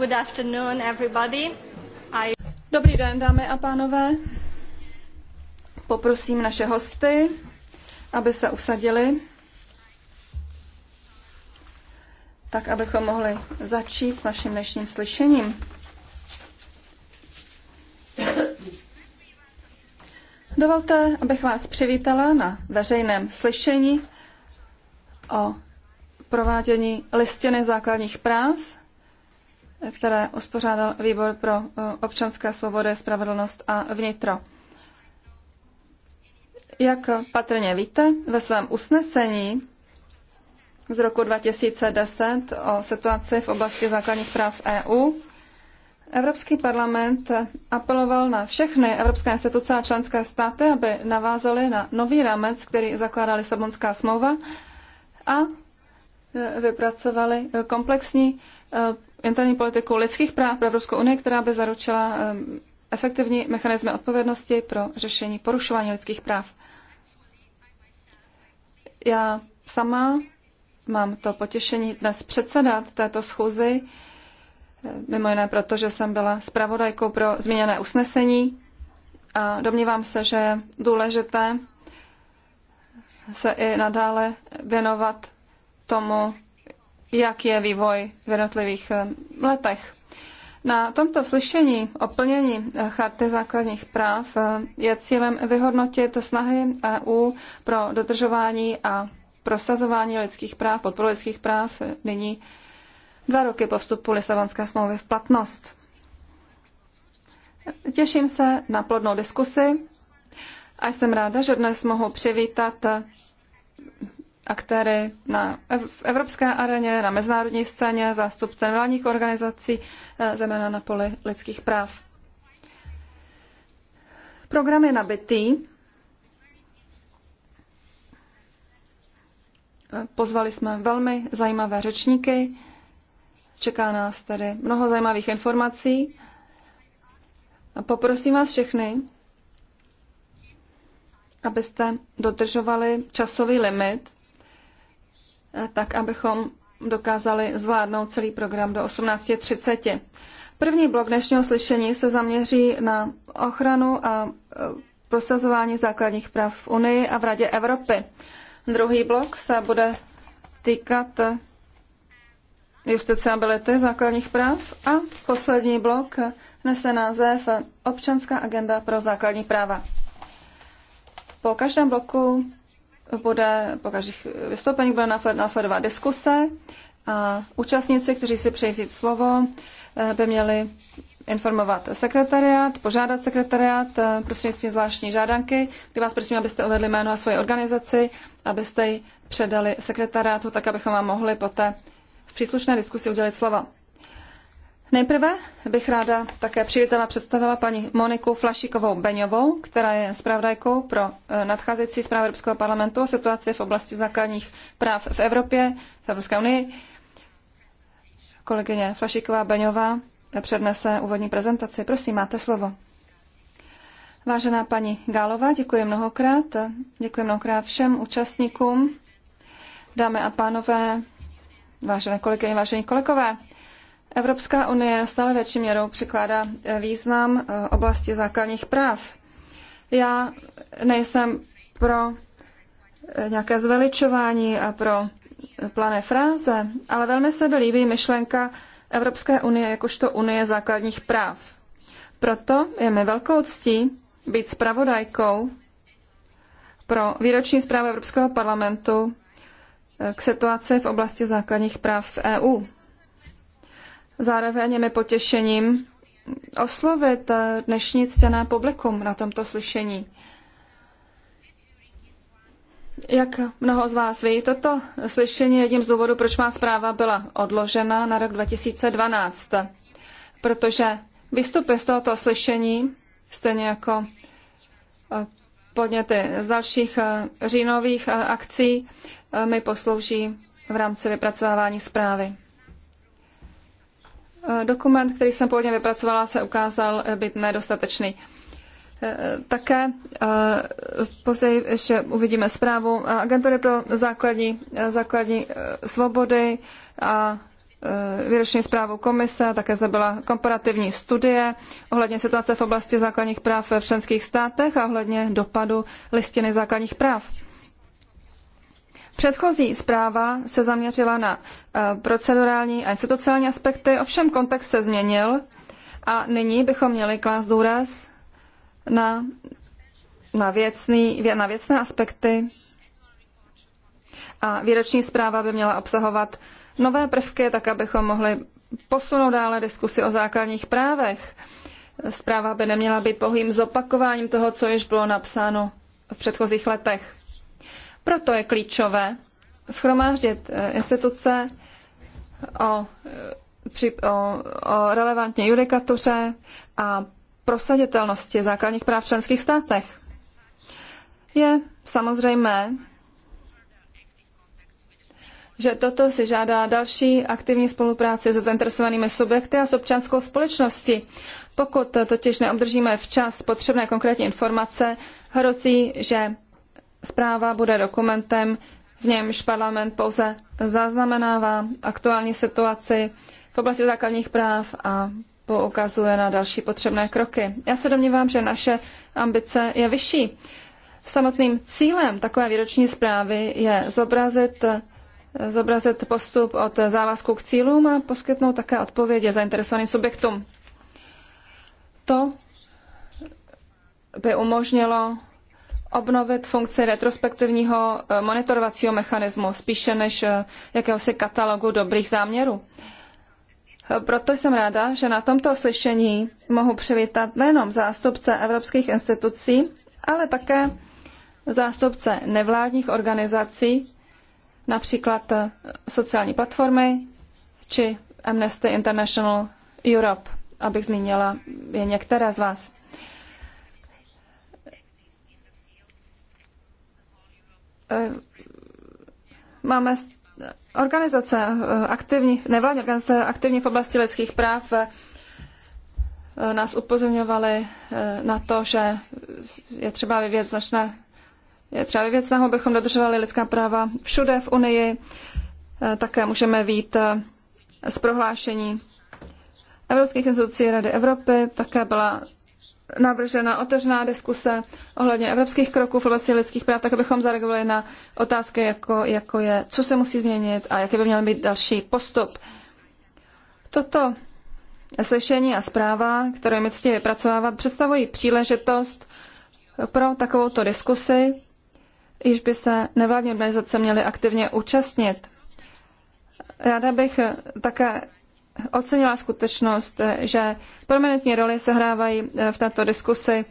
Good afternoon, everybody. I... Dobrý den, dámy a pánové. Poprosím naše hosty, aby se usadili, tak abychom mohli začít s naším dnešním slyšením. Dovolte, abych vás přivítala na veřejném slyšení o provádění listiny základních práv které uspořádal Výbor pro eh, občanské svobody, spravedlnost a vnitro. Jak patrně víte, ve svém usnesení z roku 2010 o situaci v oblasti základních práv EU Evropský parlament apeloval na všechny evropské instituce a členské státy, aby navázaly na nový rámec, který zakládá Lisabonská smlouva a eh, vypracovali eh, komplexní interní politiku lidských práv pro Evropskou unii, která by zaručila efektivní mechanismy odpovědnosti pro řešení porušování lidských práv. Já sama mám to potěšení dnes předsedat této schůzi, mimo jiné proto, že jsem byla zpravodajkou pro zmíněné usnesení a domnívám se, že je důležité se i nadále věnovat tomu, jak je vývoj v jednotlivých eh, letech. Na tomto slyšení o plnění eh, Charty základních práv eh, je cílem vyhodnotit snahy EU pro dodržování a prosazování lidských práv, podporu lidských práv nyní dva roky po vstupu Lisabonské smlouvy v platnost. Těším se na plodnou diskusi a jsem ráda, že dnes mohu přivítat aktéry na v evropské areně, na mezinárodní scéně, zástupce nevládních organizací, eh, zejména na poli lidských práv. Program je nabitý. Eh, pozvali jsme velmi zajímavé řečníky. Čeká nás tedy mnoho zajímavých informací. Poprosím vás všechny, abyste dodržovali časový limit Eh, tak abychom dokázali zvládnout celý program do 18.30. První blok dnešního slyšení se zaměří na ochranu a eh, prosazování základních práv v Unii a v Radě Evropy. Druhý blok se bude týkat eh, justiciability základních práv a poslední blok nese název Občanská agenda pro základní práva. Po každém bloku bude, po každých vystoupeních bude následovat diskuse a účastníci, kteří si přejí vzít slovo, eh, by měli informovat sekretariát, požádat sekretariát eh, prostřednictvím zvláštní žádanky, kdy vás prosím, abyste uvedli jméno a svoji organizaci, abyste ji předali sekretariátu, tak abychom vám mohli poté v příslušné diskusi udělit slova. Nejprve bych ráda také přivítala představila paní Moniku Flašikovou Beňovou, která je zpravodajkou pro eh, nadcházející zprávu Evropského parlamentu o situaci v oblasti základních práv v Evropě, v Evropské unii. Kolegyně Flašiková Beňová přednese úvodní prezentaci. Prosím, máte slovo. Vážená paní Gálová, děkuji mnohokrát. Děkuji mnohokrát všem účastníkům. Dámy a pánové, vážené kolegyně, vážení kolegové, Evropská unie stále větší měrou přikládá eh, význam eh, oblasti základních práv. Já nejsem pro eh, nějaké zveličování a pro plané fráze, ale velmi se mi líbí myšlenka Evropské unie jakožto unie základních práv. Proto je mi velkou ctí být spravodajkou pro výroční zprávu Evropského parlamentu k situaci v oblasti základních práv v EU. Zároveň je mi potěšením oslovit eh, dnešní ctěné publikum na tomto slyšení. Jak mnoho z vás ví, toto slyšení je jedním z důvodů, proč má zpráva byla odložena na rok 2012. Protože výstupy z tohoto slyšení, stejně jako eh, podněty z dalších eh, říjnových akcí, mi poslouží v rámci vypracovávání zprávy. Eh, dokument, který jsem původně vypracovala, se ukázal eh, být nedostatečný. Eh, také později ještě uvidíme zprávu Agentury pro základní, základní svobody a výroční zprávu komise, také zde byla komparativní studie ohledně situace v oblasti základních práv v členských státech a ohledně dopadu listiny základních práv. Předchozí zpráva se zaměřila na eh, procedurální a institucionální aspekty, ovšem kontext se změnil a nyní bychom měli klást důraz na, na, věcný, na věcné aspekty a výroční zpráva by měla obsahovat nové prvky, tak abychom mohli posunout dále diskusi o základních právech. Zpráva by neměla být pouhým zopakováním toho, co již bylo napsáno v předchozích letech. Proto je klíčové schromáždit eh, instituce o, eh, při, o, o relevantní judikatuře a prosaditelnosti základních práv v členských státech. Je samozřejmé, že toto si žádá další aktivní spolupráci se zainteresovanými subjekty a s občanskou společností. Pokud totiž neobdržíme včas potřebné konkrétní informace, hrozí, že Zpráva bude dokumentem, v němž parlament pouze zaznamenává aktuální situaci v oblasti základních práv a poukazuje na další potřebné kroky. Já se domnívám, že naše ambice je vyšší. Samotným cílem takové výroční zprávy je zobrazit, zobrazit postup od závazku k cílům a poskytnout také odpovědi zainteresovaným subjektům. To by umožnilo obnovit funkci retrospektivního eh, monitorovacího mechanismu, spíše než eh, jakéhosi katalogu dobrých záměrů. Eh, proto jsem ráda, že na tomto slyšení mohu přivítat nejenom zástupce evropských institucí, ale také zástupce nevládních organizací, například sociální platformy či Amnesty International Europe, abych zmínila je některé z vás. Eh, máme organizace eh, aktivní, nevládní organizace aktivní v oblasti lidských práv eh, nás upozorňovaly na to, že je třeba vyvět značné je třeba vyvět snahu, abychom dodržovali lidská práva všude v Unii. Také můžeme vít z prohlášení evropských institucí Rady Evropy. Také byla navržena otevřená diskuse ohledně evropských kroků v oblasti lidských práv, tak abychom zareagovali na otázky, jako, jako je, co se musí změnit a jaký by měl být další postup. Toto slyšení a zpráva, které mi chtějí vypracovávat, představují příležitost pro takovouto diskusi, již by se nevládní organizace měly aktivně účastnit. Ráda bych také ocenila skutečnost, že prominentní roli sehrávají eh, v této diskusi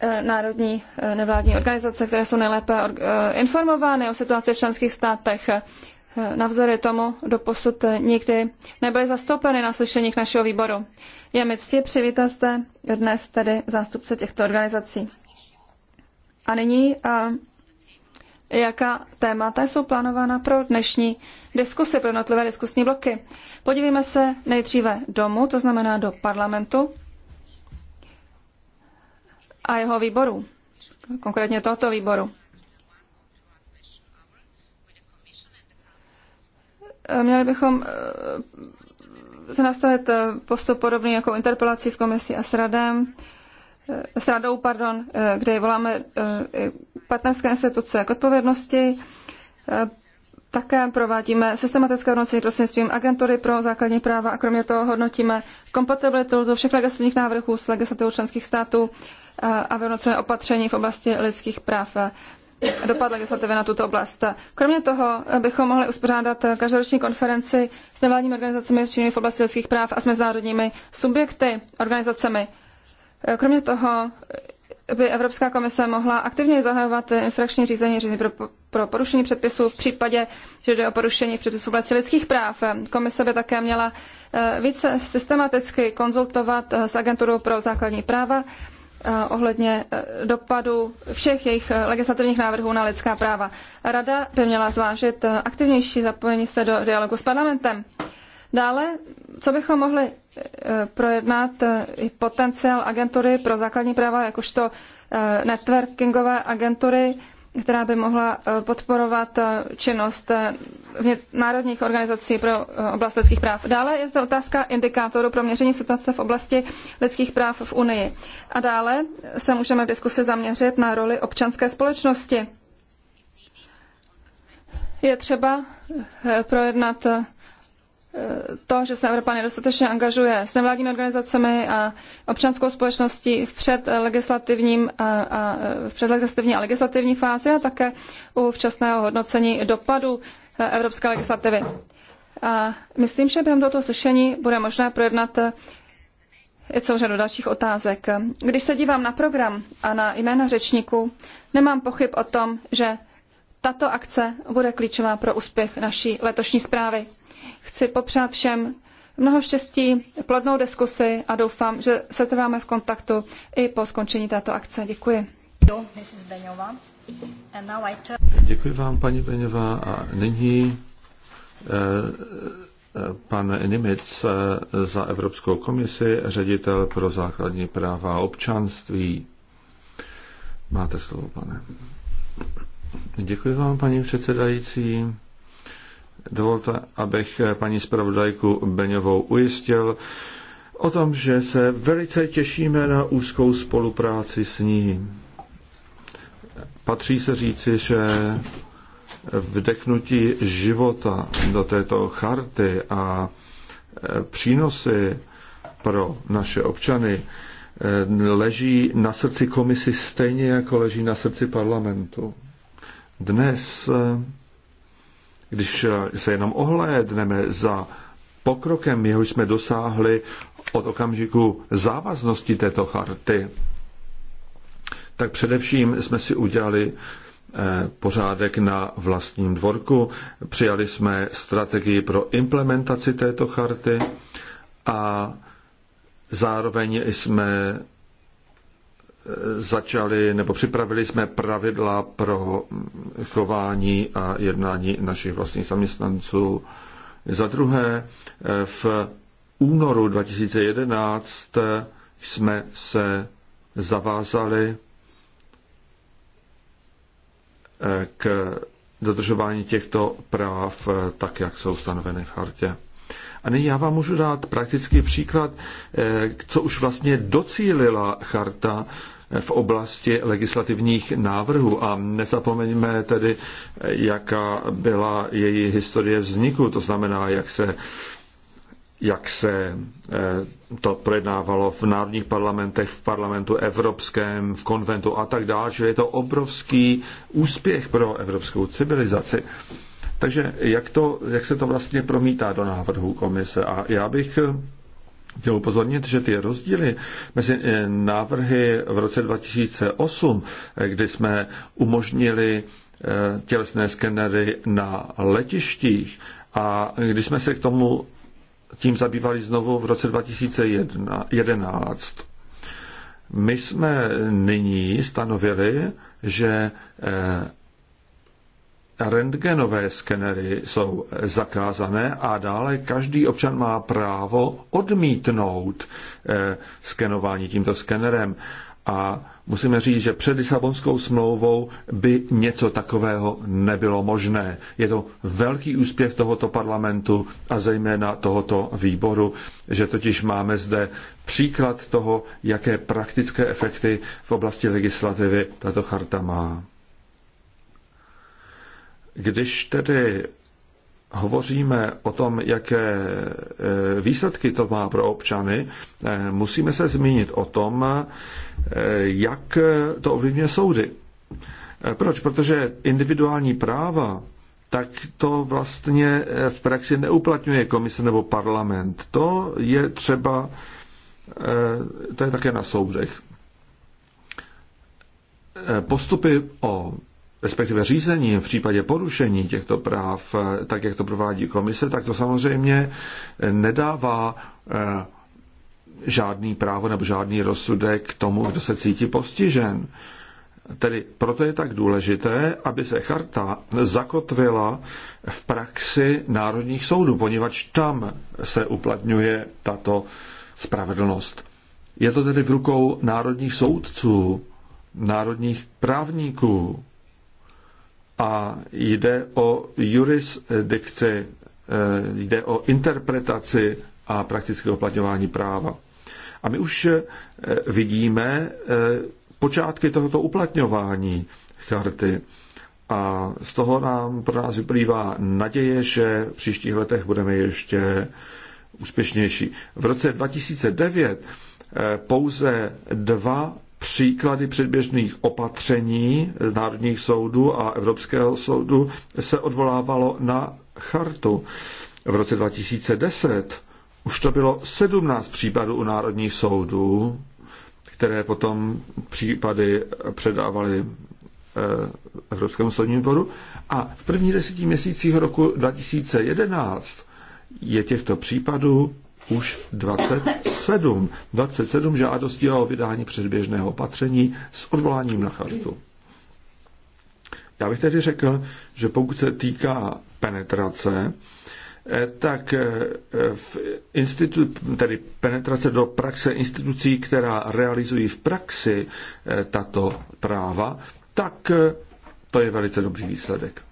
eh, národní eh, nevládní organizace, které jsou nejlépe informovány o situaci v členských státech. Navzory tomu doposud nikdy nebyly zastoupeny na slyšeních našeho výboru. Je mi ctě přivítat zde dnes tedy zástupce těchto organizací. A nyní jaká témata jsou plánována pro dnešní diskusy, pro jednotlivé diskusní bloky. Podívejme se nejdříve domů, to znamená do parlamentu a jeho výboru, konkrétně tohoto výboru. Měli bychom eh, se nastavit eh, postup podobný jako interpelací s komisí a s radem s radou, pardon, kde voláme eh, partnerské instituce k odpovědnosti. Eh, také provádíme systematické hodnocení prostřednictvím agentury pro základní práva a kromě toho hodnotíme kompatibilitu do všech legislativních návrhů s legislativou členských států eh, a vyhodnocujeme opatření v oblasti lidských práv dopad legislativy na tuto oblast. Kromě toho bychom mohli uspořádat každoroční konferenci s nevládními organizacemi činnými v oblasti lidských práv a s mezinárodními subjekty, organizacemi. Kromě toho by Evropská komise mohla aktivně zahajovat infrakční řízení, řízení pro, pro porušení předpisů v případě, že jde o porušení předpisů v oblasti lidských práv. Komise by také měla eh, více systematicky konzultovat eh, s agenturou pro základní práva eh, ohledně dopadu všech jejich legislativních návrhů na lidská práva. Rada by měla zvážit aktivnější zapojení se do dialogu s parlamentem. Dále, co bychom mohli eh, projednat eh, i potenciál agentury pro základní práva, jakožto eh, networkingové agentury, která by mohla podporovat činnost národních organizací pro oblast lidských práv. Dále je zde otázka indikátoru pro měření situace v oblasti lidských práv v Unii. A dále se můžeme v diskusi zaměřit na roli občanské společnosti. Je třeba projednat to, že se Evropa nedostatečně angažuje s nevládními organizacemi a občanskou společností v předlegislativním a, a, v předlegislativní a legislativní fázi a také u včasného hodnocení dopadu eh, evropské legislativy. A myslím, že během tohoto slyšení bude možné projednat je eh, celou řadu dalších otázek. Když se dívám na program a na jména řečníků, nemám pochyb o tom, že tato akce bude klíčová pro úspěch naší letošní zprávy chci popřát všem mnoho štěstí, plodnou diskusi a doufám, že se trváme v kontaktu i po skončení této akce. Děkuji. Děkuji vám, paní Beňová. A nyní eh, eh, pan Nimitz eh, za Evropskou komisi, ředitel pro základní práva a občanství. Máte slovo, pane. Děkuji vám, paní předsedající. Dovolte, abych paní zpravodajku Beňovou ujistil o tom, že se velice těšíme na úzkou spolupráci s ní. Patří se říci, že vdechnutí života do této charty a e, přínosy pro naše občany e, leží na srdci komisi stejně, jako leží na srdci parlamentu. Dnes e, když eh, se jenom ohlédneme za pokrokem, jehož jsme dosáhli od okamžiku závaznosti této charty, tak především jsme si udělali eh, pořádek na vlastním dvorku. Přijali jsme strategii pro implementaci této charty a zároveň jsme začali nebo připravili jsme pravidla pro chování a jednání našich vlastních zaměstnanců. Za druhé, v únoru 2011 jsme se zavázali eh, k dodržování těchto práv eh, tak, jak jsou stanoveny v chartě. A nyní já vám můžu dát praktický příklad, eh, co už vlastně docílila charta eh, v oblasti legislativních návrhů. A nezapomeňme tedy, eh, jaká byla její historie vzniku, to znamená, jak se jak se to projednávalo v národních parlamentech, v parlamentu evropském, v konventu a tak dále, že je to obrovský úspěch pro evropskou civilizaci. Takže jak, to, jak se to vlastně promítá do návrhu komise? A já bych chtěl upozornit, že ty rozdíly mezi eh, návrhy v roce 2008, eh, kdy jsme umožnili eh, tělesné skenery na letištích a když jsme se k tomu tím zabývali znovu v roce 2011, my jsme nyní stanovili, že rentgenové skenery jsou zakázané a dále každý občan má právo odmítnout eh, skenování tímto skenerem. A musíme říct, že před Lisabonskou smlouvou by něco takového nebylo možné. Je to velký úspěch tohoto parlamentu a zejména tohoto výboru, že totiž máme zde příklad toho, jaké praktické efekty v oblasti legislativy tato charta má. Když tedy hovoříme o tom, jaké eh, výsledky to má pro občany, eh, musíme se zmínit o tom, eh, jak to ovlivňuje soudy. Proč? Protože individuální práva, tak to vlastně v praxi neuplatňuje komise nebo parlament. To je třeba, to je také na soudech. Postupy o respektive řízení v případě porušení těchto práv, eh, tak jak to provádí komise, tak to samozřejmě nedává eh, žádný právo nebo žádný rozsudek k tomu, kdo se cítí postižen. Tedy proto je tak důležité, aby se charta zakotvila v praxi národních soudů, poněvadž tam se uplatňuje tato spravedlnost. Je to tedy v rukou národních soudců, národních právníků, a jde o jurisdikci, eh, jde o interpretaci a praktické uplatňování práva. A my už eh, vidíme eh, počátky tohoto uplatňování charty. A z toho nám pro nás vyplývá naděje, že v příštích letech budeme ještě úspěšnější. V roce 2009 pouze dva příklady předběžných opatření Národních soudů a Evropského soudu se odvolávalo na chartu. V roce 2010 už to bylo 17 případů u Národních soudů, které potom případy předávali eh, Evropskému soudnímu dvoru. A v první deseti měsících roku 2011 je těchto případů už 27, 27 žádostí o vydání předběžného opatření s odvoláním na chartu. Já bych tedy řekl, že pokud se týká penetrace, eh, tak eh, v institu, tedy penetrace do praxe institucí, která realizují v praxi eh, tato práva, tak to je velice dobrý výsledek.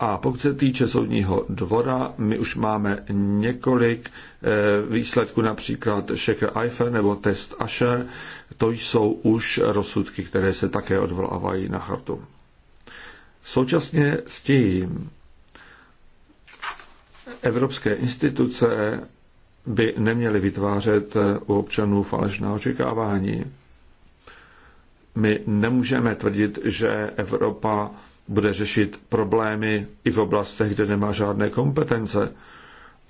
A pokud se týče soudního dvora, my už máme několik eh, výsledků, například Shaker Eiffel nebo Test Asher. To jsou už rozsudky, které se také odvolávají na chartu. Současně s tím evropské instituce by neměly vytvářet eh, u občanů falešná očekávání. My nemůžeme tvrdit, že Evropa bude řešit problémy i v oblastech, kde nemá žádné kompetence.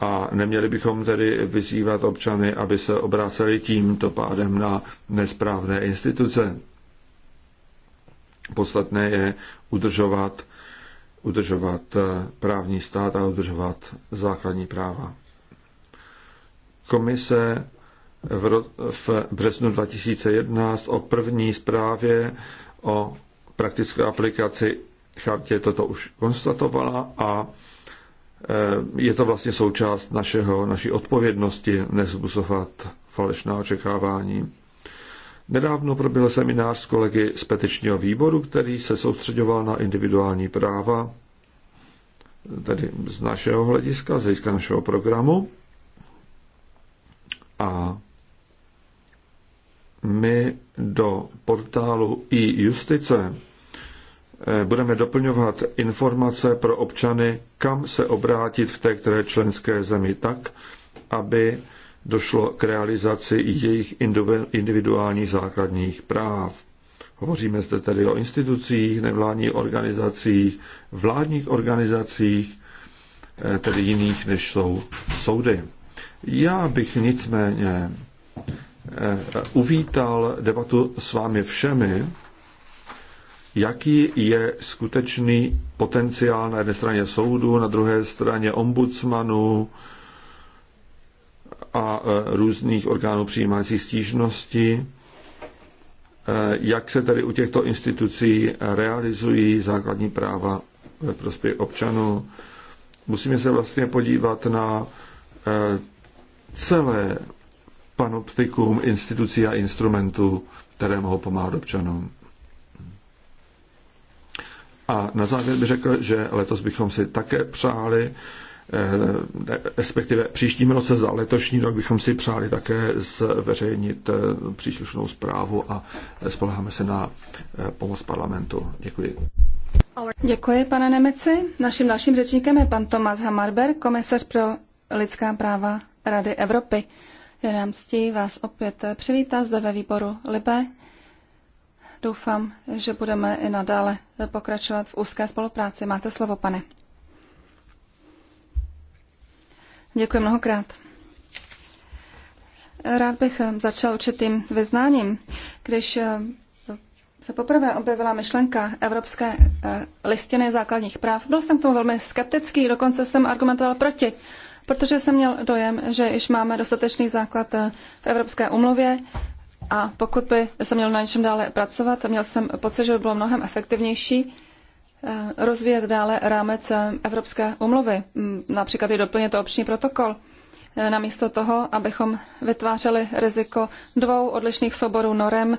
A neměli bychom tedy vyzývat občany, aby se obraceli tímto pádem na nesprávné instituce. Podstatné je udržovat, udržovat eh, právní stát a udržovat základní práva. Komise v, ro, v březnu 2011 o první zprávě o praktické aplikaci chartě toto už konstatovala a eh, je to vlastně součást našeho, naší odpovědnosti nezbusovat falešná očekávání. Nedávno proběhl seminář s kolegy z petičního výboru, který se soustředoval na individuální práva, tedy z našeho hlediska, z hlediska našeho programu. A my do portálu i justice Eh, budeme doplňovat informace pro občany, kam se obrátit v té které členské zemi tak, aby došlo k realizaci jejich individuálních základních práv. Hovoříme zde tedy o institucích, nevládních organizacích, vládních organizacích, eh, tedy jiných, než jsou soudy. Já bych nicméně eh, uvítal debatu s vámi všemi, jaký je skutečný potenciál na jedné straně soudu, na druhé straně ombudsmanů a e, různých orgánů přijímající stížnosti, e, jak se tedy u těchto institucí realizují základní práva ve prospěch občanů. Musíme se vlastně podívat na e, celé panoptikum institucí a instrumentů, které mohou pomáhat občanům. A na závěr bych řekl, že letos bychom si také přáli, eh, respektive příštím roce za letošní rok bychom si přáli také zveřejnit eh, příslušnou zprávu a spoleháme se na eh, pomoc parlamentu. Děkuji. Děkuji, pane Nemeci. Naším dalším řečníkem je pan Tomas Hamarber, komisař pro lidská práva Rady Evropy. Je nám ctí vás opět přivítat zde ve výboru Libe Doufám, že budeme i nadále pokračovat v úzké spolupráci. Máte slovo, pane. Děkuji mnohokrát. Rád bych začal určitým vyznáním. Když eh, se poprvé objevila myšlenka Evropské eh, listiny základních práv, byl jsem k tomu velmi skeptický, dokonce jsem argumentoval proti, protože jsem měl dojem, že již máme dostatečný základ eh, v Evropské umluvě, a pokud by se měl na něčem dále pracovat, měl jsem pocit, že by bylo mnohem efektivnější eh, rozvíjet dále rámec eh, Evropské umluvy, mm, například i doplnit obční protokol, eh, namísto toho, abychom vytvářeli riziko dvou odlišných souborů norem,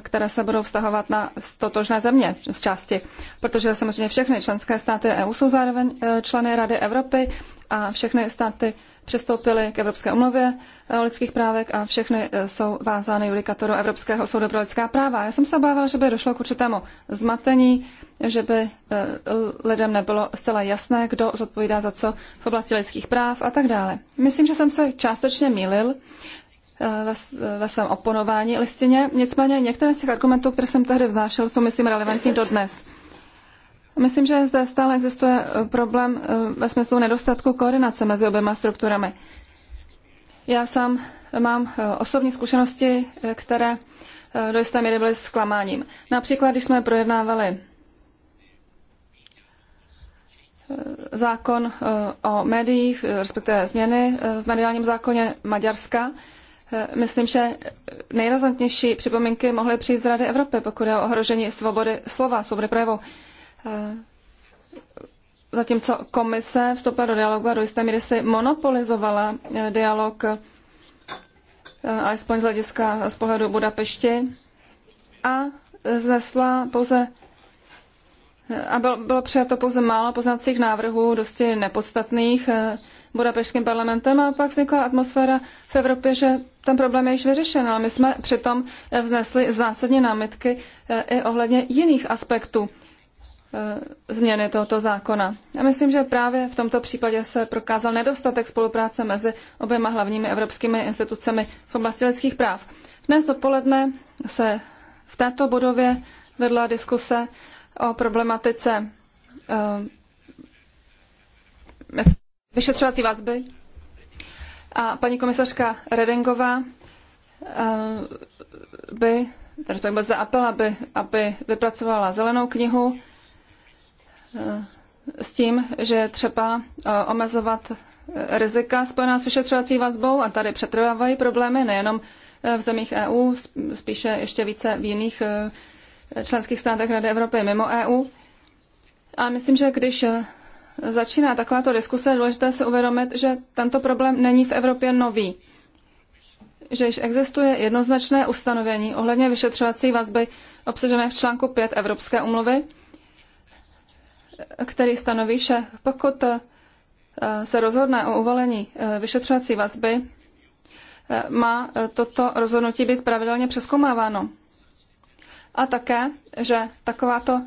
které se budou vztahovat na totožné země z části. Protože samozřejmě všechny členské státy EU jsou zároveň členy Rady Evropy a všechny státy přistoupili k Evropské umluvě o eh, lidských právek a všechny eh, jsou vázány judikatoru Evropského soudu pro lidská práva. Já jsem se obávala, že by došlo k určitému zmatení, že by eh, lidem nebylo zcela jasné, kdo zodpovídá za co v oblasti lidských práv a tak dále. Myslím, že jsem se částečně mýlil ve, ve svém oponování listině, nicméně některé z těch argumentů, které jsem tehdy vznášel, jsou, myslím, relevantní dodnes. Myslím, že zde stále existuje e, problém e, ve smyslu nedostatku koordinace mezi oběma strukturami. Já sám mám e, osobní zkušenosti, které do jisté míry byly zklamáním. Například, když jsme projednávali zákon o médiích, respektive změny v mediálním zákoně Maďarska, myslím, že nejrazantnější připomínky mohly přijít z Rady Evropy, pokud je o ohrožení svobody slova, svobody projevu. Eh, zatímco komise vstoupila do dialogu a do jisté míry si monopolizovala eh, dialog eh, alespoň z hlediska z pohledu Budapešti a vznesla pouze a bylo, bylo přijato pouze málo poznacích návrhů, dosti nepodstatných budapešským parlamentem a pak vznikla atmosféra v Evropě, že ten problém je již vyřešen, ale my jsme přitom vznesli zásadní námitky i ohledně jiných aspektů Eh, změny tohoto zákona. Já myslím, že právě v tomto případě se prokázal nedostatek spolupráce mezi oběma hlavními evropskými institucemi v oblasti lidských práv. Dnes dopoledne se v této budově vedla diskuse o problematice eh, vyšetřovací vazby a paní komisařka Redingová eh, by, tedy byl zde apel, aby, aby vypracovala zelenou knihu s tím, že je třeba eh, omezovat eh, rizika spojená s vyšetřovací vazbou a tady přetrvávají problémy nejenom eh, v zemích EU, spíše ještě více v jiných členských státech Rady Evropy mimo EU. A myslím, že když začíná takováto diskuse, je důležité si uvědomit, že tento problém není v Evropě nový. Že již existuje jednoznačné ustanovení ohledně vyšetřovací vazby obsažené v článku 5 Evropské umluvy, který stanoví, že pokud eh, se rozhodne o uvolení eh, vyšetřovací vazby, eh, má toto rozhodnutí být pravidelně přeskoumáváno. A také, že takováto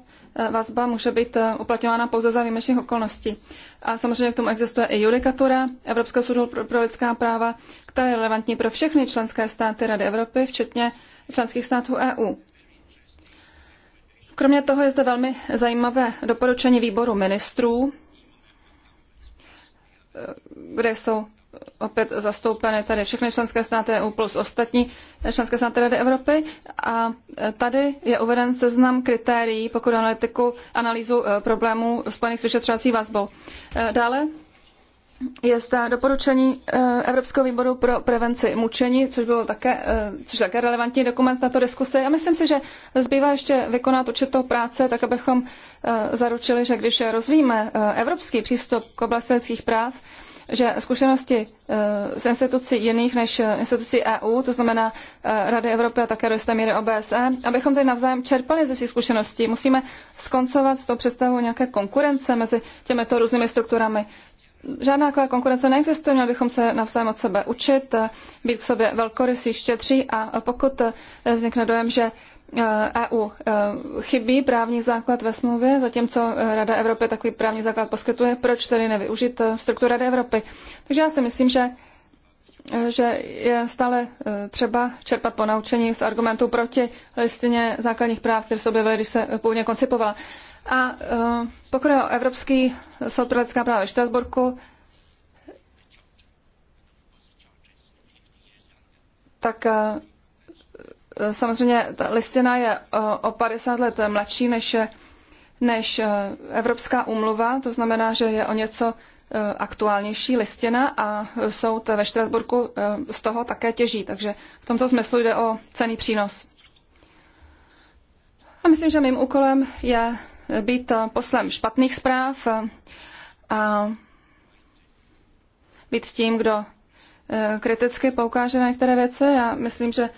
vazba může být uplatňována pouze za výjimečných okolností. A samozřejmě k tomu existuje i judikatura Evropského soudu pro lidská práva, která je relevantní pro všechny členské státy Rady Evropy, včetně členských států EU. Kromě toho je zde velmi zajímavé doporučení výboru ministrů, kde jsou opět zastoupeny tady všechny členské státy EU plus ostatní členské státy Rady Evropy. A tady je uveden seznam kritérií, pokud analytiku, analýzu eh, problémů spojených s vyšetřovací vazbou. Eh, dále je zda doporučení eh, Evropského výboru pro prevenci mučení, což bylo také, eh, což také relevantní dokument na to diskuse. Já myslím si, že zbývá ještě vykonat určitou práce, tak abychom eh, zaručili, že když rozvíjíme evropský přístup k oblasti lidských práv, že zkušenosti z institucí jiných než institucí EU, to znamená Rady Evropy a také do jisté míry OBSE, abychom tady navzájem čerpali ze svých zkušeností. Musíme skoncovat s tou představou nějaké konkurence mezi těmito různými strukturami žádná taková konkurence neexistuje, měli bychom se navzájem od sebe učit, být v sobě velkorysí, štědří a pokud vznikne dojem, že EU e, chybí právní základ ve smlouvě, zatímco Rada Evropy takový právní základ poskytuje, proč tedy nevyužít e, strukturu Rady Evropy. Takže já si myslím, že e, že je stále třeba čerpat ponaučení z argumentů proti listině základních práv, které se objevily, když se původně koncipovala. A uh, pokud je o Evropský soud pro lidská práva ve Štrasburku, tak uh, samozřejmě ta listina je uh, o 50 let mladší než než Evropská úmluva, to znamená, že je o něco aktuálnější listina a soud ve Štrasburku z toho také těží, takže v tomto smyslu jde o cený přínos. A myslím, že mým úkolem je být poslem špatných zpráv a být tím, kdo e, kriticky poukáže na některé věci. Já myslím, že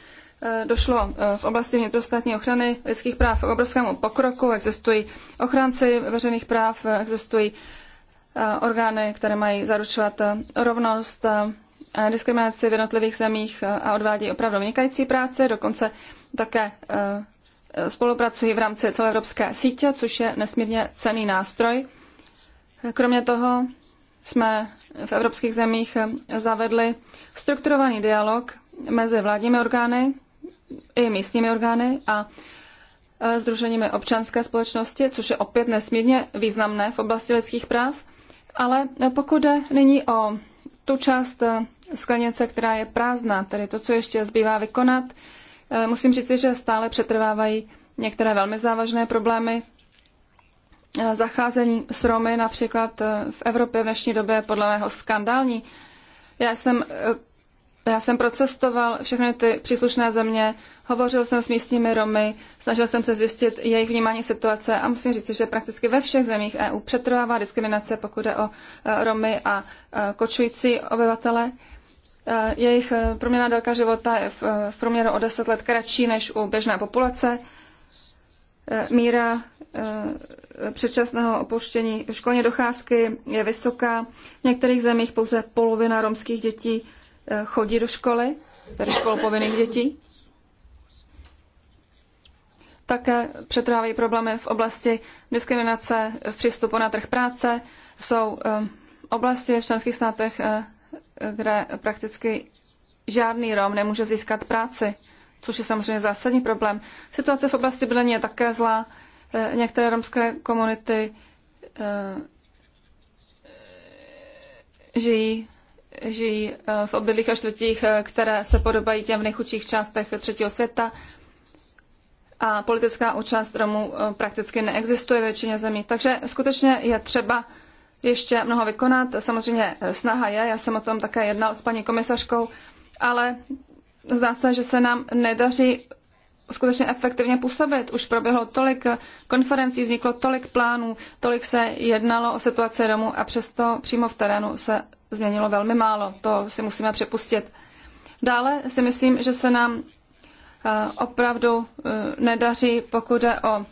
e, došlo e, v oblasti vnitrostátní ochrany lidských práv k obrovskému pokroku. Existují ochránci veřejných práv, existují orgány, které mají zaručovat rovnost a diskriminaci v jednotlivých zemích a odvádí opravdu vynikající práce, dokonce také spolupracují v rámci celoevropské sítě, což je nesmírně cený nástroj. Kromě toho jsme v evropských zemích zavedli strukturovaný dialog mezi vládními orgány i místními orgány a združeními občanské společnosti, což je opět nesmírně významné v oblasti lidských práv. Ale pokud jde nyní o tu část sklenice, která je prázdná, tedy to, co ještě zbývá vykonat, Eh, musím říct, že stále přetrvávají některé velmi závažné problémy. Eh, zacházení s Romy například eh, v Evropě v dnešní době je podle mého skandální. Já jsem, já jsem procestoval všechny ty příslušné země, hovořil jsem s místními Romy, snažil jsem se zjistit jejich vnímání situace a musím říct, že prakticky ve všech zemích EU přetrvává diskriminace, pokud jde o Romy a kočující obyvatele. Eh, jejich eh, průměrná délka života je v, eh, v průměru o 10 let kratší než u běžné populace. Míra předčasného opuštění školní docházky je vysoká. V některých zemích pouze polovina romských dětí chodí do školy, tedy povinných dětí. Také přetrávají problémy v oblasti diskriminace v přístupu na trh práce. Jsou oblasti v členských státech kde prakticky žádný Rom nemůže získat práci, což je samozřejmě zásadní problém. Situace v oblasti bydlení je také zlá. Eh, některé romské komunity eh, žijí, žijí eh, v obydlích a čtvrtích, které se podobají těm v nejchudších částech třetího světa a politická účast Romů prakticky neexistuje většině zemí. Takže skutečně je třeba ještě mnoho vykonat. Samozřejmě snaha je, já jsem o tom také jednal s paní komisařkou, ale zdá se, že se nám nedaří skutečně efektivně působit. Už proběhlo tolik konferencí, vzniklo tolik plánů, tolik se jednalo o situaci Romů a přesto přímo v terénu se změnilo velmi málo. To si musíme přepustit. Dále si myslím, že se nám eh, opravdu eh, nedaří, pokud jde o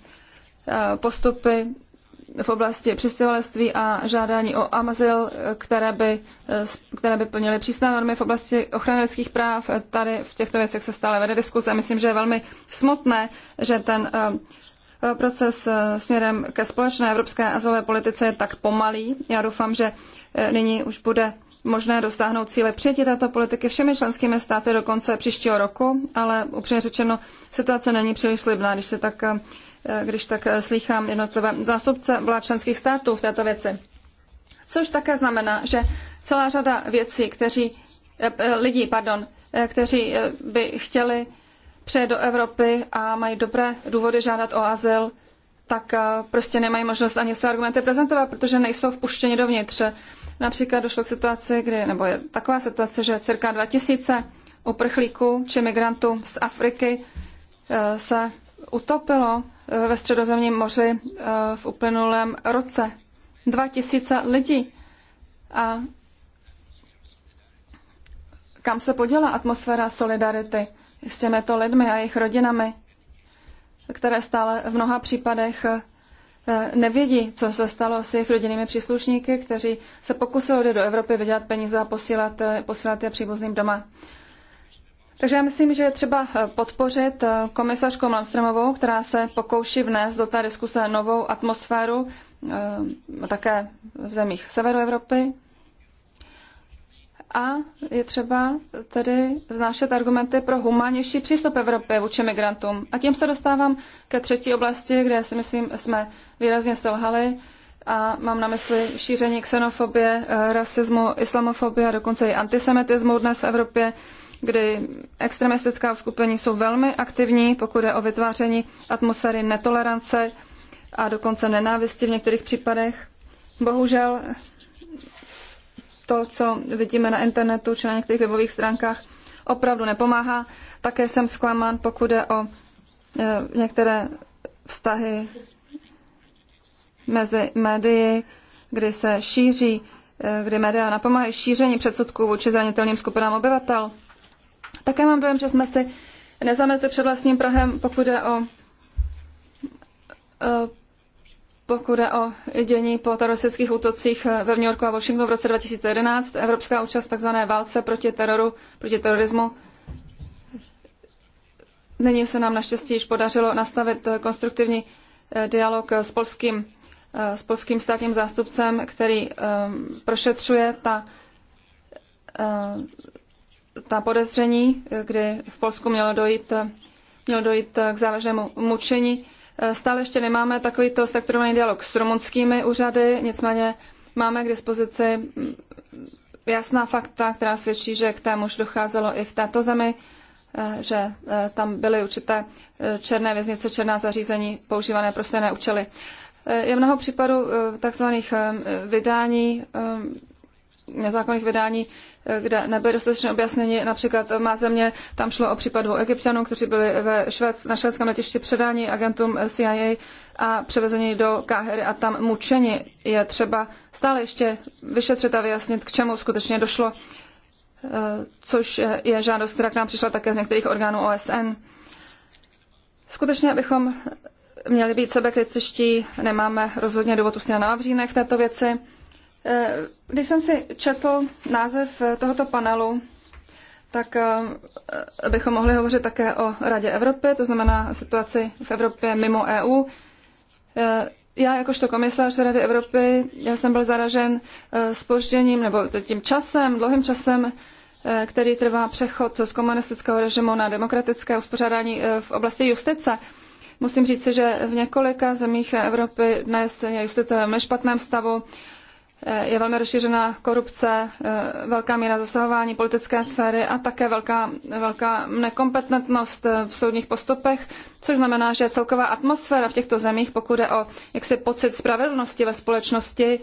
eh, postupy v oblasti přistěhovalectví a žádání o amazil, které by, které by plnily přísné normy v oblasti ochrany lidských práv. Tady v těchto věcech se stále vede diskuse a myslím, že je velmi smutné, že ten eh, proces eh, směrem ke společné evropské azylové politice je tak pomalý. Já doufám, že eh, nyní už bude možné dosáhnout cíle přijetí této politiky všemi členskými státy do konce příštího roku, ale upřímně řečeno situace není příliš slibná, když se tak Eh, když tak eh, slýchám jednotlivé zástupce vlád členských států v této věci. Což také znamená, že celá řada věcí, kteří, eh, lidí, pardon, kteří by chtěli přejet do Evropy a mají dobré důvody žádat o azyl, tak prostě nemají možnost ani své argumenty prezentovat, protože nejsou vpuštěni dovnitř. Například došlo k situaci, kdy, nebo je taková situace, že cirka 2000 uprchlíků či migrantů z Afriky se utopilo eh, ve středozemním moři eh, v uplynulém roce. 2000 lidí. A kam se poděla atmosféra solidarity s těmito lidmi a jejich rodinami, které stále v mnoha případech eh, nevědí, co se stalo s jejich rodinnými příslušníky, kteří se pokusili odjet do Evropy vydělat peníze a posílat, posílat je příbuzným doma. Takže já myslím, že je třeba eh, podpořit eh, komisařku Malmstromovou, která se pokouší vnést do té diskuse novou atmosféru eh, také v zemích severu Evropy. A je třeba tedy vznášet argumenty pro humánější přístup Evropy vůči migrantům. A tím se dostávám ke třetí oblasti, kde si myslím, jsme výrazně selhali. A mám na mysli šíření xenofobie, rasismu, islamofobie a dokonce i antisemitismu dnes v Evropě kdy extremistická skupiny jsou velmi aktivní, pokud je o vytváření atmosféry netolerance a dokonce nenávisti v některých případech. Bohužel to, co vidíme na internetu či na některých webových stránkách, opravdu nepomáhá. Také jsem zklamán, pokud je o e, některé vztahy mezi médii, kdy se šíří, e, kdy média napomáhají šíření předsudků vůči zranitelným skupinám obyvatel. Také mám dojem, že jsme si nezametli před vlastním Prahem, pokud je o e, pokud je o dění po teroristických útocích ve New Yorku a Washingtonu v roce 2011, evropská účast tzv. válce proti teroru, proti terorismu. Nyní se nám naštěstí již podařilo nastavit konstruktivní e, dialog s polským, e, s polským státním zástupcem, který prošetřuje ta ta podezření, kdy v Polsku mělo dojít, mělo dojít k závažnému mučení. Stále ještě nemáme takovýto strukturovaný dialog s rumunskými úřady, nicméně máme k dispozici jasná fakta, která svědčí, že k už docházelo i v této zemi, že tam byly určité černé věznice, černá zařízení používané pro stejné účely. Je mnoho případů eh, takzvaných eh, vydání eh, nezákonných vydání, eh, kde nebyly dostatečně objasněni. Například má země, tam šlo o případ dvou egyptianů, kteří byli ve Švéd, na švédském letišti předáni agentům CIA a převezeni do Káhery a tam mučeni. Je třeba stále ještě vyšetřit a vyjasnit, k čemu skutečně došlo, eh, což je žádost, která k nám přišla také z některých orgánů OSN. Skutečně bychom měli být sebekritičtí, nemáme rozhodně důvod usněna na v této věci Eh, když jsem si četl název eh, tohoto panelu, tak eh, bychom mohli hovořit také o Radě Evropy, to znamená situaci v Evropě mimo EU. Já jakožto komisář Rady Evropy já jsem byl zaražen spožděním nebo tím časem, dlouhým časem, který trvá přechod z komunistického režimu na demokratické uspořádání v oblasti justice. Musím říct, že v několika zemích Evropy dnes je justice ve špatném stavu Eh, je velmi rozšířená korupce, eh, velká míra zasahování politické sféry a také velká, velká nekompetentnost eh, v soudních postupech, což znamená, že celková atmosféra v těchto zemích, pokud je o jaksi pocit spravedlnosti ve společnosti,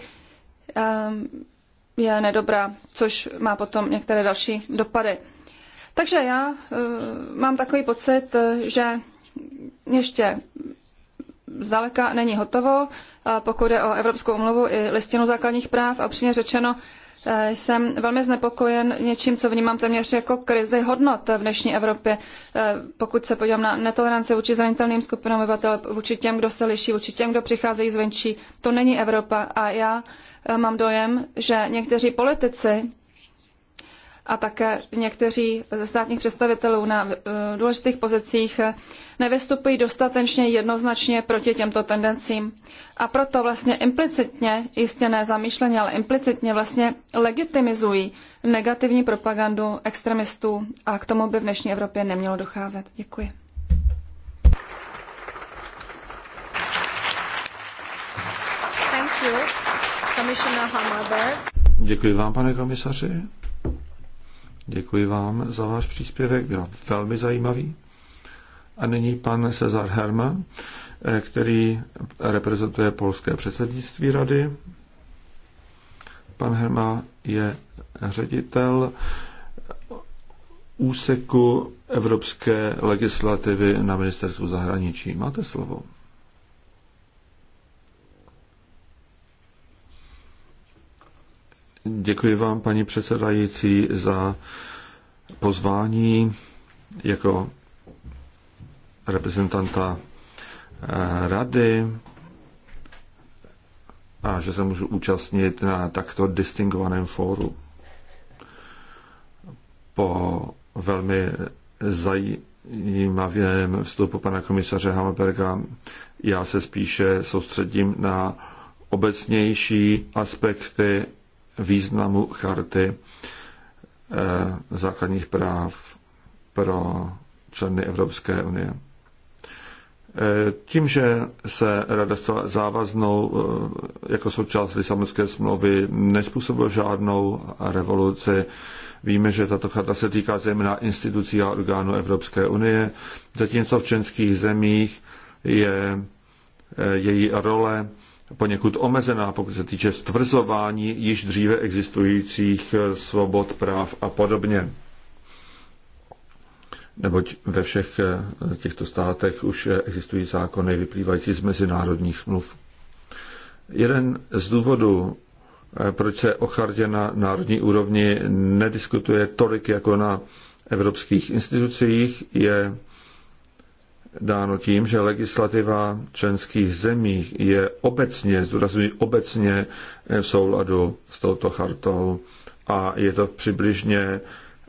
je nedobrá, což má potom některé další dopady. Takže já mám takový pocit, že ještě zdaleka není hotovo, pokud jde o Evropskou umluvu i listinu základních práv a upřímně řečeno eh, jsem velmi znepokojen něčím, co vnímám téměř jako krizi hodnot v dnešní Evropě. Eh, pokud se podívám na netoleranci vůči zranitelným skupinám obyvatel, vůči těm, kdo se liší, vůči těm, kdo přicházejí zvenčí, to není Evropa. A já eh, mám dojem, že někteří politici a také někteří ze státních představitelů na důležitých pozicích nevystupují dostatečně jednoznačně proti těmto tendencím. A proto vlastně implicitně, jistě ne zamýšleně, ale implicitně vlastně legitimizují negativní propagandu extremistů a k tomu by v dnešní Evropě nemělo docházet. Děkuji. Děkuji vám, pane komisaři. Děkuji vám za váš příspěvek, byl velmi zajímavý. A nyní pan Cezar Herma, eh, který reprezentuje polské předsednictví rady. Pan Herma je ředitel úseku evropské legislativy na ministerstvu zahraničí. Máte slovo. Děkuji vám, paní předsedající, za pozvání jako reprezentanta eh, rady a že se můžu účastnit na takto distingovaném fóru. Po velmi zajímavém vstupu pana komisaře Hammerberga já se spíše soustředím na obecnější aspekty významu charty eh, základních práv pro členy Evropské unie. Eh, tím, že se rada stala závaznou eh, jako součást Lisabonské smlouvy, nespůsobil žádnou revoluci. Víme, že tato charta se týká zejména institucí a orgánů Evropské unie, zatímco v členských zemích je eh, její role poněkud omezená, pokud se týče stvrzování již dříve existujících svobod, práv a podobně neboť ve všech eh, těchto státech už eh, existují zákony vyplývající z mezinárodních smluv. Jeden z důvodů, eh, proč se o chartě na národní úrovni nediskutuje tolik jako na evropských institucích, je dáno tím, že legislativa členských zemí je obecně, zdůrazňuji obecně, v souladu s touto chartou a je to přibližně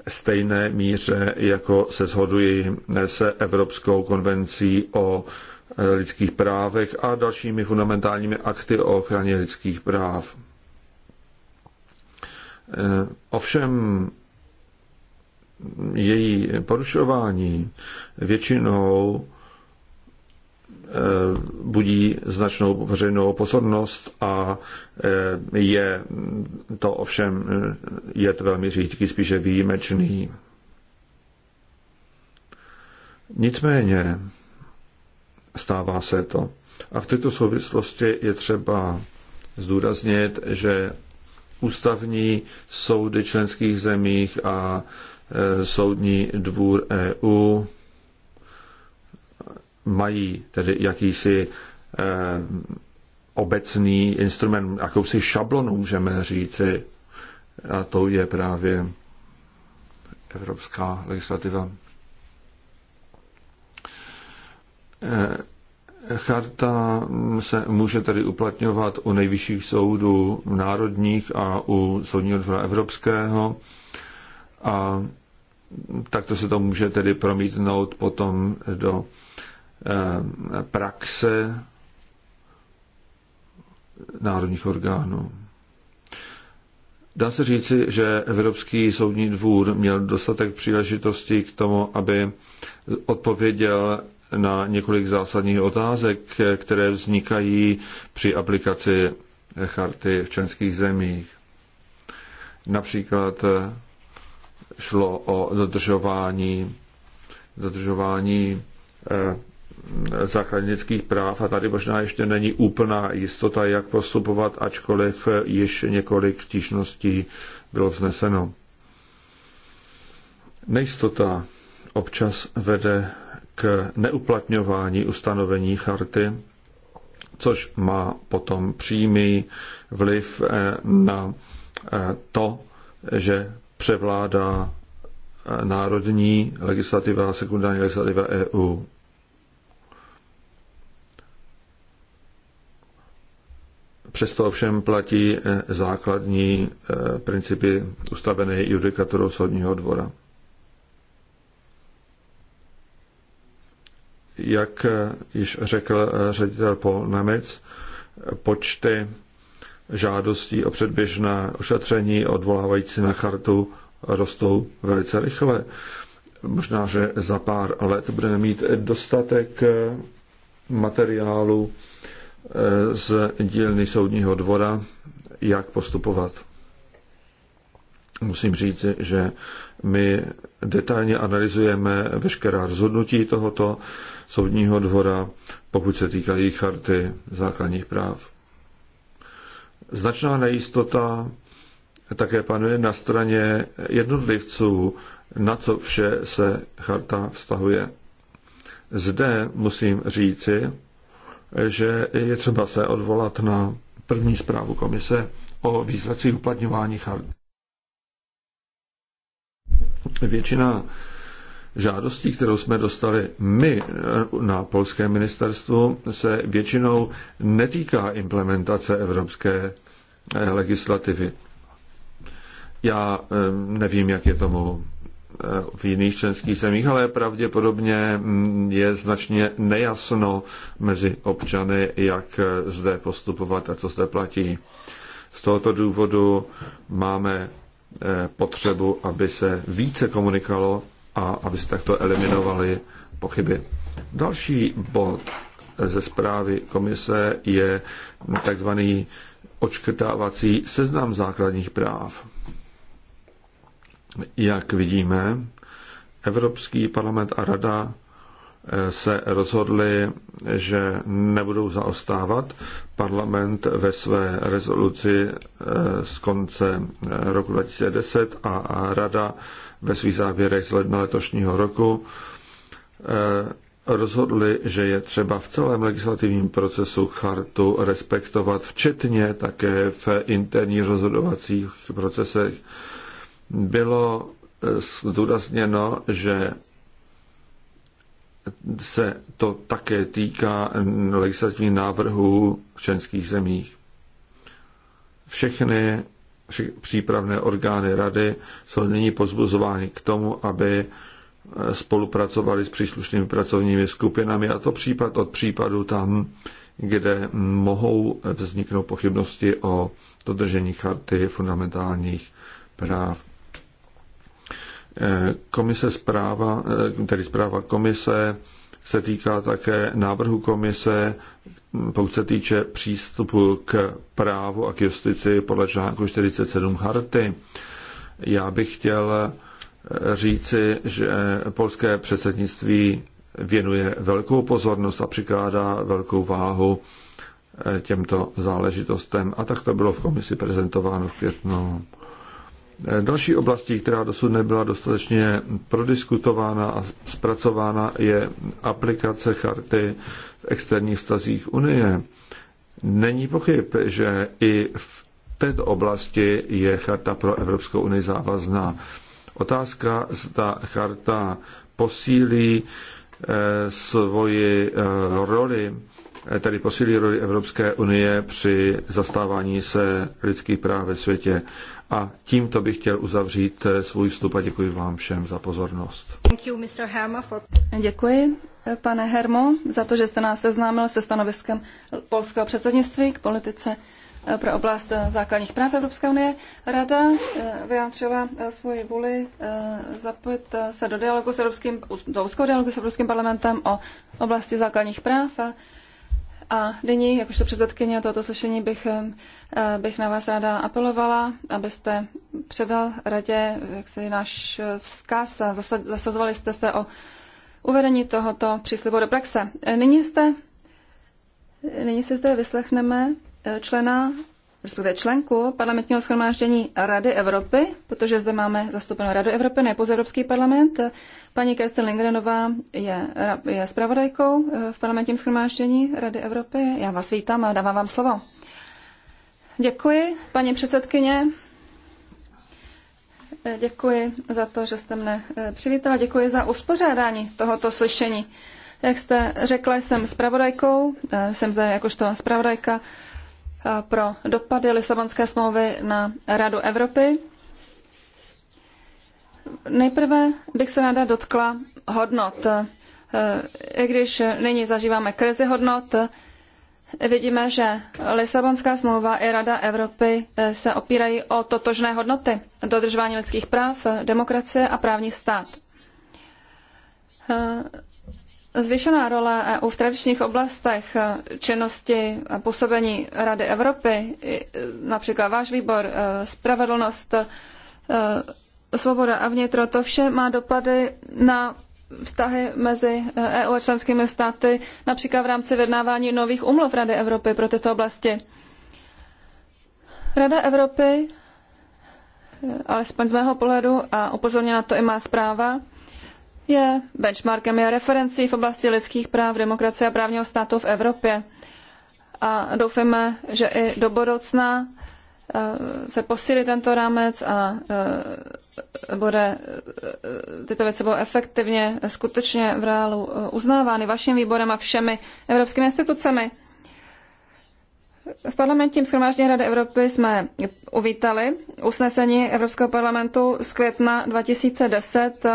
stejné míře, jako se shodují se Evropskou konvencí o e, lidských právech a dalšími fundamentálními akty o ochraně lidských práv. E, ovšem její porušování většinou Eh, budí značnou veřejnou pozornost a eh, je to ovšem eh, to velmi řídký, spíše výjimečný. Nicméně stává se to. A v této souvislosti je třeba zdůraznit, že ústavní soudy členských zemích a soudní dvůr EU mají tedy jakýsi eh, obecný instrument, jakousi šablonu můžeme říci, a to je právě evropská legislativa. Eh, charta se může tedy uplatňovat u nejvyšších soudů národních a u soudního dvora evropského a takto se to může tedy promítnout potom do Eh, praxe národních orgánů. Dá se říci, že Evropský soudní dvůr měl dostatek příležitostí k tomu, aby odpověděl na několik zásadních otázek, které vznikají při aplikaci charty v členských zemích. Například eh, šlo o dodržování, dodržování eh, záchrannických práv a tady možná ještě není úplná jistota, jak postupovat, ačkoliv již několik stížností bylo vzneseno. Nejistota občas vede k neuplatňování ustanovení charty, což má potom přímý vliv eh, na eh, to, že převládá eh, národní legislativa a sekundární legislativa EU. Přesto ovšem platí eh, základní eh, principy ustavené judikaturou soudního dvora. Jak eh, již řekl ředitel Paul Namec, počty žádostí o předběžné ošetření odvolávající na chartu rostou velice rychle. Možná, že za pár let budeme mít dostatek materiálu Eh, z dílny soudního dvora, jak postupovat. Musím říct, že my detailně analyzujeme veškerá rozhodnutí tohoto soudního dvora, pokud se týkají charty základních práv. Značná nejistota také panuje na straně jednotlivců, na co vše se charta vztahuje. Zde musím říci, že je třeba se odvolat na první zprávu komise o výsledcích uplatňování charty. Většina žádostí, kterou jsme dostali my eh, na polské ministerstvu, se většinou netýká implementace evropské eh, legislativy. Já eh, nevím, jak je tomu v jiných členských zemích, ale pravděpodobně mm, je značně nejasno mezi občany, jak zde postupovat a co zde platí. Z tohoto důvodu máme eh, potřebu, aby se více komunikalo a aby se takto eliminovali pochyby. Další bod ze zprávy komise je takzvaný očkrtávací seznam základních práv. Jak vidíme, Evropský parlament a Rada eh, se rozhodli, že nebudou zaostávat. Parlament ve své rezoluci eh, z konce eh, roku 2010 a Rada ve svých závěrech z ledna letošního roku rozhodli, že je třeba v celém legislativním procesu chartu respektovat, včetně také v interních rozhodovacích procesech bylo eh, zdůrazněno, že se to také týká legislativních návrhů v členských zemích. Všechny přípravné orgány rady jsou nyní pozbuzovány k tomu, aby eh, spolupracovali s příslušnými pracovními skupinami a to případ od případu tam, kde mohou vzniknout pochybnosti o dodržení charty fundamentálních práv. Komise zpráva, eh, tedy zpráva komise se týká také návrhu komise, pokud se týče přístupu k právu a k justici podle článku 47 charty. Já bych chtěl eh, říci, že polské předsednictví věnuje velkou pozornost a přikládá velkou váhu eh, těmto záležitostem. A tak to bylo v komisi prezentováno v květnu. Eh, další oblastí, která dosud nebyla dostatečně prodiskutována a zpracována, je aplikace charty v externích vztazích Unie. Není pochyb, že i v této oblasti je charta pro Evropskou unii závazná. Otázka, zda charta posílí eh, svoji eh, roli, tedy posílí roli Evropské unie při zastávání se lidských práv ve světě. A tímto bych chtěl uzavřít eh, svůj vstup a děkuji vám všem za pozornost. Děkuji, eh, pane Hermo, za to, že jste nás seznámil se stanoviskem polského předsednictví k politice eh, pro oblast základních práv Evropské unie. Rada vyjádřila svoji vůli zapojit se do dialogu s Evropským, do úzkého dialogu s Evropským parlamentem o oblasti základních práv. A a nyní, jakožto předsedkyně tohoto slyšení, bych, eh, bych na vás ráda apelovala, abyste předal radě jak se náš eh, vzkaz a zasazovali jste se o uvedení tohoto příslibu do praxe. Eh, nyní, jste, nyní si zde vyslechneme člena respektive členku parlamentního schromáždění Rady Evropy, protože zde máme zastoupenou Radu Evropy, ne pouze Evropský parlament. Paní Kerstin Lindgrenová je, je zpravodajkou eh, v parlamentním schromáždění Rady Evropy. Já vás vítám a dávám vám slovo. Děkuji, paní předsedkyně. Eh, děkuji za to, že jste mne eh, přivítala. Děkuji za uspořádání tohoto slyšení. Jak jste řekla, jsem zpravodajkou, jsem zde jakožto zpravodajka pro dopady Lisabonské smlouvy na Radu Evropy. Nejprve bych se ráda dotkla hodnot. I když nyní zažíváme krizi hodnot, vidíme, že Lisabonská smlouva i Rada Evropy e, se opírají o totožné hodnoty. Dodržování lidských práv, demokracie a právní stát. Zvýšená role EU v tradičních oblastech činnosti a působení Rady Evropy, například váš výbor, e, spravedlnost, e, svoboda a vnitro, to vše má dopady na vztahy mezi EU a členskými státy, například v rámci vyjednávání nových umluv Rady Evropy pro tyto oblasti. Rada Evropy, e, alespoň z mého pohledu, a na to i má zpráva, je benchmarkem, je referencí v oblasti lidských práv, demokracie a právního státu v Evropě. A doufáme, že i do budoucna eh, se posílí tento rámec a eh, bude, eh, tyto věci budou efektivně, skutečně v reálu uznávány vaším výborem a všemi evropskými institucemi. V parlamentním schromáždění Rady Evropy jsme uvítali usnesení Evropského parlamentu z května 2010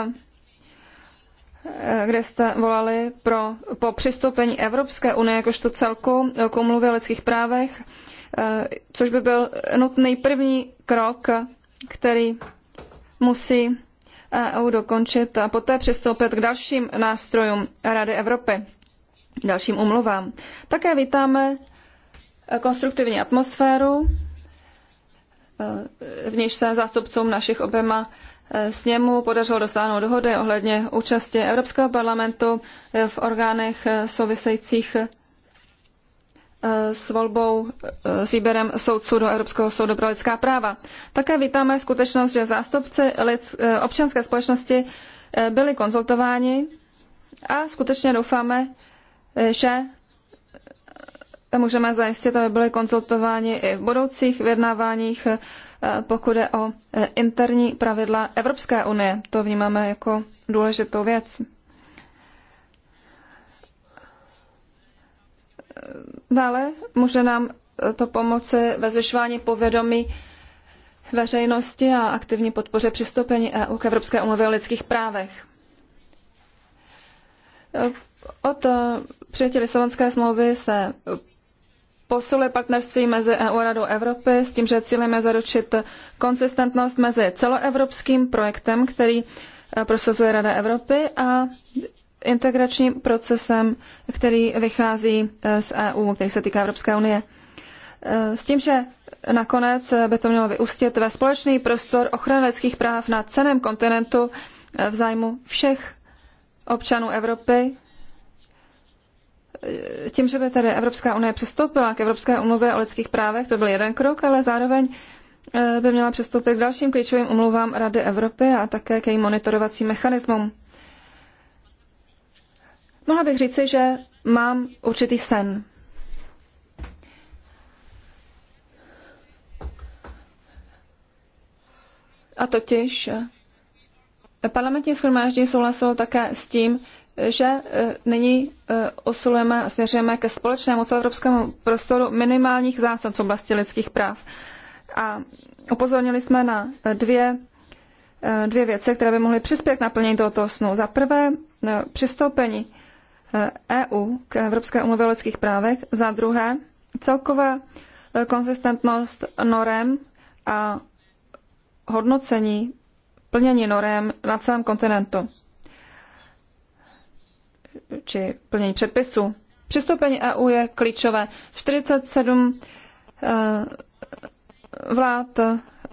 Eh, kde jste volali pro, po přistoupení Evropské unie jakožto celku k umluvě o lidských právech, eh, což by byl nutný první krok, který musí EU dokončit a poté přistoupit k dalším nástrojům Rady Evropy, dalším umluvám. Také vítáme eh, konstruktivní atmosféru, v níž se zástupcům našich oběma s podařilo dosáhnout dohody ohledně účasti Evropského parlamentu v orgánech souvisejících eh, s volbou, eh, s výběrem soudců do Evropského soudu pro lidská práva. Také vítáme skutečnost, že zástupci eh, občanské společnosti byli konzultováni a skutečně doufáme, že můžeme zajistit, aby byli konzultováni i v budoucích vyjednáváních Eh, pokud je o eh, interní pravidla Evropské unie. To vnímáme jako důležitou věc. Eh, dále může nám to pomoci ve zvyšování povědomí veřejnosti a aktivní podpoře přistoupení EU k Evropské umluvě o lidských právech. Od přijetí Lisabonské smlouvy se posiluje partnerství mezi EU a Radou Evropy s tím, že cílem je zaručit konsistentnost mezi celoevropským projektem, který eh, prosazuje Rada Evropy a integračním procesem, který vychází eh, z EU, který se týká Evropské unie. Eh, s tím, že nakonec by to mělo vyústit ve společný prostor ochrany lidských práv na celém kontinentu v zájmu všech občanů Evropy, tím, že by tady Evropská unie přistoupila k Evropské umluvě o lidských právech, to byl jeden krok, ale zároveň eh, by měla přistoupit k dalším klíčovým umluvám Rady Evropy a také k jejím monitorovacím mechanismům. Mohla bych říci, že mám určitý sen. A totiž eh, parlamentní schromáždění souhlasilo také s tím, že e, nyní usilujeme e, a směřujeme ke společnému celoevropskému prostoru minimálních zásad v oblasti lidských práv. A upozornili jsme na dvě, e, dvě věci, které by mohly přispět k naplnění tohoto snu. Za prvé přistoupení EU k Evropské umluvě o lidských právech, za druhé celková konzistentnost norem a hodnocení plnění norem na celém kontinentu či plnění předpisů. Přistoupení EU je klíčové. 47 eh, vlád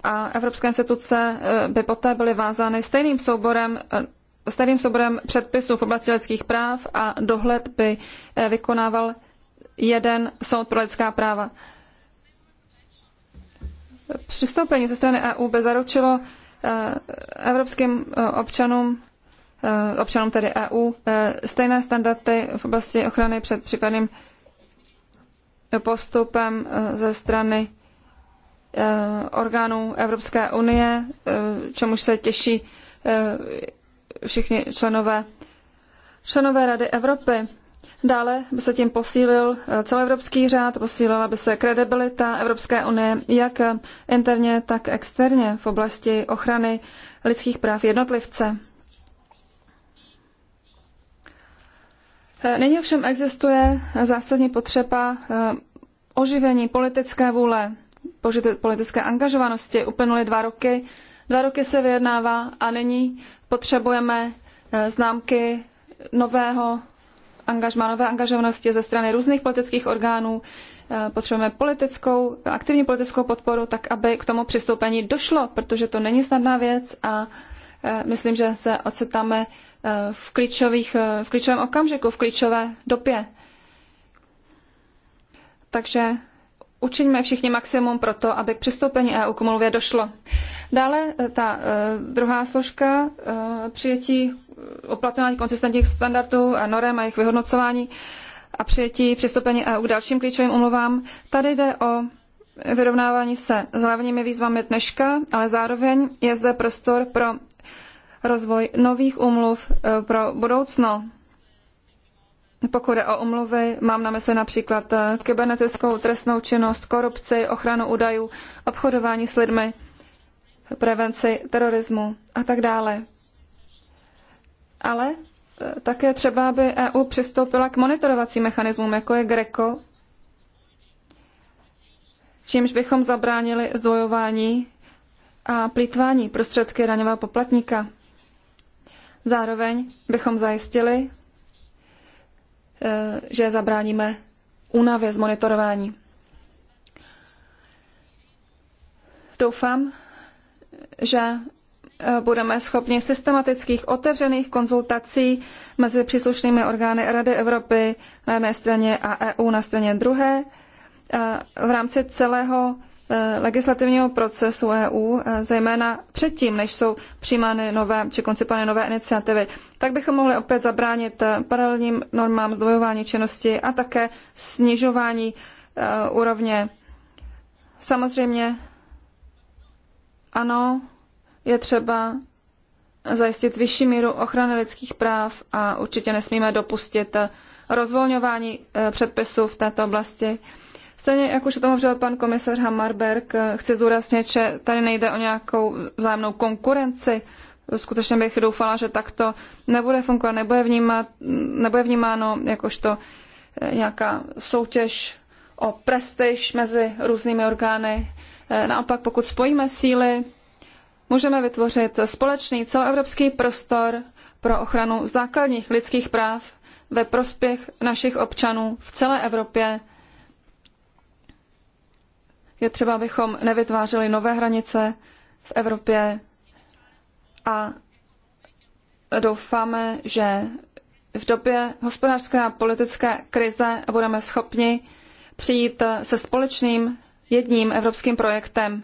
a evropské instituce eh, by poté byly vázány stejným souborem eh, stejným souborem předpisů v oblasti lidských práv a dohled by vykonával jeden soud pro lidská práva. Přistoupení ze strany EU by zaručilo evropským občanům Eh, občanům tedy EU eh, stejné standardy v oblasti ochrany před případným postupem eh, ze strany orgánů Evropské unie, čemuž se těší všichni členové, členové Rady Evropy. Dále by se tím posílil celoevropský řád, posílila by se kredibilita Evropské unie jak interně, tak externě v oblasti ochrany lidských práv jednotlivce. Eh, nyní ovšem existuje zásadní potřeba eh, oživení politické vůle, politické angažovanosti. Uplynuly dva roky, dva roky se vyjednává a nyní potřebujeme eh, známky nového angažma, nové angažovanosti ze strany různých politických orgánů. Potřebujeme politickou, aktivní politickou podporu, tak aby k tomu přistoupení došlo, protože to není snadná věc a myslím, že se ocitáme v, klíčových, eh, v klíčovém okamžiku, v klíčové době. Takže učiňme všichni maximum pro to, aby k přistoupení EU k umluvě došlo. Dále eh, ta eh, druhá složka přijetí uplatňování konsistentních standardů a norem a jejich vyhodnocování a přijetí přistoupení EU k dalším klíčovým umluvám. Tady jde o vyrovnávání se s hlavními výzvami dneška, ale zároveň je zde prostor pro rozvoj nových umluv eh, pro budoucno. Pokud je o umluvy, mám na mysli například eh, kybernetickou trestnou činnost, korupci, ochranu údajů, obchodování s lidmi, prevenci terorismu a tak dále. Ale eh, také třeba, aby EU přistoupila k monitorovacím mechanismům, jako je GRECO, čímž bychom zabránili zdvojování a plítvání prostředky daňového poplatníka. Zároveň bychom zajistili, eh, že zabráníme únavě z monitorování. Doufám, že eh, budeme schopni systematických otevřených konzultací mezi příslušnými orgány Rady Evropy na jedné straně a EU na straně druhé eh, v rámci celého Eh, legislativního procesu EU, eh, zejména předtím, než jsou přijímány nové či koncipovány nové iniciativy. Tak bychom mohli opět zabránit eh, paralelním normám zdvojování činnosti a také snižování úrovně. Samozřejmě ano, je třeba zajistit vyšší míru ochrany lidských práv a určitě nesmíme dopustit rozvolňování předpisů v této oblasti. Stejně, jak už o tom hovořil pan komisař Hammarberg, chci zdůraznit, že tady nejde o nějakou vzájemnou konkurenci. Skutečně bych doufala, že takto nebude fungovat, nebude, vnímat, nebude vnímáno jakožto eh, nějaká soutěž o prestiž mezi různými orgány. Eh, naopak, pokud spojíme síly, můžeme vytvořit společný celoevropský prostor pro ochranu základních lidských práv ve prospěch našich občanů v celé Evropě je třeba, abychom nevytvářeli nové hranice v Evropě a doufáme, že v době hospodářské a politické krize budeme schopni přijít se společným jedním evropským projektem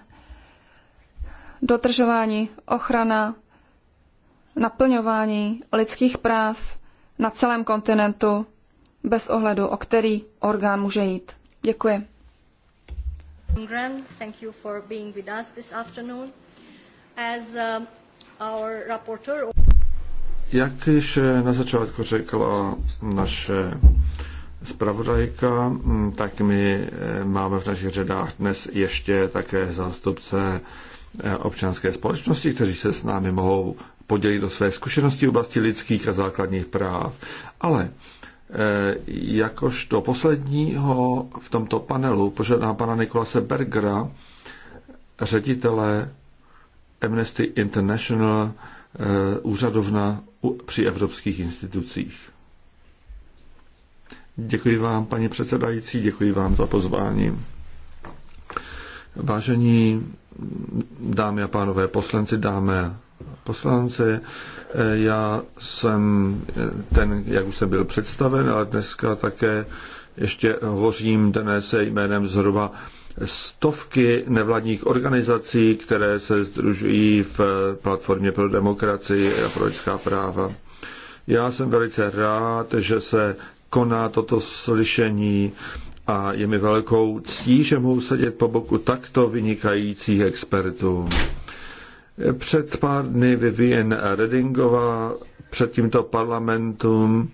dodržování, ochrana, naplňování lidských práv na celém kontinentu bez ohledu, o který orgán může jít. Děkuji. Ingran, thank you for being with us this afternoon. As um, our rapporteur... Jak již eh, na začátku řekla naše zpravodajka, mm, tak my eh, máme v našich řadách dnes ještě také zástupce eh, občanské společnosti, kteří se s námi mohou podělit o své zkušenosti v oblasti lidských a základních práv. Ale Eh, jakožto posledního v tomto panelu požádám pana Nikolase Bergera, ředitele Amnesty International, eh, úřadovna při evropských institucích. Děkuji vám, paní předsedající, děkuji vám za pozvání. Vážení dámy a pánové poslanci, dámy poslanci, já jsem eh, ten, jak už jsem byl představen, ale dneska také ještě hovořím dnes jménem zhruba stovky nevládních organizací, které se združují v eh, platformě pro demokracii a pro lidská práva. Já jsem velice rád, že se koná toto slyšení a je mi velkou ctí, že mohu sedět po boku takto vynikajících expertů. Před pár dny Vivien Redingová před tímto parlamentem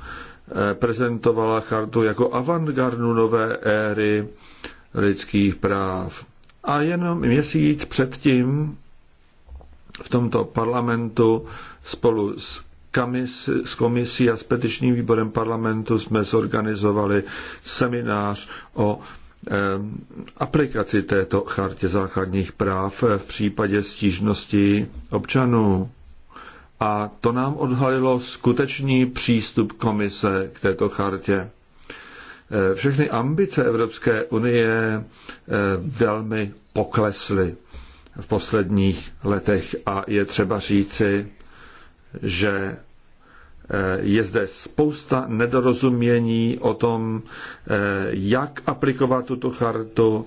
eh, prezentovala chartu jako avantgardu nové éry lidských práv. A jenom měsíc předtím v tomto parlamentu spolu s, s komisí a s petičním výborem parlamentu jsme zorganizovali seminář o Eh, aplikaci této chartě základních práv v případě stížnosti občanů. A to nám odhalilo skutečný přístup komise k této chartě. Eh, všechny ambice Evropské unie eh, velmi poklesly v posledních letech a je třeba říci, že Eh, je zde spousta nedorozumění o tom, eh, jak aplikovat tuto chartu,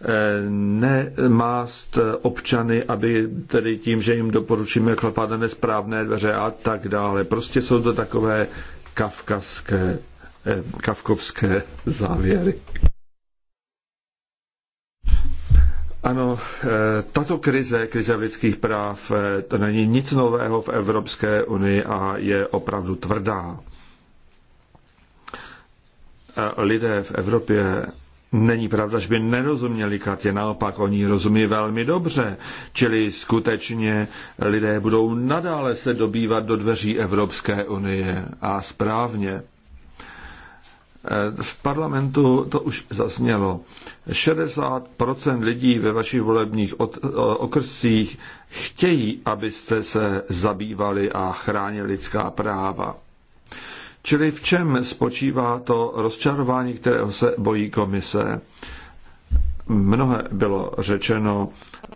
eh, nemást občany, aby tedy tím, že jim doporučíme klepat nesprávné dveře a tak dále. Prostě jsou to takové kafkaské, kafkovské závěry. Ano, eh, tato krize, krize lidských práv, eh, to není nic nového v Evropské unii a je opravdu tvrdá. Eh, lidé v Evropě Není pravda, že by nerozuměli Katě, naopak oni rozumí velmi dobře, čili skutečně lidé budou nadále se dobývat do dveří Evropské unie a správně. Eh, v parlamentu to už zaznělo. 60% lidí ve vašich volebních eh, okrscích chtějí, abyste se zabývali a chránili lidská práva. Čili v čem spočívá to rozčarování, kterého se bojí komise? Mnohé bylo řečeno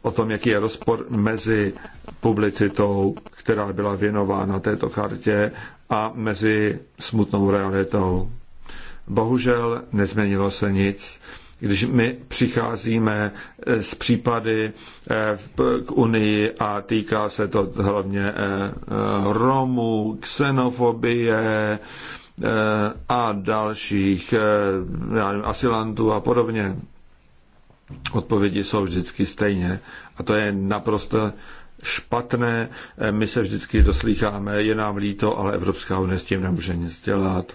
o tom, jaký je rozpor mezi publicitou, která byla věnována této chartě, a mezi smutnou realitou. Bohužel nezměnilo se nic. Když my přicházíme eh, s případy eh, k Unii a týká se to hlavně eh, Romů, xenofobie a dalších nevím, asilantů a podobně, odpovědi jsou vždycky stejně. A to je naprosto špatné. My se vždycky doslýcháme, je nám líto, ale Evropská unie s tím nemůže nic dělat.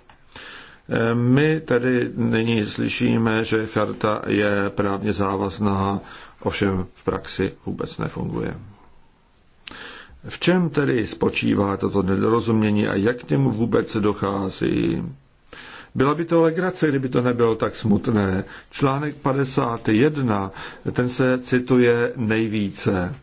My tedy nyní slyšíme, že charta je právně závazná, ovšem v praxi vůbec nefunguje. V čem tedy spočívá toto nedorozumění a jak k němu vůbec dochází? Byla by to legrace, kdyby to nebylo tak smutné. Článek 51, ten se cituje nejvíce.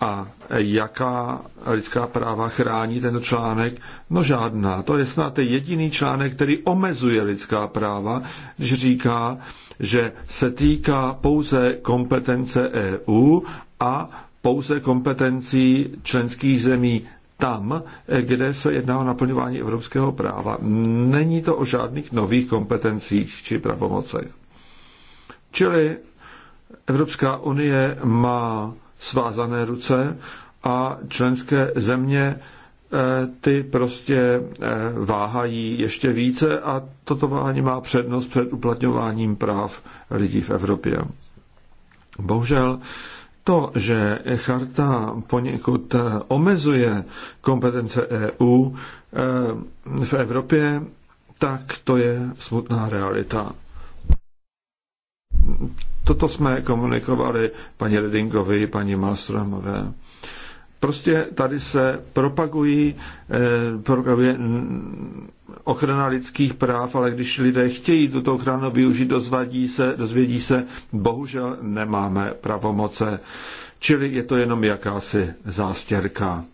A jaká lidská práva chrání tento článek? No žádná. To je snad jediný článek, který omezuje lidská práva, když říká, že se týká pouze kompetence EU a pouze kompetencí členských zemí tam, kde se jedná o naplňování evropského práva. Není to o žádných nových kompetencích či pravomocech. Čili Evropská unie má svázané ruce a členské země eh, ty prostě eh, váhají ještě více a toto váhání má přednost před uplatňováním práv lidí v Evropě. Bohužel to, že charta poněkud eh, omezuje kompetence EU v Evropě, tak to je smutná realita. Toto jsme komunikovali paní Redingovi, paní Malstromové. Prostě tady se propagují, eh, propaguje ochrana lidských práv, ale když lidé chtějí tuto ochranu využít, dozvadí se, dozvědí se, bohužel nemáme pravomoce. Čili je to jenom jakási zástěrka.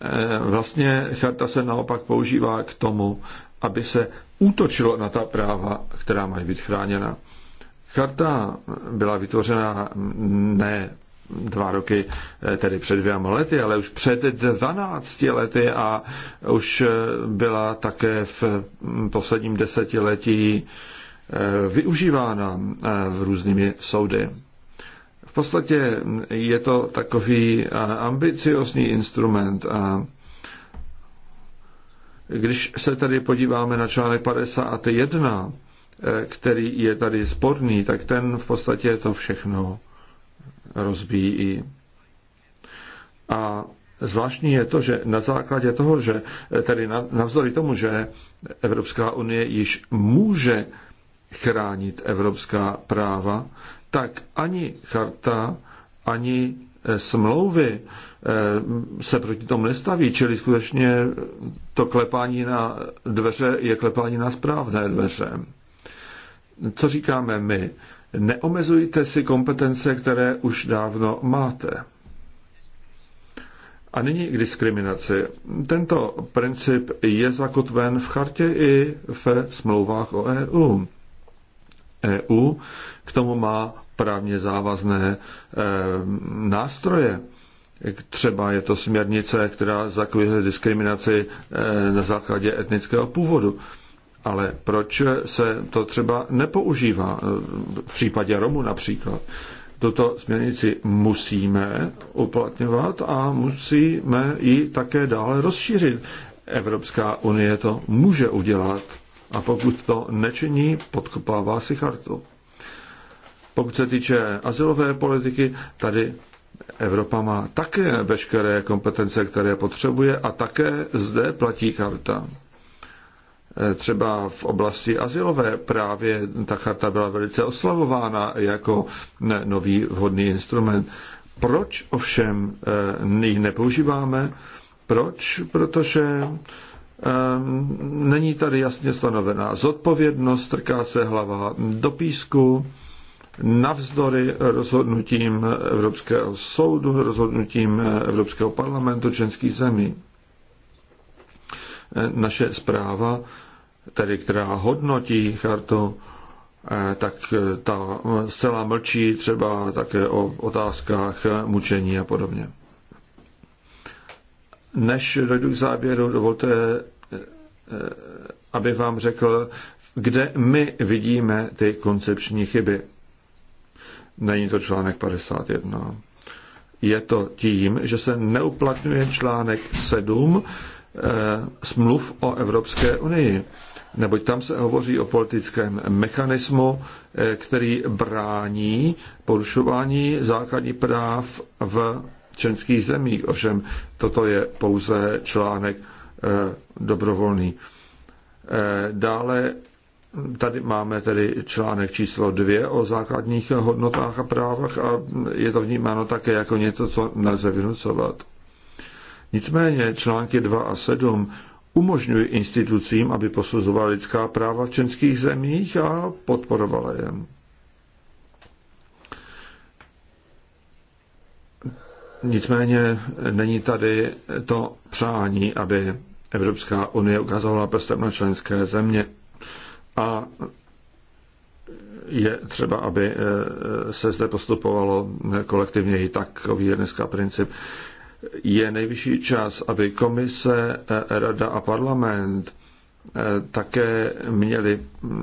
Eh, vlastně charta se naopak používá k tomu, aby se útočilo na ta práva, která mají být chráněna. Charta byla vytvořena ne dva roky, tedy před dvěma lety, ale už před 12 lety a už byla také v posledním desetiletí eh, využívána v eh, různými soudy. V podstatě je to takový eh, ambiciozní instrument a když se tady podíváme na článek 51, eh, který je tady sporný, tak ten v podstatě to všechno rozbíjí. A Zvláštní je to, že na základě toho, že eh, tedy navzdory tomu, že Evropská unie již může chránit evropská práva, tak ani charta, ani smlouvy eh, se proti tomu nestaví, čili skutečně to klepání na dveře je klepání na správné dveře. Co říkáme my? Neomezujte si kompetence, které už dávno máte. A nyní k diskriminaci. Tento princip je zakotven v chartě i v smlouvách o EU. EU k tomu má právně závazné eh, nástroje. Třeba je to směrnice, která zakazuje diskriminaci eh, na základě etnického původu. Ale proč se to třeba nepoužívá eh, v případě Romu například? Tuto směrnici musíme uplatňovat a musíme ji také dále rozšířit. Evropská unie to může udělat a pokud to nečiní, podkopává si chartu. Pokud se týče asilové politiky, tady Evropa má také veškeré kompetence, které potřebuje a také zde platí charta. Eh, třeba v oblasti asilové právě ta charta byla velice oslavována jako eh, nový vhodný instrument. Proč ovšem eh, ji nepoužíváme? Proč? Protože není tady jasně stanovená zodpovědnost, trká se hlava do písku, navzdory rozhodnutím Evropského soudu, rozhodnutím Evropského parlamentu členských zemí. Naše zpráva, tedy která hodnotí chartu, tak ta zcela mlčí třeba také o otázkách mučení a podobně. Než dojdu k závěru, dovolte, aby vám řekl, kde my vidíme ty koncepční chyby. Není to článek 51. Je to tím, že se neuplatňuje článek 7 e, eh, smluv o Evropské unii, neboť tam se hovoří o politickém mechanismu, e, který brání porušování základních práv v členských zemích. Ovšem, toto je pouze článek e, dobrovolný. Dále Tady máme tedy článek číslo dvě o základních hodnotách a právech a je to vnímáno také jako něco, co nelze vynucovat. Nicméně články 2 a 7 umožňují institucím, aby posuzovala lidská práva v českých zemích a podporovala je. Nicméně není tady to přání, aby Evropská unie ukázala prstem na členské země. A je třeba, aby eh, se zde postupovalo kolektivně. i Takový je dneska princip. Je nejvyšší čas, aby komise, eh, rada a parlament eh, také měli,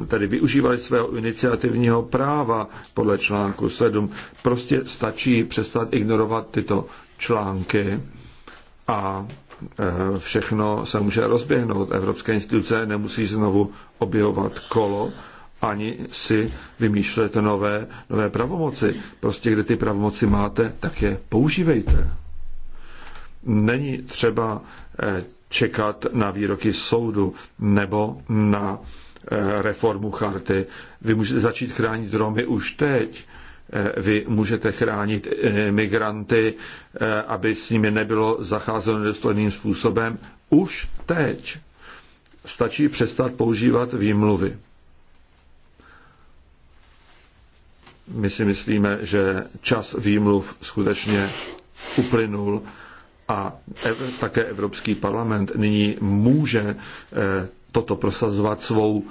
tedy využívali svého iniciativního práva podle článku 7. Prostě stačí přestat ignorovat tyto články a Eh, všechno se může rozběhnout. Evropské instituce nemusí znovu objevovat kolo, ani si vymýšlet nové, nové pravomoci. Prostě kde ty pravomoci máte, tak je používejte. Není třeba eh, čekat na výroky soudu nebo na eh, reformu charty. Vy můžete začít chránit Romy už teď. Eh, vy můžete chránit eh, migranty, eh, aby s nimi nebylo zacházeno nedostojným způsobem, už teď stačí přestat používat výmluvy. My si myslíme, že čas výmluv skutečně uplynul a ev- také Evropský parlament nyní může e, toto prosazovat svou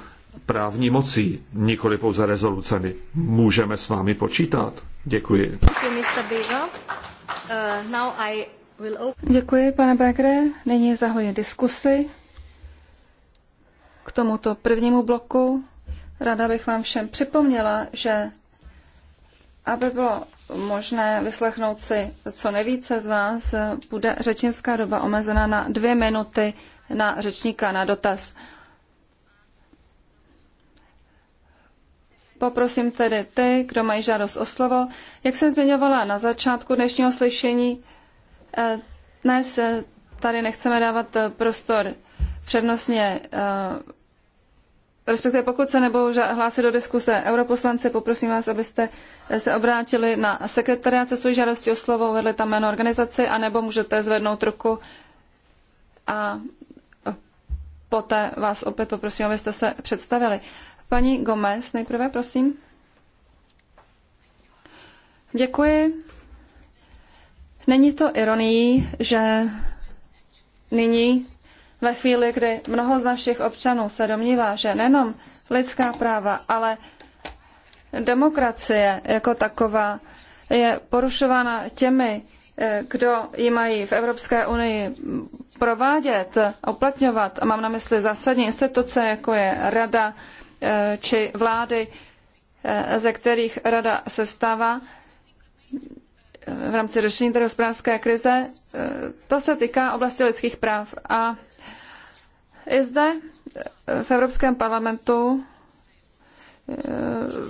právní mocí, nikoli pouze rezolucemi. Můžeme s vámi počítat. Děkuji. Uh, Děkuji, pane Begre. Nyní zahoji diskusy k tomuto prvnímu bloku. Rada bych vám všem připomněla, že aby bylo možné vyslechnout si co nejvíce z vás, bude řečnická doba omezena na dvě minuty na řečníka na dotaz. Poprosím tedy ty, kdo mají žádost o slovo. Jak jsem zmiňovala na začátku dnešního slyšení, eh, dnes eh, tady nechceme dávat eh, prostor přednostně, respektive pokud se nebo hlásit do diskuse europoslance, poprosím vás, abyste se obrátili na sekretariat se svojí žádostí o slovo, uvedli tam jméno organizaci, anebo můžete zvednout ruku a poté vás opět poprosím, abyste se představili. Paní Gomez, nejprve prosím. Děkuji. Není to ironií, že nyní, ve chvíli, kdy mnoho z našich občanů se domnívá, že nejenom lidská práva, ale demokracie jako taková je porušována těmi, eh, kdo ji mají v Evropské unii provádět, uplatňovat, a mám na mysli zásadní instituce, jako je Rada, Eh, či vlády, eh, ze kterých rada se stává eh, v rámci řešení té hospodářské krize. To se týká oblasti lidských práv. A i zde v Evropském parlamentu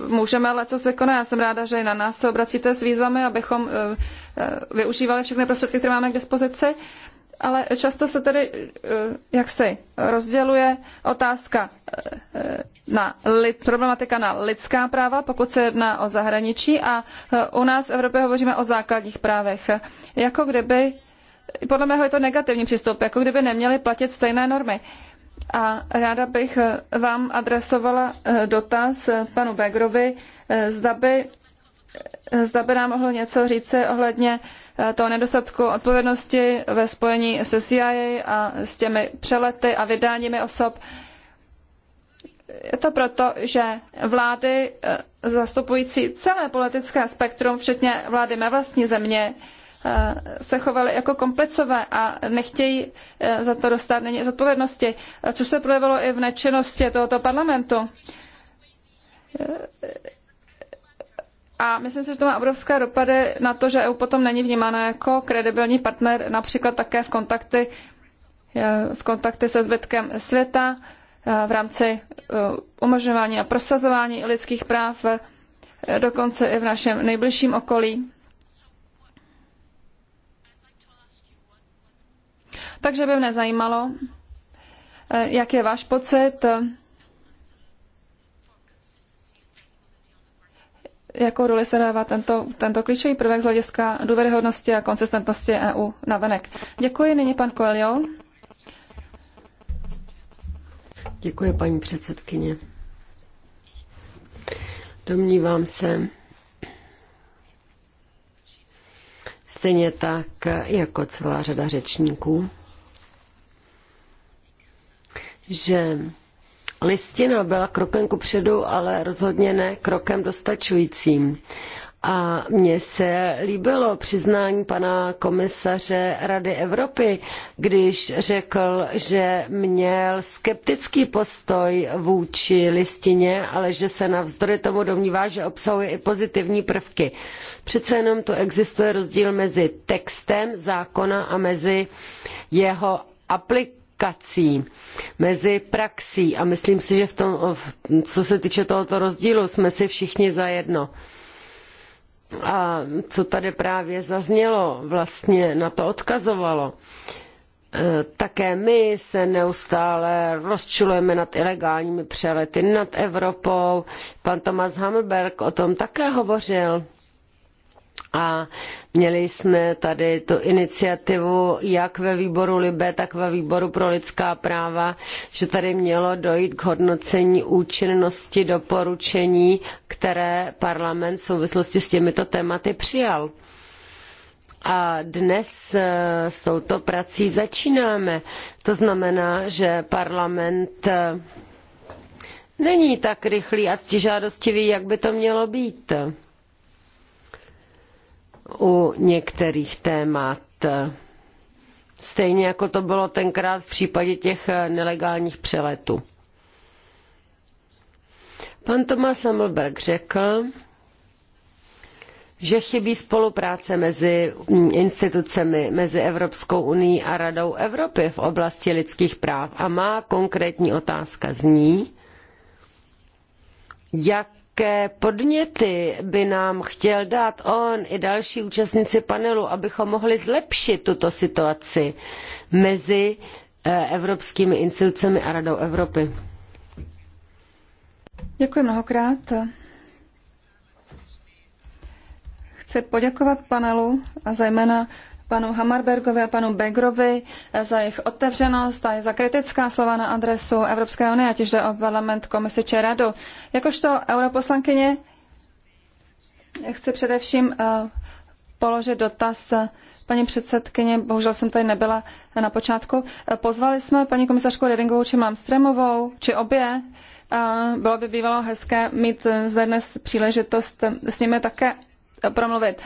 můžeme ale co vykonat. Já jsem ráda, že i na nás se obracíte s výzvami, abychom využívali všechny prostředky, které máme k dispozici ale často se tedy eh, jak se rozděluje otázka eh, eh, na lid, problematika na lidská práva, pokud se jedná o zahraničí a u nás v Evropě hovoříme o základních právech. Jako kdyby, podle mého je to negativní přístup, jako kdyby neměli platit stejné normy. A ráda bych vám adresovala dotaz panu Begrovi, zda by, zda by nám mohl něco říci ohledně Eh, toho nedostatku odpovědnosti ve spojení se CIA a s těmi přelety a vydáními osob. Je to proto, že vlády eh, zastupující celé politické spektrum, včetně vlády mé vlastní země, eh, se chovaly jako komplicové a nechtějí za to dostat není zodpovědnosti, což se projevilo i v nečinnosti tohoto parlamentu. A myslím si, že to má obrovské dopady na to, že EU potom není vnímána jako kredibilní partner, například také v kontakty, eh, v kontakty se zbytkem světa, eh, v rámci eh, umožňování a prosazování lidských práv, dokonce i v našem nejbližším okolí. Takže by mě zajímalo, jak je váš pocit, jakou roli se dává tento, tento klíčový prvek z hlediska důvěryhodnosti a konsistentnosti EU na venek. Děkuji, nyní pan Coelho. Děkuji, paní předsedkyně. Domnívám se, stejně tak jako celá řada řečníků, že listina byla krokem kupředu, ale rozhodně ne krokem dostačujícím. A mně se líbilo přiznání pana komisaře Rady Evropy, když řekl, že měl skeptický postoj vůči listině, ale že se navzdory tomu domnívá, že obsahuje i pozitivní prvky. Přece jenom tu existuje rozdíl mezi textem zákona a mezi jeho aplikací komunikací, mezi praxí a myslím si, že v tom, co se týče tohoto rozdílu, jsme si všichni zajedno. A co tady právě zaznělo, vlastně na to odkazovalo. E, také my se neustále rozčulujeme nad ilegálními přelety nad Evropou. Pan Thomas Hammerberg o tom také hovořil a měli jsme tady tu iniciativu jak ve výboru Libe, tak ve výboru pro lidská práva, že tady mělo dojít k hodnocení účinnosti doporučení, které parlament v souvislosti s těmito tématy přijal. A dnes eh, s touto prací začínáme. To znamená, že parlament eh, není tak rychlý a ctižádostivý, jak by to mělo být u některých témat. Stejně jako to bylo tenkrát v případě těch nelegálních přeletů. Pan Tomáš Samelberg řekl, že chybí spolupráce mezi institucemi, mezi Evropskou unií a Radou Evropy v oblasti lidských práv. A má konkrétní otázka zní, jak jaké podněty by nám chtěl dát on i další účastníci panelu, abychom mohli zlepšit tuto situaci mezi eh, evropskými institucemi a Radou Evropy. Děkuji mnohokrát. Chci poděkovat panelu a zejména panu Hamarbergovi a panu Begrovi eh, za jejich otevřenost a za kritická slova na adresu Evropské unie, ať už jde o parlament, komisi či radu. Jakožto europoslankyně chci především eh, položit dotaz eh, paní předsedkyně, bohužel jsem tady nebyla na počátku. Pozvali jsme paní komisařku Redingovou či Malmstremovou, či obě. Bylo by bývalo hezké mít zde dnes příležitost s nimi také promluvit.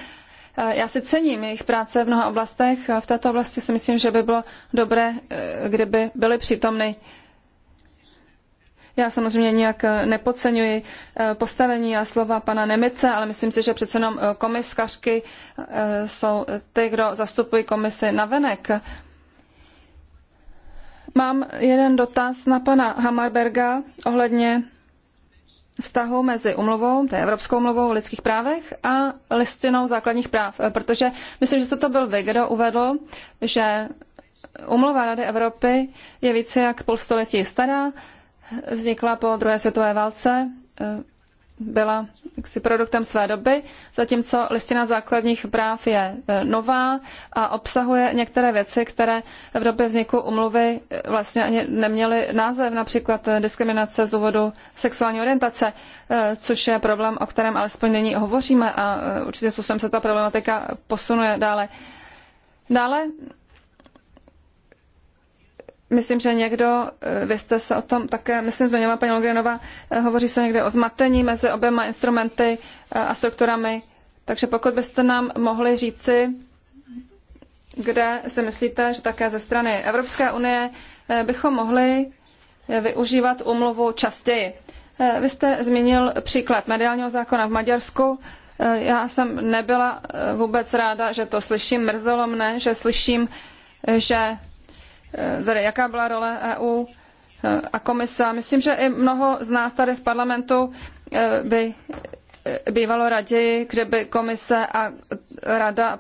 Eh, já si cením jejich práce v mnoha oblastech. V této oblasti si myslím, že by bylo dobré, eh, kdyby byly přítomny. Já samozřejmě nijak eh, nepodceňuji postavení a slova pana Nemice, ale myslím si, že přece jenom komiskařky jsou ty, kdo zastupují komisi navenek. Mám jeden dotaz na pana Hammerberga ohledně vztahu mezi umluvou, to je Evropskou umluvou o lidských právech a listinou základních práv, eh, protože myslím, že se to byl vy, kdo uvedl, že umluva Rady Evropy je více jak půl století stará, vznikla po druhé světové válce eh, byla jaksi produktem své doby, zatímco listina základních práv je e, nová a obsahuje některé věci, které v době vzniku umluvy e, vlastně ani neměly název, například e, diskriminace z důvodu sexuální orientace, což je problém, o kterém alespoň nyní hovoříme a určitě způsobem se ta problematika posunuje dále. Dále Myslím, že někdo, eh, vy jste se o tom také, myslím, zmiňovala paní Logrenová, eh, hovoří se někde o zmatení mezi oběma instrumenty eh, a strukturami. Takže pokud byste nám mohli říci, kde si myslíte, že také ze strany Evropské unie bychom mohli využívat umluvu častěji. Vy jste zmínil příklad mediálního zákona v Maďarsku. Já jsem nebyla vůbec ráda, že to slyším, mrzelo mne, že slyším, že Eh, tedy jaká byla role EU eh, a A Myslím, že i mnoho z nás tady v parlamentu eh, by bývalo raději, kdyby komise a rada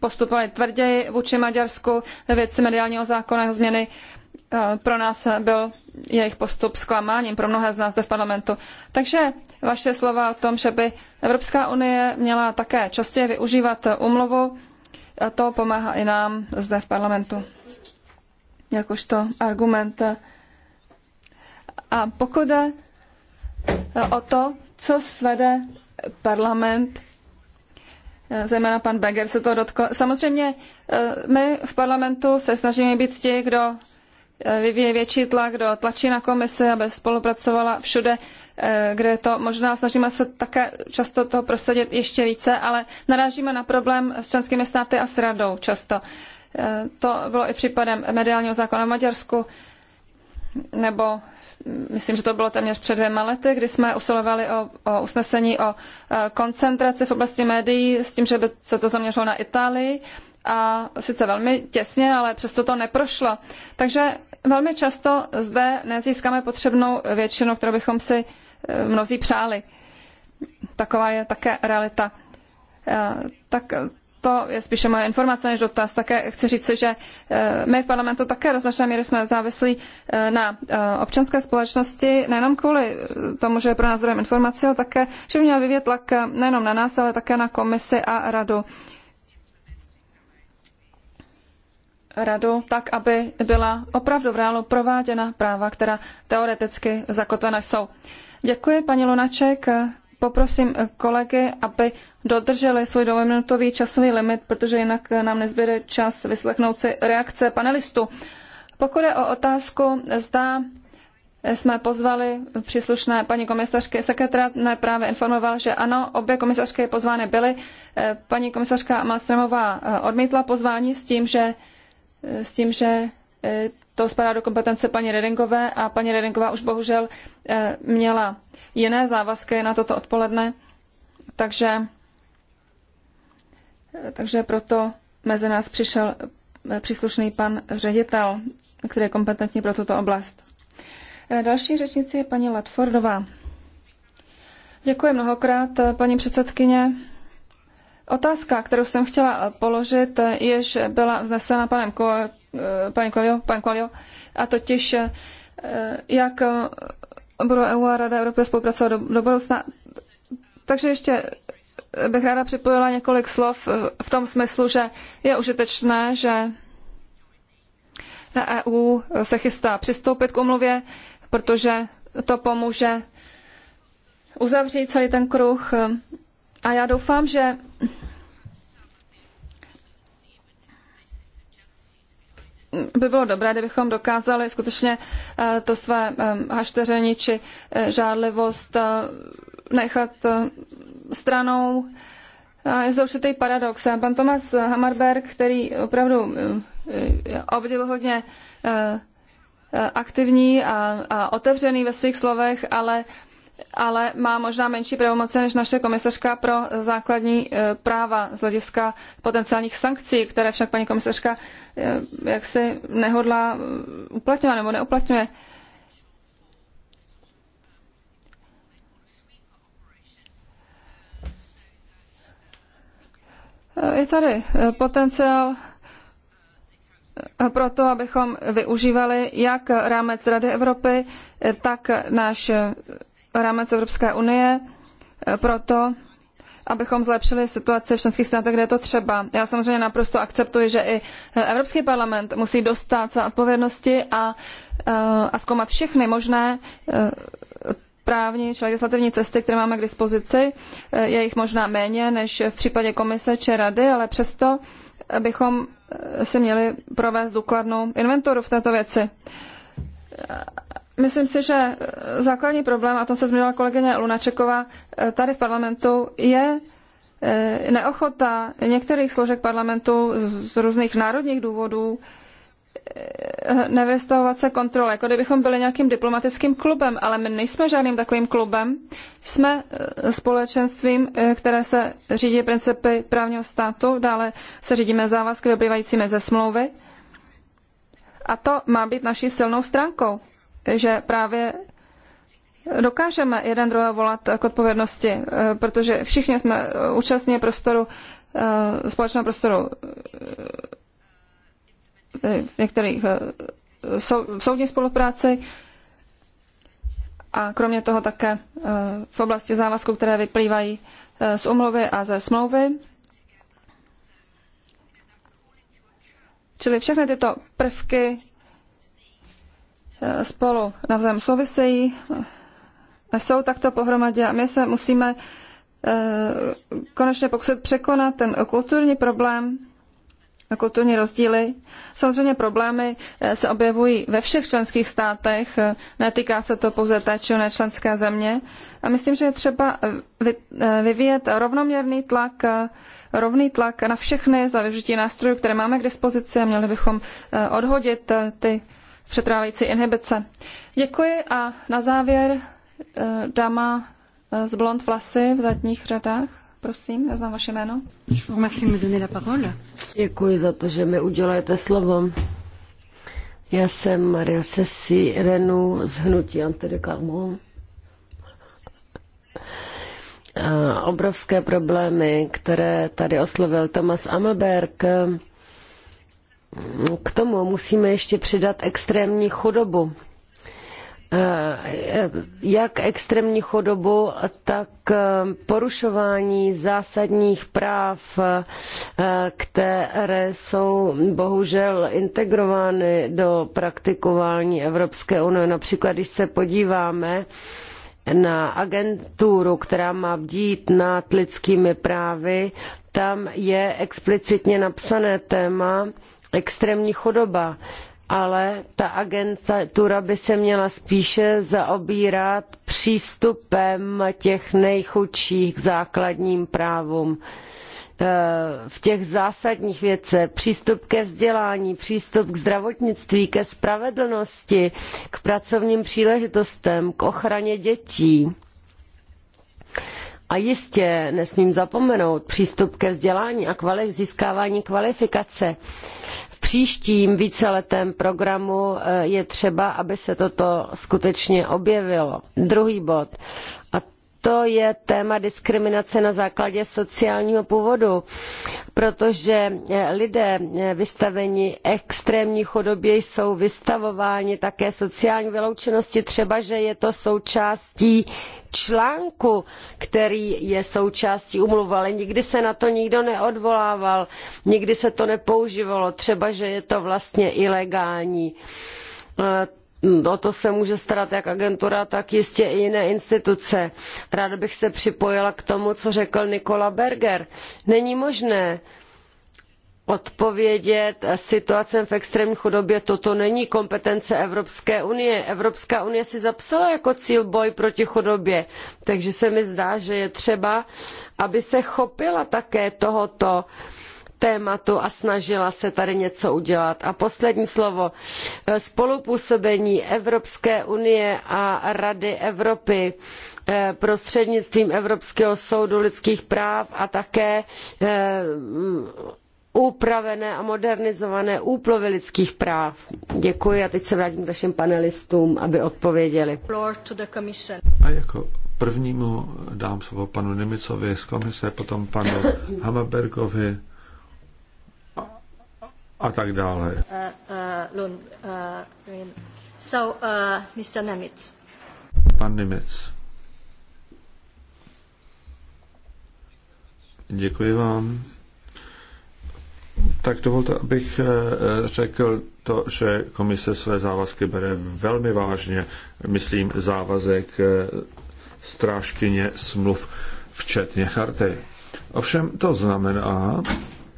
postupovali tvrději vůči Maďarsku ve věci mediálního zákona jeho změny. Pro nás byl jejich postup zklamáním, pro mnohé z nás zde v parlamentu. Takže vaše slova o tom, že by Evropská unie měla také častěji využívat umluvu, to pomáhá i nám zde v parlamentu jakožto argument. A pokud jde o to, co svede parlament, zejména pan Beger se to dotkl. Samozřejmě eh, my v parlamentu se snažíme být ti, kdo eh, vyvíje větší tlak, kdo tlačí na komisi, aby spolupracovala všude, eh, kde je to možná. Snažíme se také často to prosadit ještě více, ale narážíme na problém s členskými státy a s radou často. To bylo i případem mediálního zákona v Maďarsku, nebo myslím, že to bylo téměř před dvěma lety, kdy jsme usilovali o, o usnesení o e, koncentraci v oblasti médií s tím, že by se to zaměřilo na Itálii a sice velmi těsně, ale přesto to neprošlo. Takže velmi často zde nezískáme potřebnou většinu, kterou bychom si e, mnozí přáli. Taková je také realita. E, tak to je spíše moje informace než dotaz. Také chci říct, že eh, my v parlamentu také do značné míry jsme závislí eh, na eh, občanské společnosti, nejenom kvůli tomu, že je pro nás zdrojem informací, ale také, že by měla vyvět tlak nejenom na nás, ale také na komisi a radu. Radu tak, aby byla opravdu v reálu prováděna práva, která teoreticky zakotvena jsou. Děkuji, paní Lunaček poprosím kolegy, aby dodrželi svůj dvouminutový časový limit, protože jinak nám nezbyde čas vyslechnout si reakce panelistů. Pokud je o otázku, zda jsme pozvali příslušné paní komisařky. Sekretariat mne právě informoval, že ano, obě komisařky pozvány byly. Paní komisařka Malstremová eh, odmítla pozvání s tím, že, eh, s tím, že Eh, to spadá do kompetence paní Redingové a paní Redingová už bohužel eh, měla jiné závazky na toto odpoledne, takže, eh, takže proto mezi nás přišel příslušný pan ředitel, který je kompetentní pro tuto oblast. Další řečnici je paní Latfordová. Děkuji mnohokrát, paní předsedkyně. Otázka, kterou jsem chtěla položit, jež byla vznesena panem Eh, pane Kolio, pane Kolio, a totiž eh, jak eh, budou EU a Rada Evropy spolupracovat do, do budoucna. Takže ještě bych ráda připojila několik slov v tom smyslu, že je užitečné, že na EU se chystá přistoupit k umluvě, protože to pomůže uzavřít celý ten kruh. A já doufám, že by bylo dobré, kdybychom dokázali skutečně eh, to své eh, hašteření či eh, žádlivost nechat stranou. Je zde určitý paradox. Pan Tomas Hammerberg, který opravdu obdivuhodně aktivní a, a otevřený ve svých slovech, ale ale má možná menší pravomoce než naše komisařka pro základní eh, práva z hlediska potenciálních sankcí, které však paní komisařka eh, jaksi nehodlá eh, uplatňovat nebo neuplatňuje. Je tady potenciál pro to, abychom využívali jak rámec Rady Evropy, tak náš rámec Evropské unie e, proto, abychom zlepšili situaci v členských státech, kde je to třeba. Já samozřejmě naprosto akceptuji, že i e, Evropský parlament musí dostat své odpovědnosti a, e, a zkoumat všechny možné právní či legislativní cesty, které máme k dispozici. Je jich možná méně než v případě komise či rady, ale přesto bychom si měli provést důkladnou inventuru v této věci. Myslím si, že eh, základní problém, a to se zmínila kolegyně Lunačeková, eh, tady v parlamentu je eh, neochota některých složek parlamentu z různých národních důvodů nevystavovat se kontrole, jako kdybychom byli nějakým diplomatickým klubem, ale my nejsme žádným takovým klubem. Jsme společenstvím, které se řídí principy právního státu, dále se řídíme závazky vyplývajícími ze smlouvy. A to má být naší silnou stránkou že právě dokážeme jeden druhého volat k odpovědnosti, eh, protože všichni jsme eh, účastní prostoru, eh, společného prostoru některých sou, soudní spolupráci a kromě toho také v oblasti závazků, které vyplývají z umluvy a ze smlouvy. Čili všechny tyto prvky Eh, spolu navzájem souvisejí, eh, jsou takto pohromadě a my se musíme eh, konečně pokusit překonat ten kulturní problém, kulturní rozdíly. Samozřejmě problémy se objevují ve všech členských státech, netýká se to pouze té či oné členské země. A myslím, že je třeba vyvíjet rovnoměrný tlak, rovný tlak na všechny za využití nástrojů, které máme k dispozici a měli bychom odhodit ty přetrávající inhibice. Děkuji a na závěr eh, dáma eh, z blond vlasy v zadních řadách. Prosím, já znám vaše jméno. Děkuji za to, že mi uděláte slovo. Já jsem Maria Sessi Renu z Hnutí Antidekalmon. Eh, obrovské problémy, které tady oslovil Thomas Amelberg, k tomu musíme ještě přidat extrémní chudobu. Eh, jak extrémní chudobu, tak eh, porušování zásadních práv, eh, které jsou bohužel integrovány do praktikování Evropské unie. Například, když se podíváme, na agenturu, která má bdít nad lidskými právy, tam je explicitně napsané téma extrémní chudoba, ale ta agentura by se měla spíše zaobírat přístupem těch nejchudších k základním právům eh, v těch zásadních věcech přístup ke vzdělání, přístup k zdravotnictví, ke spravedlnosti, k pracovním příležitostem, k ochraně dětí a jistě nesmím zapomenout přístup ke vzdělání a kvali- získávání kvalifikace. V příštím víceletém programu eh, je třeba, aby se toto skutečně objevilo. Druhý bod. A to je téma diskriminace na základě sociálního původu, protože eh, lidé eh, vystavení extrémní chudobě jsou vystavováni také sociální vyloučenosti, třeba že je to součástí článku, který je součástí umluvy, ale nikdy se na to nikdo neodvolával, nikdy se to nepoužívalo, třeba, že je to vlastně ilegální. Eh, o to se může starat jak agentura, tak jistě i jiné instituce. Ráda bych se připojila k tomu, co řekl Nikola Berger. Není možné, odpovědět situacem v extrémní chudobě. Toto není kompetence Evropské unie. Evropská unie si zapsala jako cíl boj proti chudobě, takže se mi zdá, že je třeba, aby se chopila také tohoto tématu a snažila se tady něco udělat. A poslední slovo. Spolupůsobení Evropské unie a Rady Evropy eh, prostřednictvím Evropského soudu lidských práv a také eh, upravené a modernizované úplovy lidských práv. Děkuji a teď se vrátím k našim panelistům, aby odpověděli. A jako prvnímu dám slovo panu Nimicovi z komise, potom panu Hamabergovi a tak dále. Uh, uh, uh, so, uh, Mr. Nemitz. Pan Nemitz. Děkuji vám. Tak dovolte, abych eh, řekl to, že komise své závazky bere velmi vážně. Myslím závazek eh, strážkyně smluv, včetně charty. Ovšem to znamená,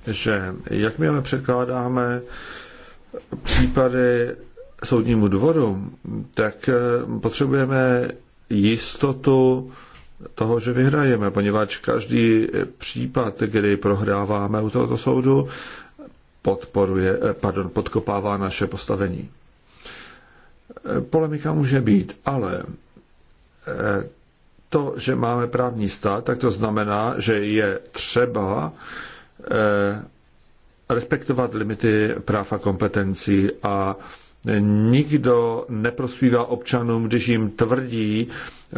že jakmile překládáme případy soudnímu dvoru, tak eh, potřebujeme jistotu toho, že vyhrajeme, poněvadž každý případ, kdy prohráváme u tohoto soudu, podporuje, pardon, podkopává naše postavení. Polemika může být, ale e, to, že máme právní stát, tak to znamená, že je třeba e, respektovat limity práv a kompetencí a nikdo neprospívá občanům, když jim tvrdí,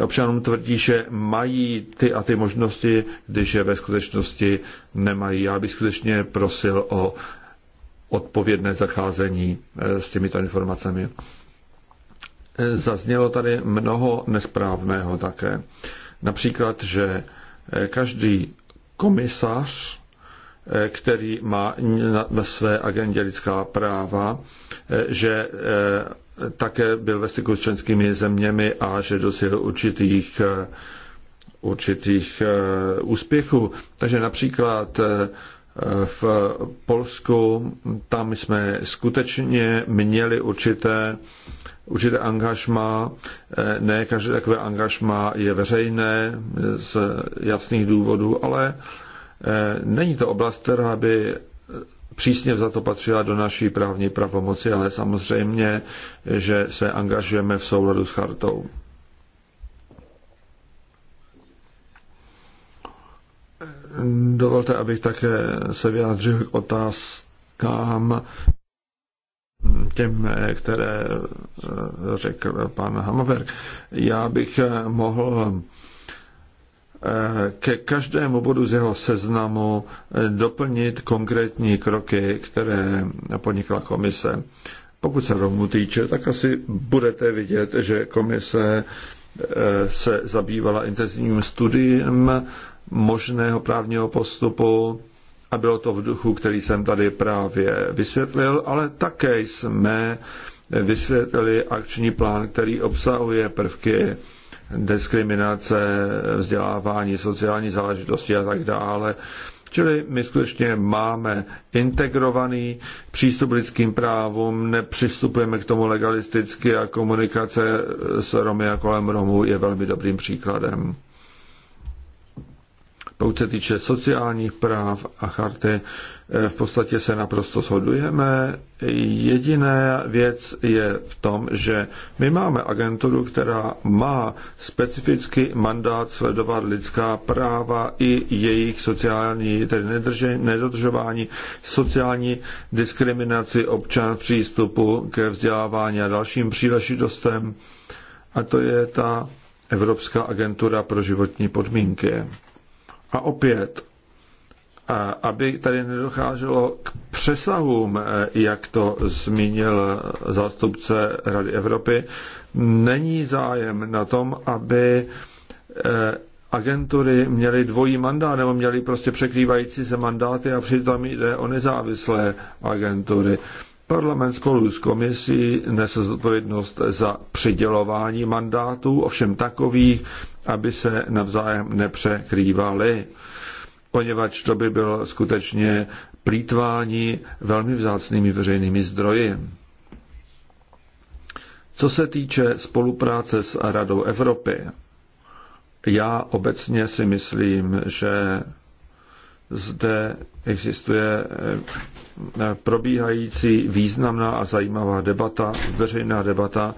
občanům tvrdí, že mají ty a ty možnosti, když je ve skutečnosti nemají. Já bych skutečně prosil o odpovědné zacházení eh, s těmito informacemi. Eh, zaznělo tady mnoho nesprávného také. Například, že eh, každý komisař, který má ve své agendě lidská práva, že také byl ve styku s členskými zeměmi a že dosil určitých, eh, určitých eh, úspěchů. Takže například eh, v Polsku, tam jsme skutečně měli určité, určité angažma. Ne každé takové angažma je veřejné z jasných důvodů, ale není to oblast, která by Přísně za to patřila do naší právní pravomoci, ale samozřejmě, že se angažujeme v souladu s chartou. Dovolte, abych také se vyjádřil k otázkám těm, které řekl pan Hamaver. Já bych mohl Eh, ke každému bodu z jeho seznamu eh, doplnit konkrétní kroky, které podnikla komise. Pokud se rovnou týče, tak asi budete vidět, že komise eh, se zabývala intenzivním studiem možného právního postupu a bylo to v duchu, který jsem tady právě vysvětlil, ale také jsme vysvětlili akční plán, který obsahuje prvky diskriminace, vzdělávání, sociální záležitosti a tak dále. Čili my skutečně máme integrovaný přístup lidským právům, nepřistupujeme k tomu legalisticky a komunikace s Romy a kolem Romů je velmi dobrým příkladem. Pokud se týče sociálních práv a charty, Eh, v podstatě se naprosto shodujeme. Jediná věc je v tom, že my máme agenturu, která má specifický mandát sledovat lidská práva i jejich sociální, tedy nedodržování, sociální diskriminaci občan přístupu ke vzdělávání a dalším příležitostem. A to je ta Evropská agentura pro životní podmínky. A opět a aby tady nedocházelo k přesahům, eh, jak to zmínil eh, zástupce Rady Evropy, není zájem na tom, aby eh, agentury měly dvojí mandát nebo měly prostě překrývající se mandáty a přitom jde o nezávislé agentury. Parlament spolu s komisí nese zodpovědnost za přidělování mandátů, ovšem takových, aby se navzájem nepřekrývaly poněvadž to by bylo skutečně plítvání velmi vzácnými veřejnými zdroji. Co se týče spolupráce s Radou Evropy, já obecně si myslím, že zde existuje eh, probíhající významná a zajímavá debata, veřejná debata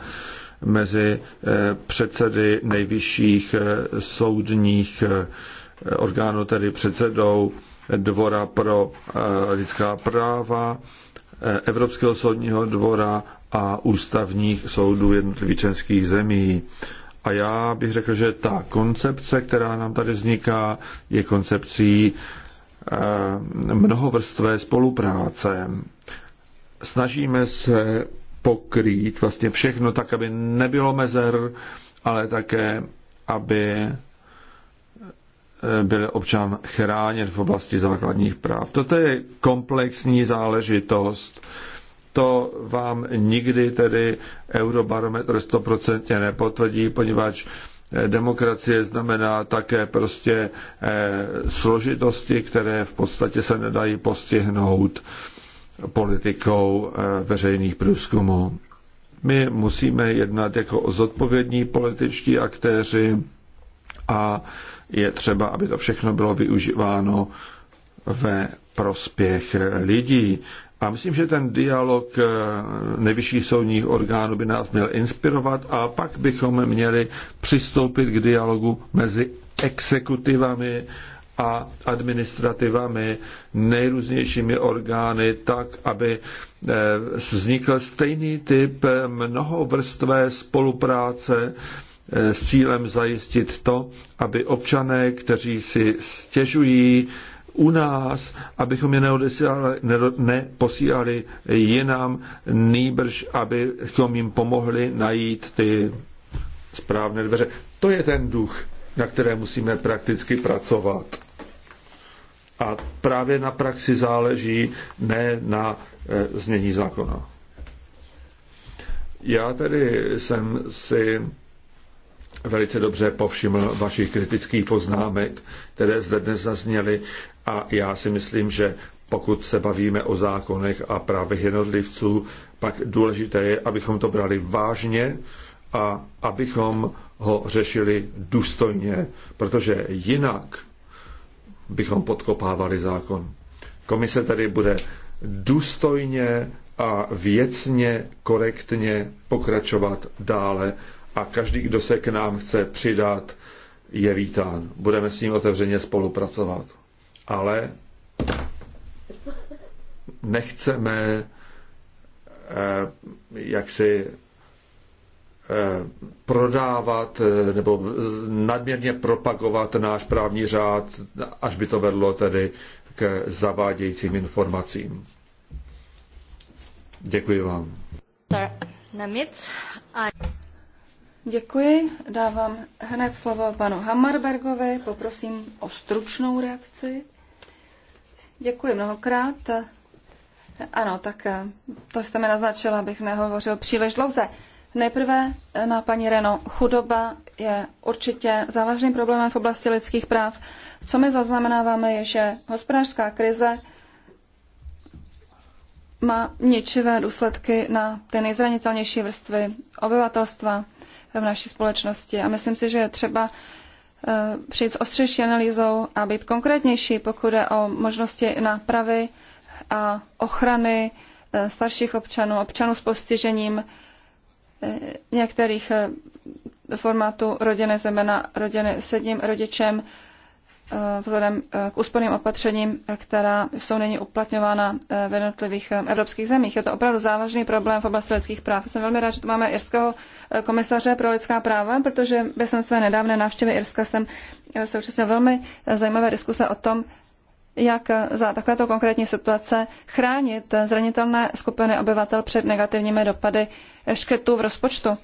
mezi eh, předsedy nejvyšších eh, soudních Eh, orgánu, tedy předsedou Dvora pro eh, lidská práva, eh, Evropského soudního dvora a ústavních soudů jednotlivých členských zemí. A já bych řekl, že ta koncepce, která nám tady vzniká, je koncepcí mnohovrstvé spolupráce. Snažíme se pokrýt vlastně všechno tak, aby nebylo mezer, ale také, aby byl občan chráněn v oblasti základních práv. Toto je komplexní záležitost. To vám nikdy tedy Eurobarometr stoprocentně nepotvrdí, poněvadž eh, demokracie znamená také prostě eh, složitosti, které v podstatě se nedají postihnout politikou eh, veřejných průzkumů. My musíme jednat jako zodpovědní političtí aktéři a je třeba, aby to všechno bylo využíváno ve prospěch lidí. A myslím, že ten dialog eh, nejvyšších soudních orgánů by nás měl inspirovat a pak bychom měli přistoupit k dialogu mezi exekutivami a administrativami, nejrůznějšími orgány, tak, aby eh, vznikl stejný typ mnohovrstvé spolupráce, Eh, s cílem zajistit to, aby občané, kteří si stěžují u nás, abychom je neposílali jinam, nýbrž, abychom jim pomohli najít ty správné dveře. To je ten duch, na které musíme prakticky pracovat. A právě na praxi záleží, ne na eh, změní zákona. Já tedy jsem si velice dobře povšiml vašich kritických poznámek, které zde dnes zazněly a já si myslím, že pokud se bavíme o zákonech a právech jednotlivců, pak důležité je, abychom to brali vážně a abychom ho řešili důstojně, protože jinak bychom podkopávali zákon. Komise tady bude důstojně a věcně, korektně pokračovat dále a každý, kdo se k nám chce přidat, je vítán. Budeme s ním otevřeně spolupracovat. Ale nechceme eh, jak si eh, prodávat eh, nebo nadměrně propagovat náš právní řád, až by to vedlo tedy k zavádějícím informacím. Děkuji vám. Sir, Namic. A... Děkuji. Dávám hned slovo panu Hammarbergovi. Poprosím o stručnou reakci. Děkuji mnohokrát. Ano, tak eh, to jste mi naznačila, abych nehovořil příliš dlouze. Nejprve eh, na paní Reno. Chudoba je určitě závažným problémem v oblasti lidských práv. Co my zaznamenáváme, je, že hospodářská krize má ničivé důsledky na ty nejzranitelnější vrstvy obyvatelstva, v naší společnosti. A myslím si, že je třeba eh, přijít s ostřejší analýzou a být konkrétnější, pokud je o možnosti nápravy a ochrany eh, starších občanů, občanů s postižením eh, některých formátů rodiny, zejména rodiny s jedním rodičem, Eh, vzhledem eh, k úsporným opatřením, která jsou nyní uplatňována eh, v jednotlivých evropských zemích. Je to opravdu závažný problém v oblasti lidských práv. Jsem velmi rád, že tu máme irského komisaře pro lidská práva, protože během své nedávné návštěvy Irska jsem se účastnil velmi zajímavé diskuse o tom, jak za takovéto konkrétní situace chránit zranitelné skupiny obyvatel před negativními dopady škrtů v rozpočtu.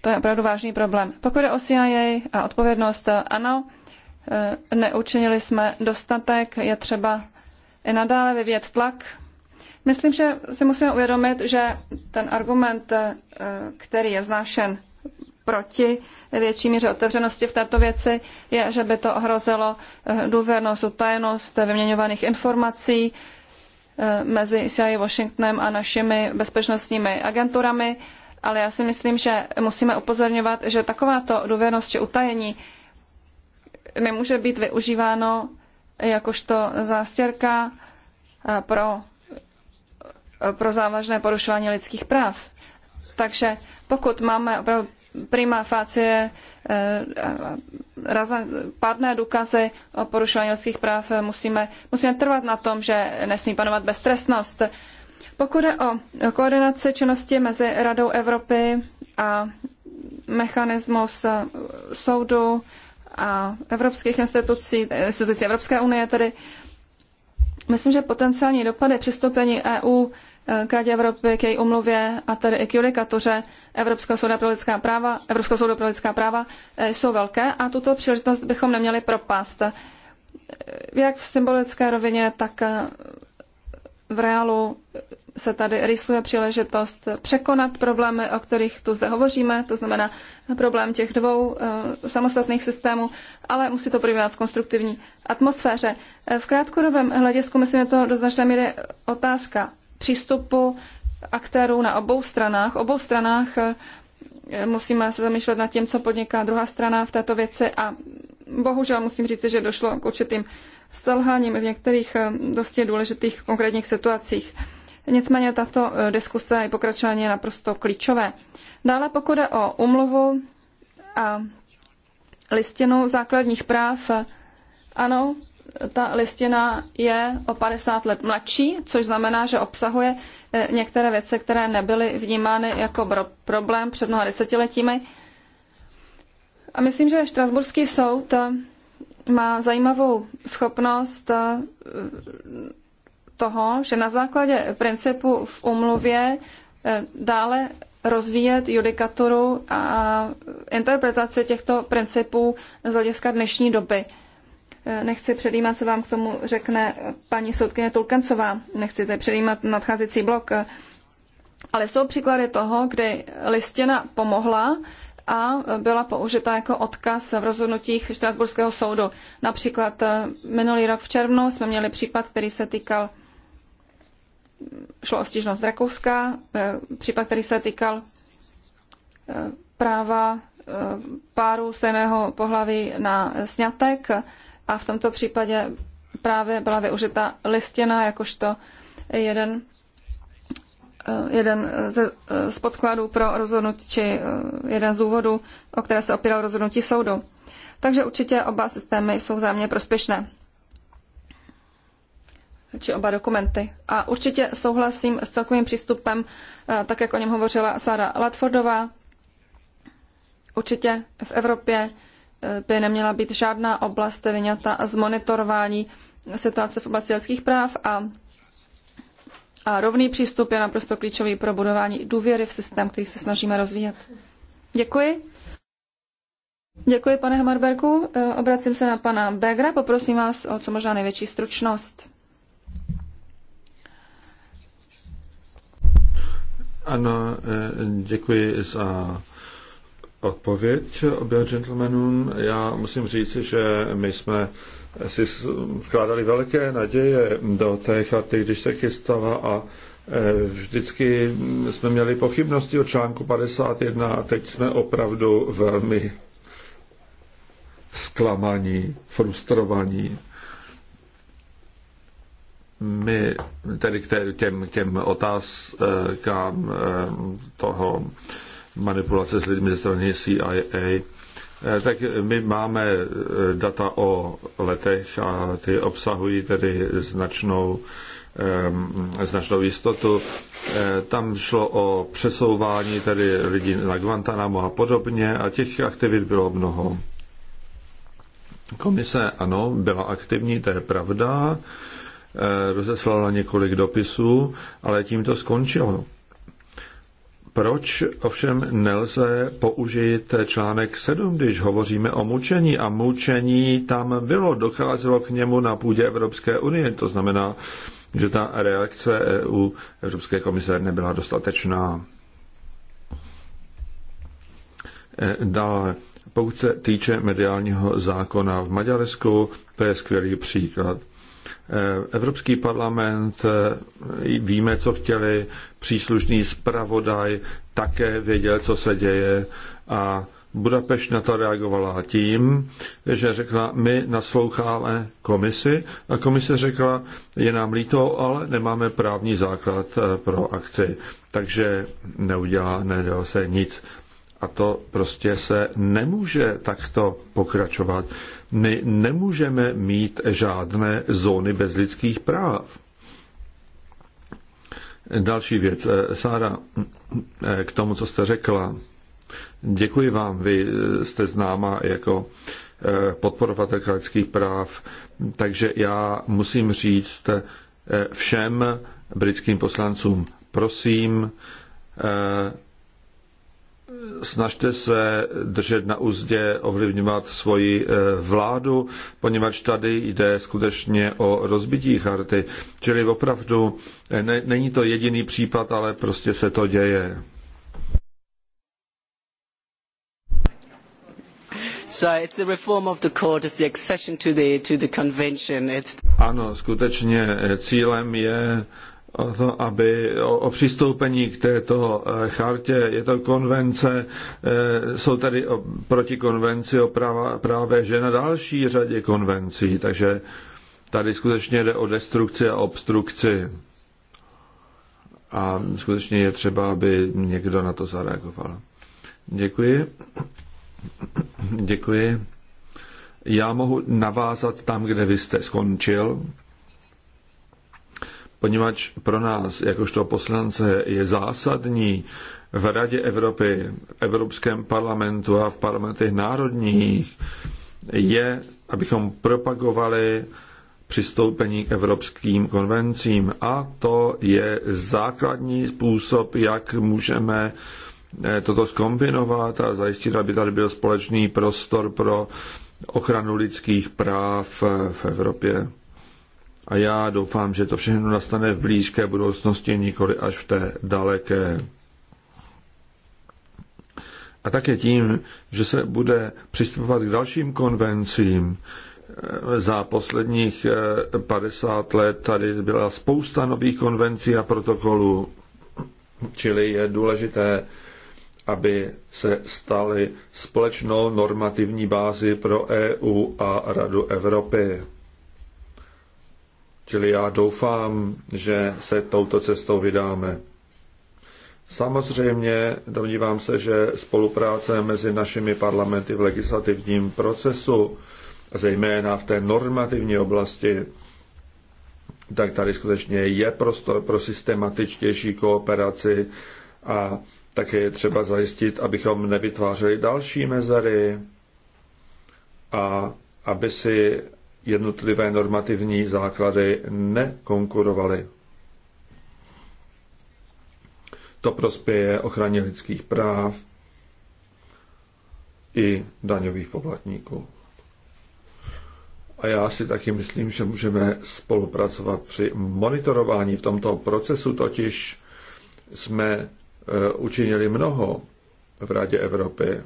To je opravdu vážný problém. Pokud je o CIA a odpovědnost, ano, Eh, neučinili jsme dostatek, je třeba i nadále vyvíjet tlak. Myslím, že si musíme uvědomit, že ten argument, eh, který je znášen proti větší míře otevřenosti v této věci, je, že by to ohrozilo eh, důvěrnost, utajenost vyměňovaných informací mezi CIA Washingtonem a našimi bezpečnostními agenturami, ale já si myslím, že musíme upozorňovat, že takováto důvěrnost či utajení nemůže být využíváno jakožto zástěrka eh, pro, eh, pro závažné porušování lidských práv. Takže pokud máme opravdu prima facie eh, pádné důkazy o porušování lidských práv, musíme, musíme trvat na tom, že nesmí panovat beztrestnost. Pokud je o koordinaci činnosti mezi Radou Evropy a mechanismus soudu, a evropských institucí, institucí Evropské unie tedy. Myslím, že potenciální dopady přistoupení EU eh, k Radě Evropy, k její umluvě a tedy i k judikatuře Evropského soudu pro lidská práva, Evropského soudu pro lidská práva eh, jsou velké a tuto příležitost bychom neměli propást. Eh, jak v symbolické rovině, tak v reálu se tady rýsuje příležitost překonat problémy, o kterých tu zde hovoříme, to znamená problém těch dvou eh, samostatných systémů, ale musí to probíhat v konstruktivní atmosféře. Eh, v krátkodobém hledisku myslím, že to do značné míry otázka přístupu aktérů na obou stranách. Obou stranách eh, musíme se zamýšlet nad tím, co podniká druhá strana v této věci a bohužel musím říct, že došlo k určitým selháním v některých dosti důležitých konkrétních situacích. Nicméně tato eh, diskuse i pokračování je naprosto klíčové. Dále pokud je o umluvu a listinu základních práv, eh, ano, ta listina je o 50 let mladší, což znamená, že obsahuje eh, některé věci, které nebyly vnímány jako problém před mnoha desetiletími. A myslím, že Štrasburský soud má zajímavou schopnost toho, že na základě principu v umluvě eh, dále rozvíjet judikaturu a interpretaci těchto principů z hlediska dnešní doby. Eh, nechci předjímat, co vám k tomu řekne paní soudkyně Tulkencová. Nechci tady předjímat nadcházející blok. Eh, ale jsou příklady toho, kdy listina pomohla a byla použita jako odkaz v rozhodnutích Štrasburského soudu. Například minulý rok v červnu jsme měli případ, který se týkal šlo o stížnost Rakouska, eh, případ, který se týkal eh, práva eh, páru stejného pohlaví na sňatek a v tomto případě právě byla využita listina jakožto jeden, jeden ze, z podkladů pro rozhodnutí, či jeden z důvodů, o které se opíralo rozhodnutí soudu. Takže určitě oba systémy jsou vzájemně prospěšné či oba dokumenty. A určitě souhlasím s celkovým přístupem, eh, tak jak o něm hovořila Sara Latfordová. Určitě v Evropě eh, by neměla být žádná oblast vyňata z monitorování situace v oblasti lidských práv a, a rovný přístup je naprosto klíčový pro budování důvěry v systém, který se snažíme rozvíjet. Děkuji. Děkuji, pane Hamarberku. Eh, obracím se na pana Begra. Poprosím vás o co možná největší stručnost. Ano, eh, děkuji za odpověď oběma gentlemanům. Já musím říct, že my jsme si vkládali velké naděje do té chaty, když se chystala a eh, vždycky jsme měli pochybnosti o článku 51 a teď jsme opravdu velmi zklamaní, frustrovaní my tedy k těm, k těm otázkám eh, toho manipulace s lidmi ze strany CIA, eh, tak my máme eh, data o letech a ty obsahují tedy značnou, značnou jistotu. Tam šlo o přesouvání tedy lidí na Guantanamo a podobně a těch aktivit bylo mnoho. Komise, ano, byla aktivní, to je pravda. Eh, rozeslala několik dopisů, ale tím to skončilo. Proč ovšem nelze použít článek 7, když hovoříme o mučení? A mučení tam bylo, docházelo k němu na půdě Evropské unie. To znamená, že ta reakce EU, Evropské komise nebyla dostatečná. Eh, dále, pokud se týče mediálního zákona v Maďarsku, to je skvělý příklad. Eh, Evropský parlament, eh, víme, co chtěli, příslušný zpravodaj také věděl, co se děje a Budapešť na to reagovala tím, že řekla, my nasloucháme komisi a komise řekla, je nám líto, ale nemáme právní základ eh, pro akci, takže neudělá, nedělá se nic. A to prostě se nemůže takto pokračovat. My nemůžeme mít žádné zóny bez lidských práv. Další věc. Eh, Sára, eh, k tomu, co jste řekla. Děkuji vám, vy eh, jste známa jako podporovatelka lidských práv, takže já musím říct všem britským poslancům, prosím, snažte se držet na úzdě, ovlivňovat svoji eh, vládu, poněvadž tady jde skutečně o rozbití charty. Čili opravdu eh, ne, není to jediný případ, ale prostě se to děje. Ano, skutečně eh, cílem je o, to, aby, o, o přistoupení k této eh, chartě. Je to konvence, eh, jsou tady o, proti konvenci o práva, právě že na další řadě konvencí, takže tady skutečně jde o destrukci a obstrukci. A skutečně je třeba, aby někdo na to zareagoval. Děkuji. Děkuji. Já mohu navázat tam, kde vy jste skončil poněvadž pro nás, jakožto poslance, je zásadní v Radě Evropy, Evropském parlamentu a v parlamentech národních, je, abychom propagovali přistoupení k evropským konvencím. A to je základní způsob, jak můžeme eh, toto skombinovat a zajistit, aby tady byl společný prostor pro ochranu lidských práv eh, v Evropě a já doufám, že to všechno nastane v blízké budoucnosti, nikoli až v té daleké. A také tím, že se bude přistupovat k dalším konvencím. Za posledních 50 eh, let tady byla spousta nových konvencí a protokolů, čili je důležité, aby se staly společnou normativní bázi pro EU a Radu Evropy. Čili já doufám, že se touto cestou vydáme. Samozřejmě domnívám se, že spolupráce mezi našimi parlamenty v legislativním procesu, zejména v té normativní oblasti, tak tady skutečně je prostor pro systematičtější kooperaci a také je třeba zajistit, abychom nevytvářeli další mezery a aby si jednotlivé normativní základy nekonkurovaly. To prospěje ochraně lidských práv i daňových poplatníků. A já si taky myslím, že můžeme spolupracovat při monitorování v tomto procesu, totiž jsme e, učinili mnoho v Radě Evropy.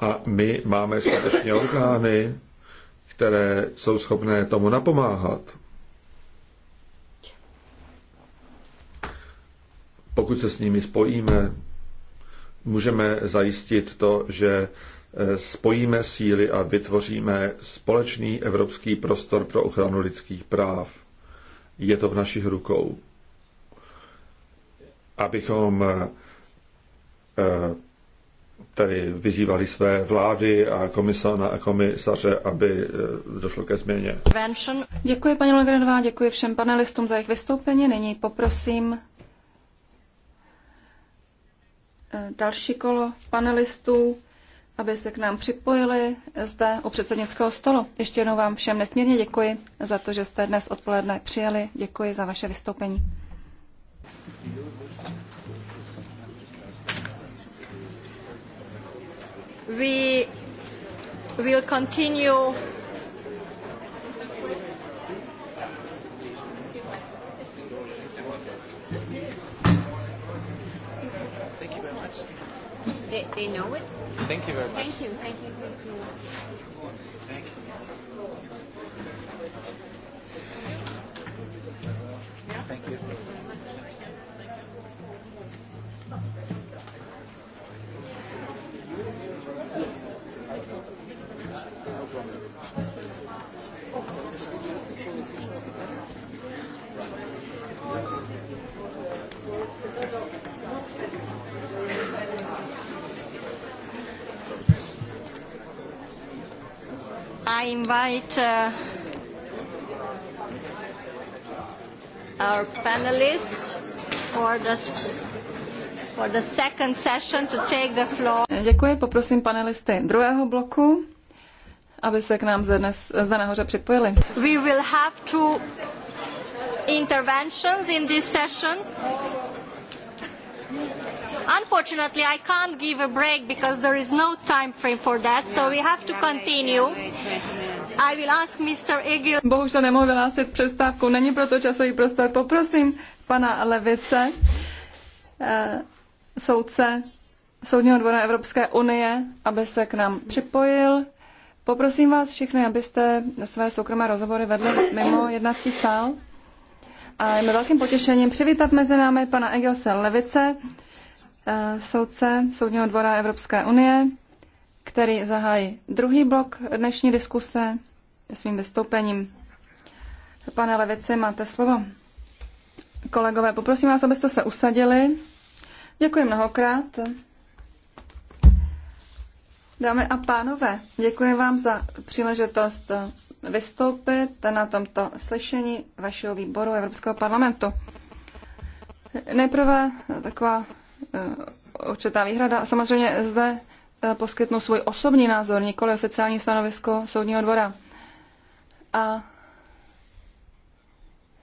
A my máme skutečně orgány, které jsou schopné tomu napomáhat. Pokud se s nimi spojíme, můžeme zajistit to, že eh, spojíme síly a vytvoříme společný evropský prostor pro ochranu lidských práv. Je to v našich rukou. Abychom eh, tedy vyzývali své vlády a komisaře, aby e, došlo ke změně. Děkuji paní Logrenová, děkuji všem panelistům za jejich vystoupení. Nyní poprosím e, další kolo panelistů, aby se k nám připojili zde u předsednického stolu. Ještě jednou vám všem nesmírně děkuji za to, že jste dnes odpoledne přijeli. Děkuji za vaše vystoupení. we will continue Thank you very much. They, they know it? Thank you very much. Thank you. Thank you. Thank you. invite uh, our panelists for the for the second session to take the floor. Děkuji, poprosím panelisty druhého bloku, aby se k nám zde, dnes, zde nahoře připojili. We will have two interventions in this session. Unfortunately, I can't give a break because there is no time frame for that, so we have to continue. Bohužel nemohu vyhlásit přestávku, není proto časový prostor. Poprosím pana Levice, eh, soudce Soudního dvora Evropské unie, aby se k nám připojil. Poprosím vás všechny, abyste své soukromé rozhovory vedli mimo jednací sál. A je mi velkým potěšením přivítat mezi námi pana Egilse Levice, eh, soudce Soudního dvora Evropské unie který zahájí druhý blok dnešní diskuse svým vystoupením. Pane Levici, máte slovo. Kolegové, poprosím vás, abyste se usadili. Děkuji mnohokrát. Dámy a pánové, děkuji vám za příležitost vystoupit na tomto slyšení vašeho výboru Evropského parlamentu. Nejprve taková eh, určitá výhrada. Samozřejmě zde Eh, poskytnu svůj osobní názor, nikoli oficiální stanovisko soudního dvora. A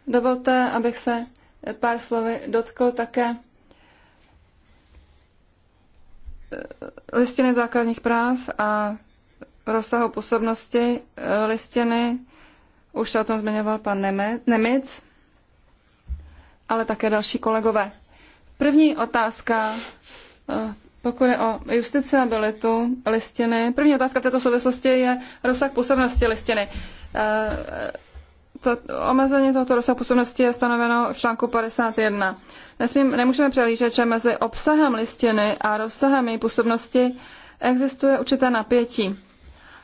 dovolte, abych se pár slovy dotkl také eh, listiny základních práv a rozsahu působnosti eh, listiny. Už se o tom zmiňoval pan Nemic, ale také další kolegové. První otázka pokud je o justiciabilitu listiny, první otázka v této souvislosti je rozsah působnosti listiny. Eh, eh, to omezení tohoto rozsahu působnosti je stanoveno v článku 51. Nesmím, nemůžeme přelížet, že mezi obsahem listiny a rozsahem její působnosti existuje určité napětí.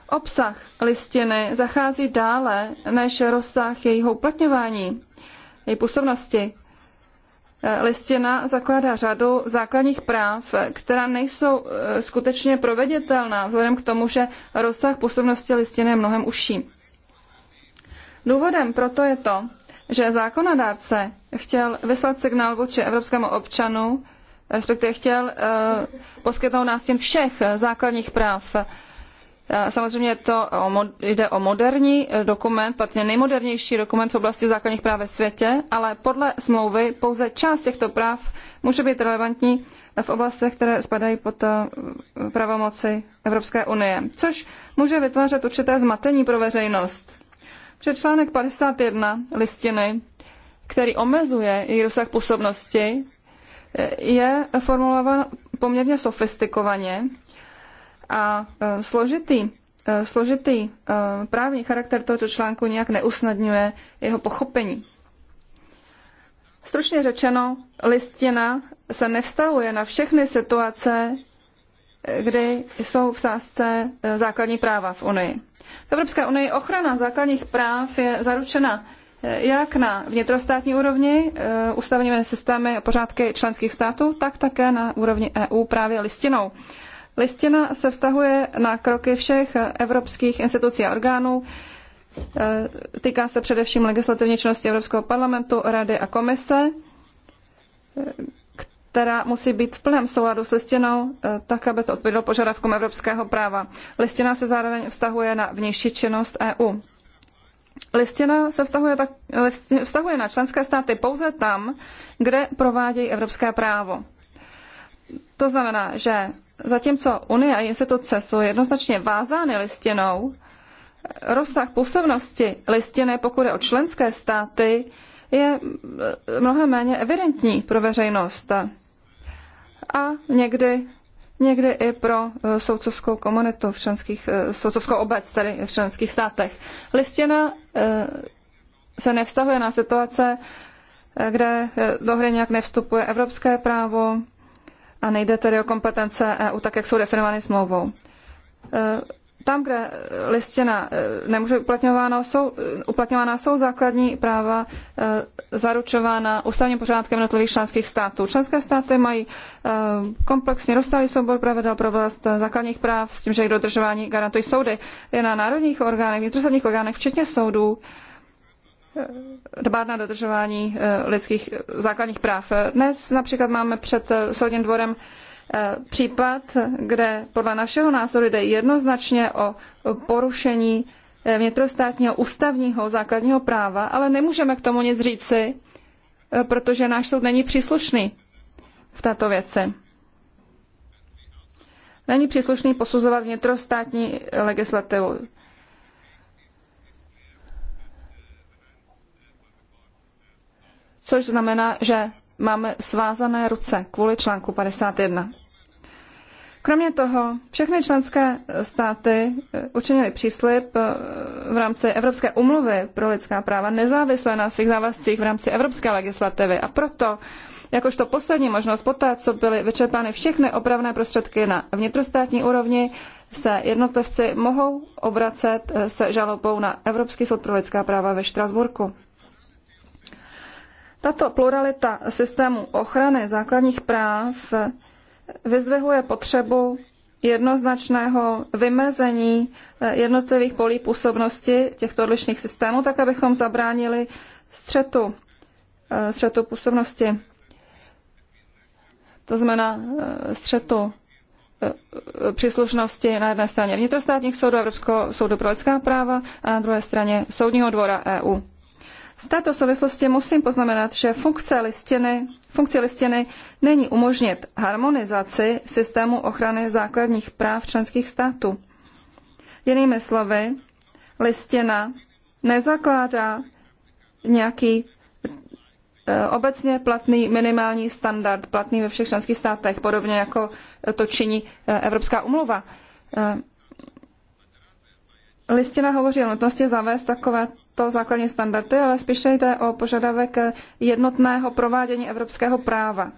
Obsah listiny zachází dále než rozsah jejího uplatňování, její působnosti. Eh, listina zakládá řadu základních práv, která nejsou eh, skutečně proveditelná, vzhledem k tomu, že rozsah působnosti listiny je mnohem užší. Důvodem proto je to, že zákonodárce chtěl vyslat signál vůči evropskému občanu, respektive chtěl eh, poskytnout nástin všech základních práv Samozřejmě to jde o moderní eh, dokument, patrně nejmodernější dokument v oblasti základních práv ve světě, ale podle smlouvy pouze část těchto práv může být relevantní v oblastech, které spadají pod eh, pravomoci Evropské unie, což může vytvářet určité zmatení pro veřejnost. Před článek 51 listiny, který omezuje její rozsah působnosti, eh, je formulován poměrně sofistikovaně a e, složitý, e, složitý e, právní charakter tohoto článku nijak neusnadňuje jeho pochopení. Stručně řečeno, listina se nevztahuje na všechny situace, kdy jsou v sázce základní práva v Unii. V Evropské unii ochrana základních práv je zaručena jak na vnitrostátní úrovni ústavními systémy a pořádky členských států, tak také na úrovni EU právě listinou. Listina se vztahuje na kroky všech evropských institucí a orgánů. E, týká se především legislativní činnosti Evropského parlamentu, Rady a Komise, e, která musí být v plném souladu s listinou, e, tak, aby to odpovědělo požadavkům evropského práva. Listina se zároveň vztahuje na vnější činnost EU. Listina se vztahuje, tak, vztahuje na členské státy pouze tam, kde provádějí evropské právo. To znamená, že zatímco Unie a instituce jsou jednoznačně vázány listinou, rozsah působnosti listiny, pokud je o členské státy, je eh, mnohem méně evidentní pro veřejnost a někdy, někdy i pro eh, soucovskou komunitu v členských, eh, soucovskou obec tedy v členských státech. Listina se nevztahuje na situace, kde do hry nějak nevstupuje evropské právo, a nejde tedy o kompetence EU, tak jak jsou definovány smlouvou. E, tam, kde listina e, nemůže uplatňována, jsou, e, uplatňována jsou základní práva zaručována ústavním pořádkem jednotlivých členských států. Členské státy mají komplexně rozstálý soubor pravidel pro vlast základních práv s tím, že jejich dodržování garantují soudy. Je na národních orgánech, vnitrostátních orgánech, včetně soudů, dbát na dodržování eh, lidských základních práv. Dnes například máme před eh, soudním dvorem eh, případ, kde podle našeho názoru jde jednoznačně o porušení vnitrostátního ústavního základního práva, ale nemůžeme k tomu nic říci, protože náš soud není příslušný v této věci. Není příslušný posuzovat vnitrostátní legislativu. což znamená, že máme svázané ruce kvůli článku 51. Kromě toho, všechny členské státy eh, učinili příslip eh, v rámci Evropské umluvy pro lidská práva nezávisle na svých závazcích v rámci evropské legislativy. A proto, jakožto poslední možnost, poté, co byly vyčerpány všechny opravné prostředky na vnitrostátní úrovni, se jednotlivci mohou obracet eh, se žalobou na Evropský soud pro lidská práva ve Štrasburku. Tato pluralita systému ochrany základních práv vyzdvihuje potřebu jednoznačného vymezení eh, jednotlivých polí působnosti těchto odlišných systémů, tak abychom zabránili střetu, eh, střetu působnosti. To znamená eh, střetu příslušnosti na jedné straně vnitrostátních soudů Evropského soudu pro lidská práva a na druhé straně Soudního dvora EU. V této souvislosti musím poznamenat, že funkce listiny, funkce listiny není umožnit harmonizaci systému ochrany základních práv členských států. Jinými slovy, listina nezakládá nějaký e, obecně platný minimální standard, platný ve všech členských státech, podobně jako to činí e, Evropská umluva. E, listina hovoří o nutnosti zavést takové to základní standardy, ale spíše jde o požadavek jednotného provádění evropského práva.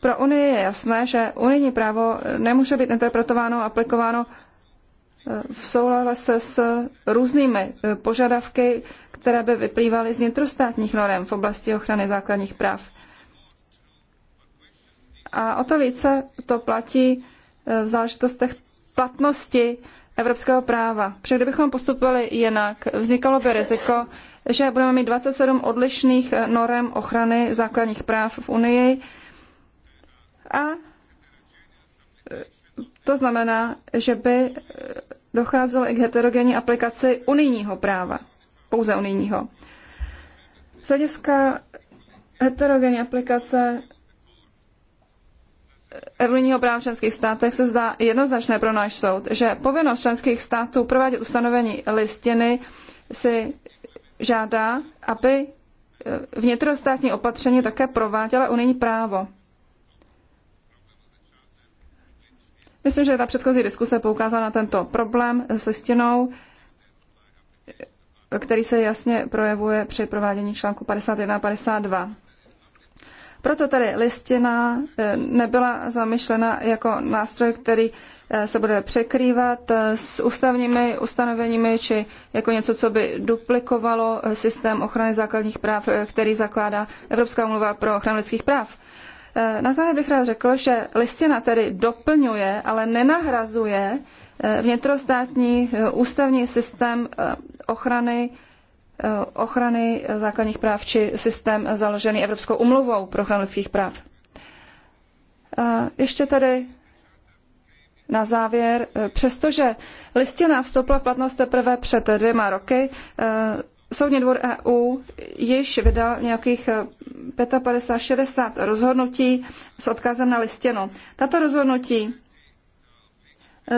Pro Unii je jasné, že unijní právo nemůže být interpretováno a aplikováno eh, v souhlase s různými eh, požadavky, které by vyplývaly z vnitrostátních norem v oblasti ochrany základních práv. A o to více to platí eh, v záležitostech platnosti evropského práva. Protože kdybychom postupovali jinak, vznikalo by riziko, že budeme mít 27 odlišných norem ochrany základních práv v Unii a e, to znamená, že by e, docházelo i k heterogenní aplikaci unijního práva, pouze unijního. Z hlediska heterogenní aplikace unijního práva v členských státech se zdá jednoznačné pro náš soud, že povinnost členských států provádět ustanovení listiny si žádá, aby e, vnitrostátní opatření také prováděla unijní právo. Myslím, že ta předchozí diskuse poukázala na tento problém s listinou, e, který se jasně projevuje při provádění článku 51 a 52. Proto tady listina eh, nebyla zamýšlena jako nástroj, který eh, se bude překrývat eh, s ústavními ustanoveními, či jako něco, co by duplikovalo systém ochrany základních práv, který zakládá Evropská umluva pro ochranu lidských práv. Na závěr bych rád řekl, že listina tedy doplňuje, ale nenahrazuje vnitrostátní ústavní systém ochrany Eh, ochrany základních práv či systém založený Evropskou umluvou pro ochranu lidských práv. Eh, ještě tady na závěr, eh, přestože listina vstoupila v platnost teprve před dvěma roky, Soudní dvor EU již vydal nějakých 55-60 rozhodnutí s odkazem na listinu. Tato rozhodnutí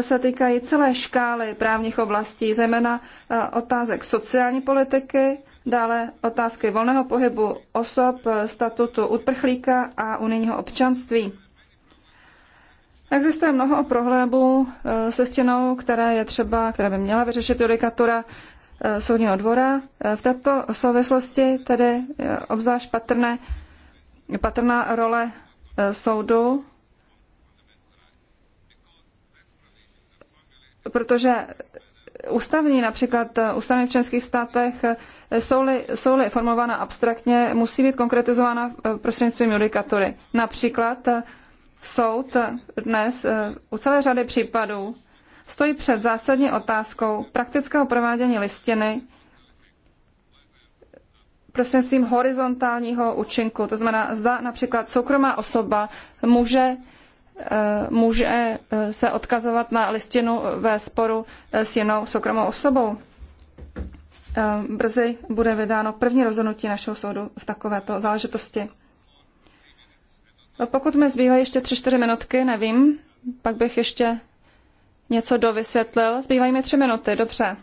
se týkají celé škály právních oblastí, zejména eh, otázek sociální politiky, dále otázky volného pohybu osob, eh, statutu uprchlíka a unijního občanství. Existuje mnoho problémů eh, se stěnou, které je třeba, které by měla vyřešit judikatura soudního dvora. V této souvislosti tedy obzvlášť patrné, patrná role soudu protože ústavní, například ústavní v členských státech, jsou-li, jsou-li formována abstraktně, musí být konkretizována eh, prostřednictvím judikatury. Například eh, soud dnes eh, u celé řady případů stojí před zásadní otázkou praktického provádění listiny prostřednictvím horizontálního účinku. To znamená, zda například soukromá osoba může Eh, může eh, se odkazovat na listinu ve sporu eh, s jinou soukromou osobou. Brzy bude vydáno první rozhodnutí našeho soudu v takovéto záležitosti. Pokud mi zbývají ještě 3-4 minutky, nevím, pak bych ještě něco dovysvětlil. Zbývají mi 3 minuty, dobře.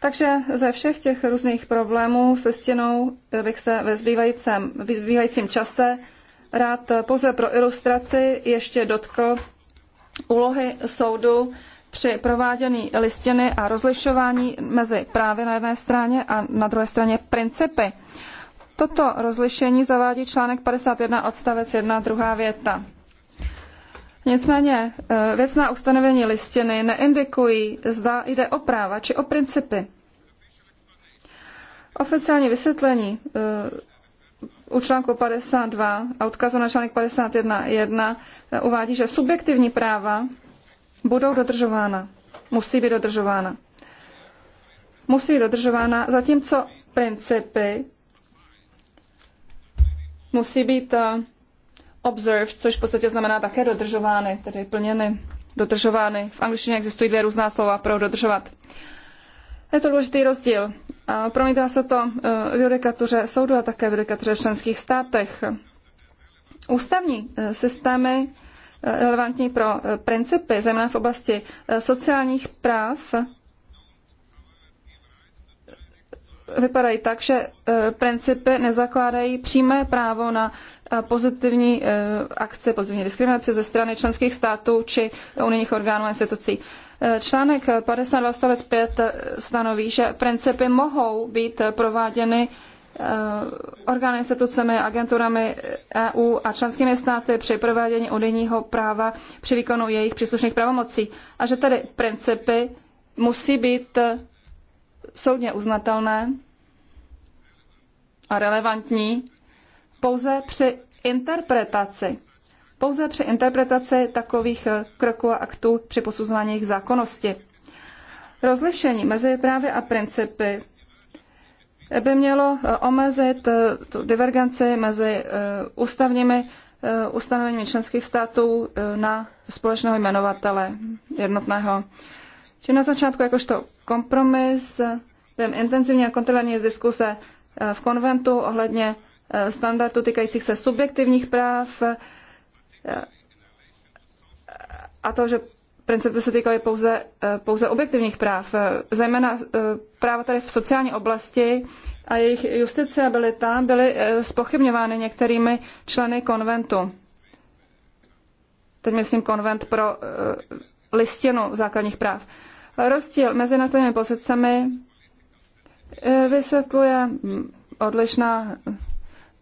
Takže ze všech těch různých problémů s listinou bych se ve zbývajícím, zbývajícím čase rád pouze pro ilustraci ještě dotkl úlohy soudu při provádění listiny a rozlišování mezi právy na jedné straně a na druhé straně principy. Toto rozlišení zavádí článek 51 odstavec 1 druhá věta. Nicméně eh, věcná ustanovení listiny neindikují, zda jde o práva či o principy. Oficiální vysvětlení eh, u článku 52 a odkazu na článek 51.1 eh, uvádí, že subjektivní práva budou dodržována, musí být dodržována. Musí být dodržována, zatímco principy musí být eh, observed, což v podstatě znamená také dodržovány, tedy plněny, dodržovány. V angličtině existují dvě různá slova pro dodržovat. Je to důležitý rozdíl. Promítá se to e, v judikatuře soudu a také v judikatuře v členských státech. Ústavní e, systémy e, relevantní pro principy, zejména v oblasti sociálních práv, vypadají tak, že principy nezakládají přímé právo na pozitivní akce, pozitivní diskriminace ze strany členských států či unijních orgánů a institucí. Článek 52 odstavec 5 stanoví, že principy mohou být prováděny eh, orgány, institucemi, agenturami EU a členskými státy při provádění unijního práva při výkonu jejich příslušných pravomocí. A že tedy principy musí být eh, soudně uznatelné a relevantní pouze při interpretaci pouze při interpretaci takových eh, kroků a aktů při posuzování jejich zákonnosti. Rozlišení mezi právy a principy by mělo eh, omezit eh, tu divergenci mezi ústavními ustanoveními členských států na společného jmenovatele jednotného. Či na začátku jakožto kompromis během intenzivní a kontrolní diskuse v konventu ohledně standardů týkajících se subjektivních práv, a to, že principy se týkaly pouze, eh, pouze objektivních práv, eh, zejména eh, práva tady v sociální oblasti a jejich justiciabilita byly spochybňovány některými členy konventu. Teď myslím konvent pro listinu základních práv. Rozdíl mezi natovými pozicemi vysvětluje hm, odlišná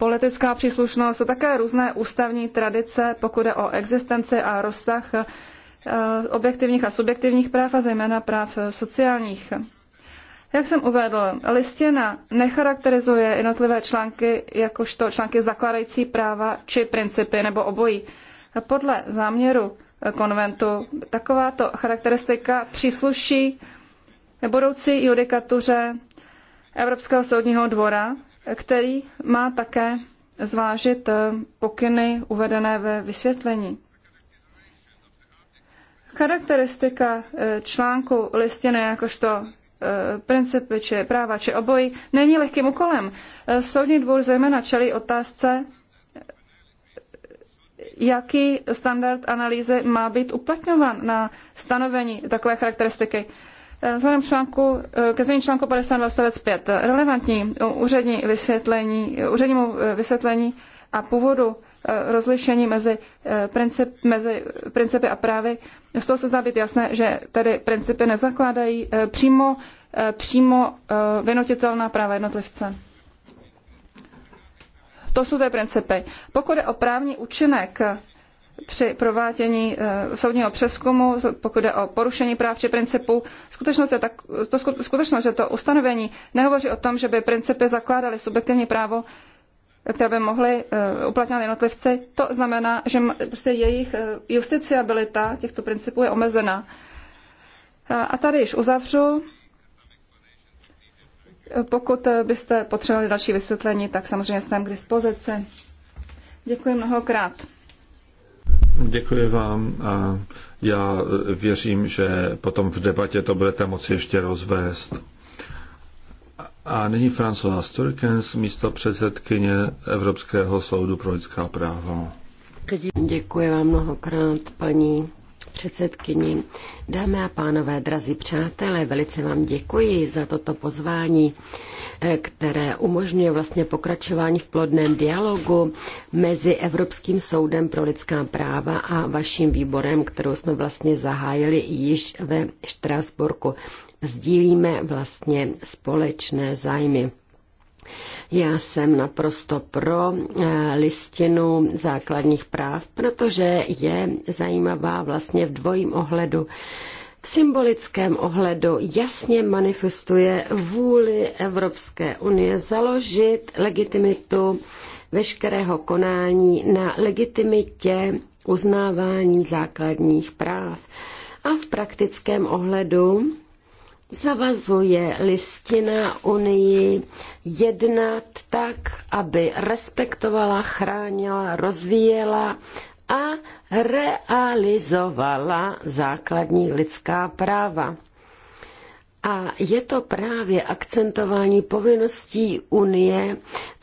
politická příslušnost a také různé ústavní tradice, pokud je o existenci a rozsah eh, objektivních a subjektivních práv a zejména práv eh, sociálních. Jak jsem uvedl, listina necharakterizuje jednotlivé články jakožto články zakladající práva či principy nebo obojí. Podle záměru eh, konventu takováto charakteristika přísluší budoucí judikatuře Evropského soudního dvora, který má také zvážit eh, pokyny uvedené ve vysvětlení. Charakteristika eh, článku listiny jakožto eh, principy či práva či obojí není lehkým úkolem. Soudní dvůr zejména čelí otázce, jaký standard analýzy má být uplatňovan na stanovení takové charakteristiky. Vzhledem článku, eh, ke změně článku 52 odstavec 5, relevantní úřední vysvětlení, úřednímu eh, vysvětlení a původu eh, rozlišení mezi, princip, mezi principy a právy, z toho se zdá být jasné, že tady principy nezakládají přímo, přímo vynutitelná práva jednotlivce. To jsou ty principy. Pokud je o právní účinek při provádění eh, soudního přeskumu, pokud jde o porušení práv či principů. Skutečnost, je tak, to, skutečnost, že to ustanovení nehovoří o tom, že by principy zakládaly subjektivní právo, které by mohly eh, uplatňovat jednotlivci, to znamená, že prostě jejich eh, justiciabilita těchto principů je omezená. A tady již uzavřu. Pokud byste potřebovali další vysvětlení, tak samozřejmě jsem k dispozici. Děkuji mnohokrát. Děkuji vám a já věřím, že potom v debatě to budete moci ještě rozvést. A nyní François Sturkens, místo předsedkyně Evropského soudu pro lidská práva. Děkuji vám mnohokrát, paní předsedkyni. Dámy a pánové, drazí přátelé, velice vám děkuji za toto pozvání, eh, které umožňuje vlastně pokračování v plodném dialogu mezi Evropským soudem pro lidská práva a vaším výborem, kterou jsme vlastně zahájili již ve Štrasburku. Sdílíme vlastně společné zájmy. Já jsem naprosto pro eh, listinu základních práv, protože je zajímavá vlastně v dvojím ohledu. V symbolickém ohledu jasně manifestuje vůli Evropské unie založit legitimitu veškerého konání na legitimitě uznávání základních práv. A v praktickém ohledu zavazuje listina Unii jednat tak, aby respektovala, chránila, rozvíjela a realizovala základní lidská práva. A je to právě akcentování povinností Unie,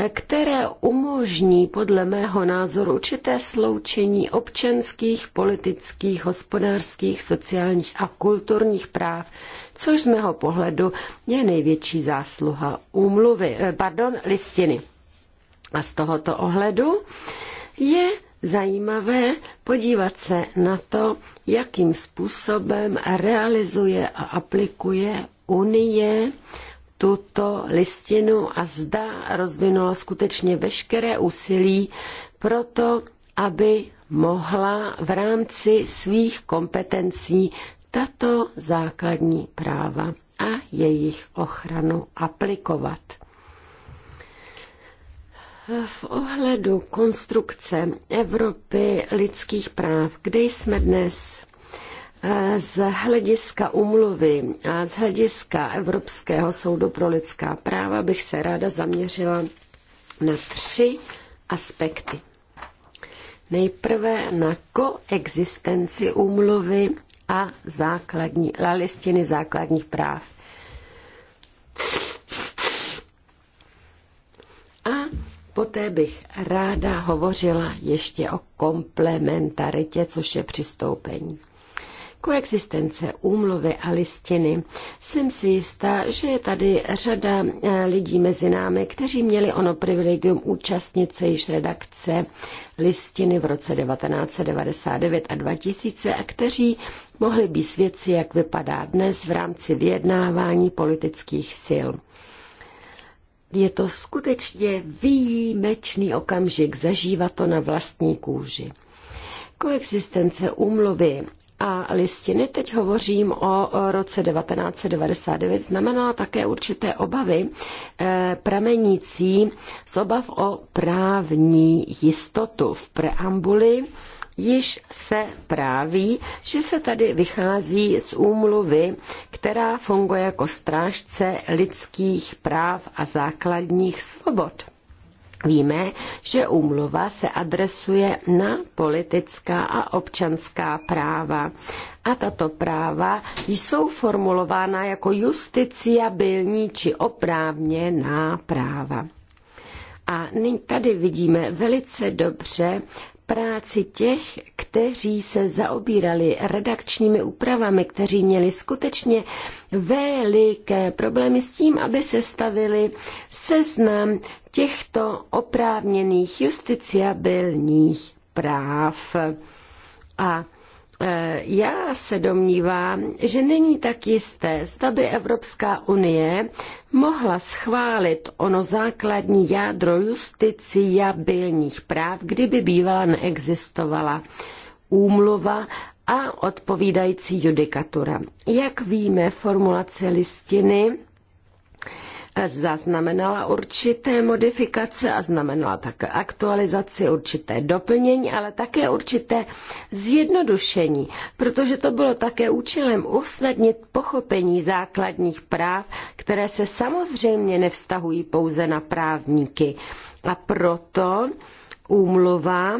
které umožní podle mého názoru určité sloučení občanských, politických, hospodářských, sociálních a kulturních práv, což z mého pohledu je největší zásluha úmluvy, eh, pardon, listiny. A z tohoto ohledu je zajímavé podívat se na to, jakým způsobem realizuje a aplikuje Unie tuto listinu a zda rozvinula skutečně veškeré úsilí pro to, aby mohla v rámci svých kompetencí tato základní práva a jejich ochranu aplikovat. V ohledu konstrukce Evropy lidských práv, kde jsme dnes? Eh, z hlediska umluvy a z hlediska Evropského soudu pro lidská práva bych se ráda zaměřila na tři aspekty. Nejprve na koexistenci úmluvy a základní, listiny základních práv. Poté bych ráda hovořila ještě o komplementaritě, což je přistoupení. Koexistence úmluvy a listiny. Jsem si jistá, že je tady řada eh, lidí mezi námi, kteří měli ono privilegium účastnit se již redakce listiny v roce 1999 a 2000 a kteří mohli být svědci, jak vypadá dnes v rámci vyjednávání politických sil je to skutečně výjimečný okamžik zažívat to na vlastní kůži. Koexistence úmluvy a listiny, teď hovořím o roce 1999, znamenala také určité obavy eh, pramenící z obav o právní jistotu v preambuli již se práví, že se tady vychází z úmluvy, která funguje jako strážce lidských práv a základních svobod. Víme, že úmluva se adresuje na politická a občanská práva a tato práva jsou formulována jako justiciabilní či oprávněná práva. A nyní tady vidíme velice dobře práci těch, kteří se zaobírali redakčními úpravami, kteří měli skutečně veliké problémy s tím, aby se stavili seznam těchto oprávněných justiciabilních práv. A Eh, já se domnívám, že není tak jisté, zda by Evropská unie mohla schválit ono základní jádro justiciabilních práv, kdyby bývala neexistovala úmluva a odpovídající judikatura. Jak víme, formulace listiny zaznamenala určité modifikace a znamenala také aktualizaci, určité doplnění, ale také určité zjednodušení, protože to bylo také účelem usnadnit pochopení základních práv, které se samozřejmě nevztahují pouze na právníky. A proto úmluva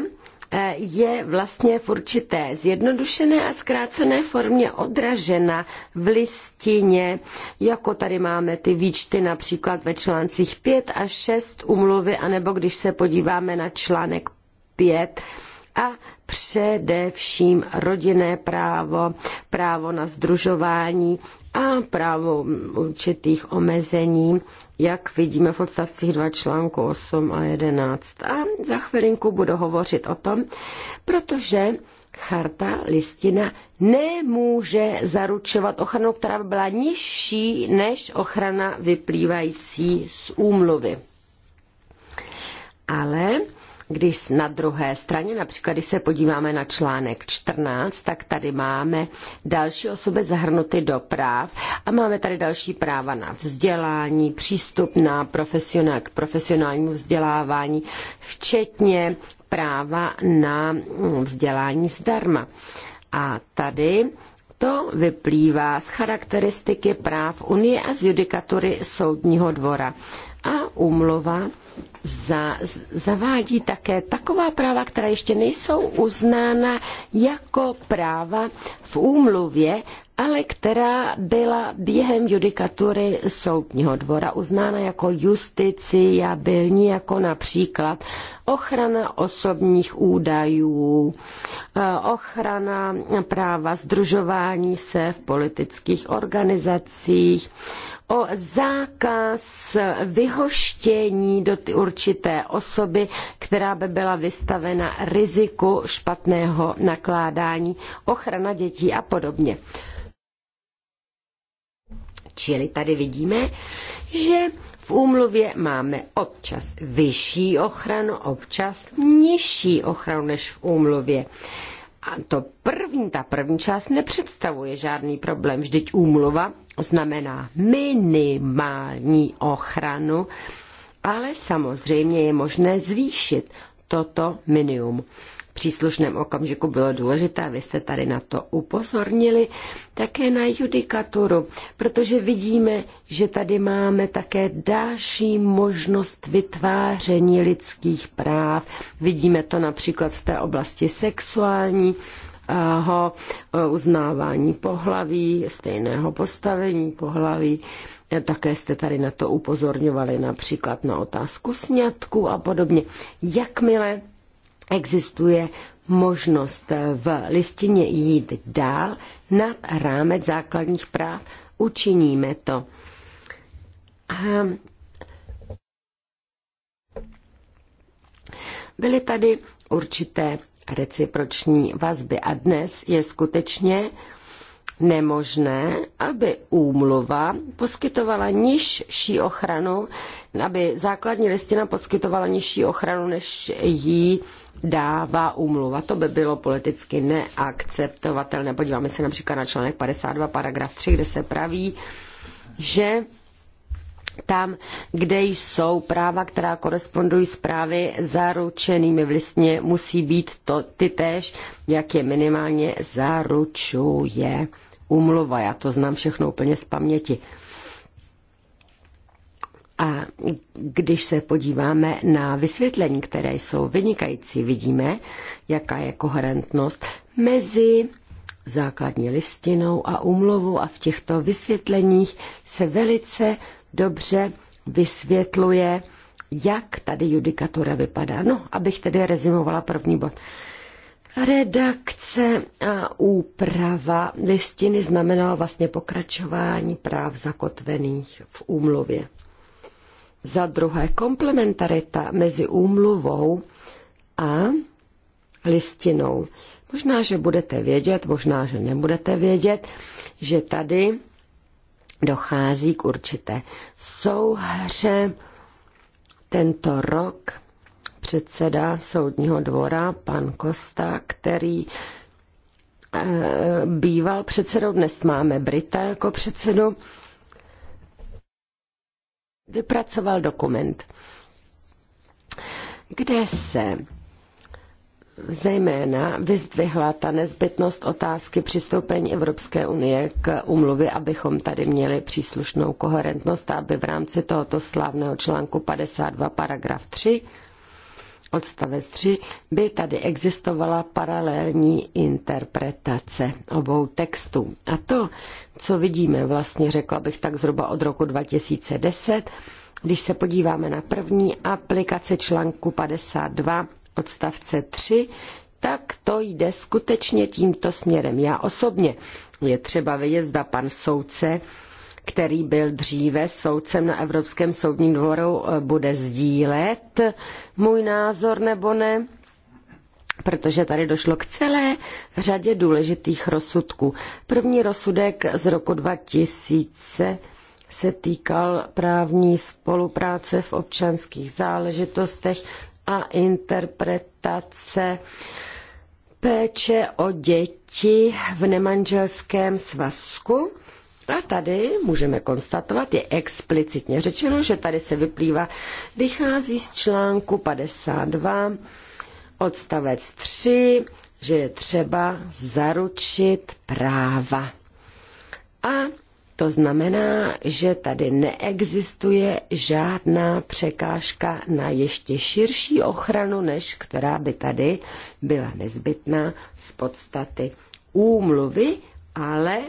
je vlastně v určité zjednodušené a zkrácené formě odražena v listině, jako tady máme ty výčty například ve článcích 5 a 6 umluvy, anebo když se podíváme na článek 5 a především rodinné právo, právo na združování a právo určitých omezení, jak vidíme v odstavcích 2 článku 8 a 11. A za chvilinku budu hovořit o tom, protože charta, listina nemůže zaručovat ochranu, která by byla nižší než ochrana vyplývající z úmluvy. Ale když na druhé straně, například když se podíváme na článek 14, tak tady máme další osoby zahrnuty do práv a máme tady další práva na vzdělání, přístup na profesionál, k profesionálnímu vzdělávání, včetně práva na mm, vzdělání zdarma. A tady to vyplývá z charakteristiky práv Unie a z judikatury Soudního dvora. A úmluva za, zavádí také taková práva, která ještě nejsou uznána jako práva v úmluvě, ale která byla během judikatury soudního dvora uznána jako justiciabilní, jako například ochrana osobních údajů, eh, ochrana práva združování se v politických organizacích, o zákaz vyhoštění do určité osoby, která by byla vystavena riziku špatného nakládání, ochrana dětí a podobně. Čili tady vidíme, že v úmluvě máme občas vyšší ochranu, občas nižší ochranu než v úmluvě. A to první, ta první část nepředstavuje žádný problém. Vždyť úmluva znamená minimální ochranu, ale samozřejmě je možné zvýšit toto minimum příslušném okamžiku bylo důležité, vy jste tady na to upozornili, také na judikaturu, protože vidíme, že tady máme také další možnost vytváření lidských práv. Vidíme to například v té oblasti sexuální, ho eh, uznávání pohlaví, stejného postavení pohlaví. Eh, také jste tady na to upozorňovali například na otázku sňatku a podobně. Jakmile existuje možnost v listině jít dál nad rámec základních práv, učiníme to. A byly tady určité reciproční vazby a dnes je skutečně uh, nemožné, aby úmluva poskytovala nižší ochranu, aby základní listina poskytovala nižší ochranu, než jí dává úmluva. To by bylo politicky neakceptovatelné. Podíváme se například na článek 52, paragraf 3, kde se praví, že tam, kde jsou práva, která korespondují s právy zaručenými v listině, musí být to ty též, jak je minimálně zaručuje úmluva. Já to znám všechno úplně z paměti. A když se podíváme na vysvětlení, které jsou vynikající, vidíme, jaká je koherentnost mezi základní listinou a umluvu a v těchto vysvětleních se velice dobře vysvětluje, jak tady judikatura vypadá. No, abych tedy rezimovala první bod. Redakce a úprava listiny znamenala vlastně pokračování práv zakotvených v úmluvě. Za druhé, komplementarita mezi úmluvou a listinou. Možná, že budete vědět, možná, že nebudete vědět, že tady dochází k určité souhře tento rok předseda soudního dvora, pan Kosta, který eh, býval předsedou, dnes máme Brita jako předsedu, vypracoval dokument, kde se zejména vyzdvihla ta nezbytnost otázky přistoupení Evropské unie k umluvě, abychom tady měli příslušnou koherentnost, aby v rámci tohoto slavného článku 52 paragraf 3 odstavec 3, by tady existovala paralelní interpretace obou textů. A to, co vidíme, vlastně řekla bych tak zhruba od roku 2010, když se podíváme na první aplikace článku 52 odstavce 3, tak to jde skutečně tímto směrem. Já osobně je třeba vyjezda pan soudce který byl dříve soudcem na Evropském soudním dvoru, eh, bude sdílet můj názor nebo ne? protože tady došlo k celé řadě důležitých rozsudků. První rozsudek z roku 2000 se týkal právní spolupráce v občanských záležitostech a interpretace péče o děti v nemanželském svazku. A tady můžeme konstatovat, je explicitně řečeno, že tady se vyplývá, vychází z článku 52 odstavec 3, že je třeba zaručit práva. A to znamená, že tady neexistuje žádná překážka na ještě širší ochranu, než která by tady byla nezbytná z podstaty úmluvy, ale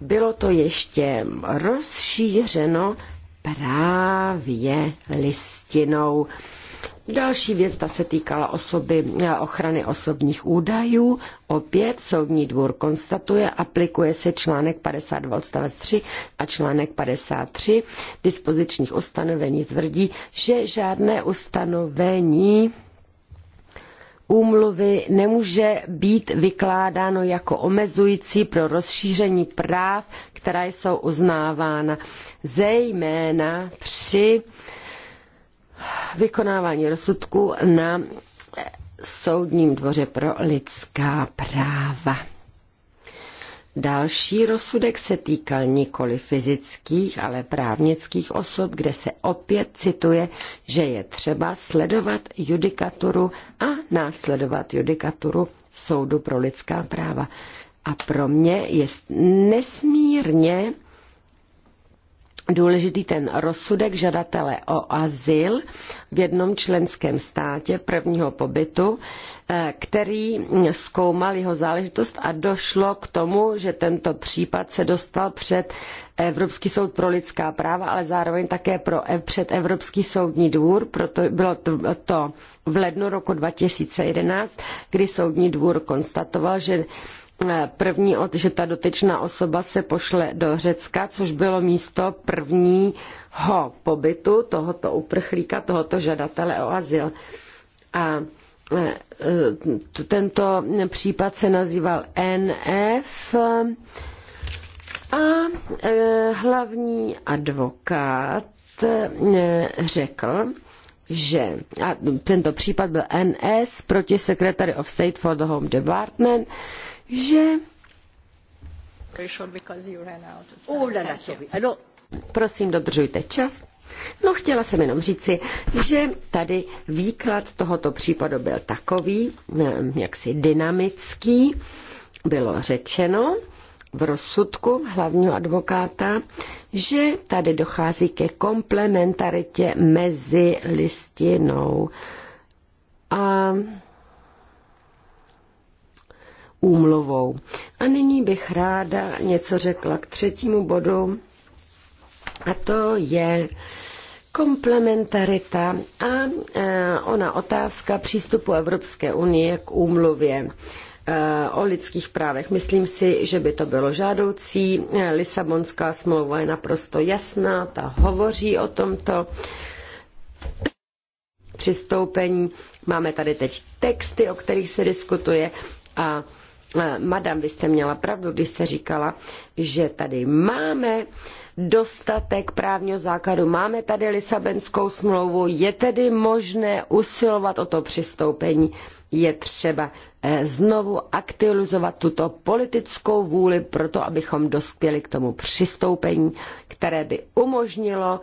bylo to ještě rozšířeno právě listinou. Další věc, ta se týkala osoby, eh, ochrany osobních údajů. Opět soudní dvůr konstatuje, aplikuje se článek 52 odstavec 3 a článek 53 dispozičních ustanovení tvrdí, že žádné ustanovení úmluvy nemůže být vykládáno jako omezující pro rozšíření práv, která jsou uznávána, zejména při vykonávání rozsudku na Soudním dvoře pro lidská práva. Další rozsudek se týkal nikoli fyzických, ale právnických osob, kde se opět cituje, že je třeba sledovat judikaturu a následovat judikaturu Soudu pro lidská práva. A pro mě je nesmírně důležitý ten rozsudek žadatele o azyl v jednom členském státě prvního pobytu, eh, který zkoumal jeho záležitost a došlo k tomu, že tento případ se dostal před Evropský soud pro lidská práva, ale zároveň také pro, e- před Evropský soudní dvůr, proto bylo to v lednu roku 2011, kdy soudní dvůr konstatoval, že první, že ta dotyčná osoba se pošle do Řecka, což bylo místo prvního pobytu tohoto uprchlíka, tohoto žadatele o azyl. A e, e, tento případ se nazýval NF a e, hlavní advokát řekl, že a tento případ byl NS proti Secretary of State for the Home Department, že Oh, la, la, Alors... Prosím, dodržujte čas. No, chtěla jsem jenom říci, že tady výklad tohoto případu byl takový, eh, jaksi dynamický, bylo řečeno v rozsudku hlavního advokáta, že tady dochází ke komplementaritě mezi listinou a úmluvou. A nyní bych ráda něco řekla k třetímu bodu, a to je komplementarita a e, ona otázka přístupu Evropské unie k úmluvě e, o lidských právech. Myslím si, že by to bylo žádoucí. E, Lisabonská smlouva je naprosto jasná, ta hovoří o tomto přistoupení. Máme tady teď texty, o kterých se diskutuje a Eh, madam, vy jste měla pravdu, když jste říkala, že tady máme dostatek právního základu, máme tady Lisabonskou smlouvu, je tedy možné usilovat o to přistoupení, je třeba eh, znovu aktualizovat tuto politickou vůli proto, abychom dospěli k tomu přistoupení, které by umožnilo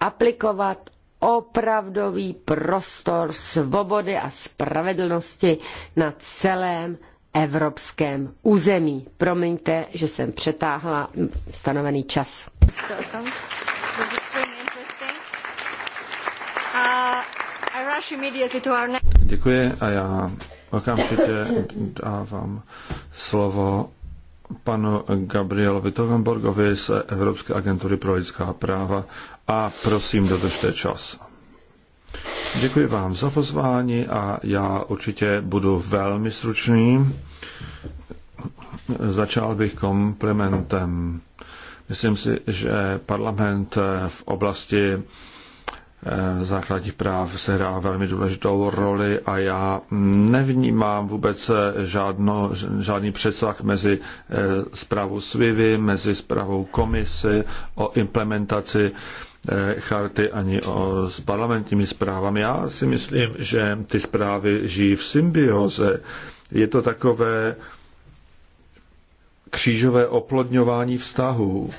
aplikovat opravdový prostor svobody a spravedlnosti na celém evropském území. Promiňte, že jsem přetáhla stanovený čas. Děkuji a já okamžitě dávám slovo panu Gabrielovi Togenborgovi z Evropské agentury pro lidská práva a prosím, dodržte čas. Děkuji vám za pozvání a já určitě budu velmi stručný. Začal bych komplementem. Myslím si, že parlament v oblasti eh, základních práv hrá velmi důležitou roli a já nevnímám vůbec eh, žádno, žádný přesah mezi eh, zprávou SWIVy, mezi zprávou komisy o implementaci Eh, charty ani o, s parlamentními zprávami. Já si myslím, že ty zprávy žijí v symbioze. Je to takové křížové oplodňování vztahů.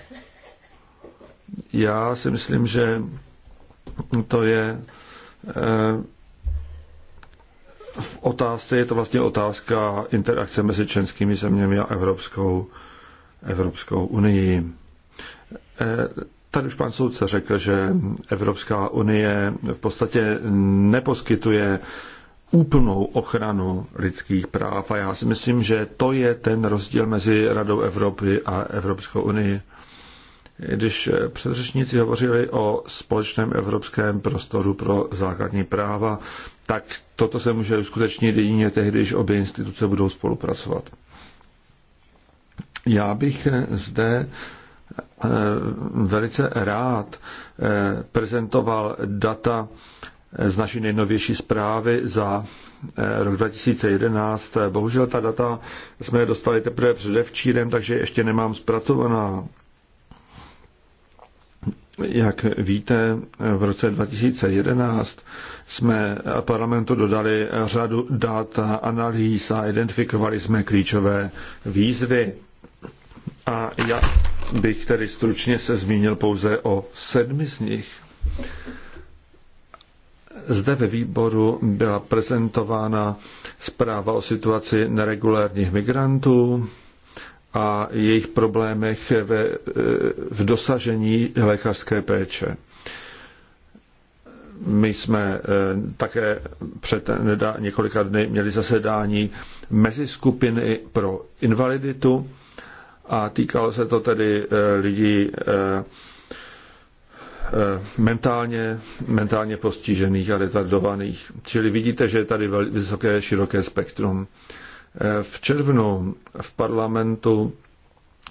Já si myslím, že to je eh, v otázce, je to vlastně otázka interakce mezi členskými zeměmi a Evropskou, Evropskou unii. Eh, Tady už pan soudce řekl, že Evropská unie v podstatě neposkytuje úplnou ochranu lidských práv a já si myslím, že to je ten rozdíl mezi Radou Evropy a Evropskou unii. Když předřečníci hovořili o společném evropském prostoru pro základní práva, tak toto se může uskutečnit jedině tehdy, když obě instituce budou spolupracovat. Já bych zde Eh, velice rád eh, prezentoval data eh, z naší nejnovější zprávy za rok 2011. Bohužel ta data jsme dostali teprve předevčírem, takže ještě nemám zpracovaná. Jak víte, v roce 2011 jsme parlamentu dodali řadu dat a analýz a identifikovali jsme klíčové výzvy. A já, bych tedy stručně se zmínil pouze o sedmi z nich. Zde ve výboru byla prezentována zpráva o situaci neregulárních migrantů a jejich problémech ve, v dosažení lékařské péče. My jsme eh, také před několika dny měli zasedání mezi pro invaliditu a týkalo se to tedy eh, lidí eh, eh, mentálně, mentálně postižených a retardovaných. Čili vidíte, že je tady vysoké, široké spektrum. V červnu v parlamentu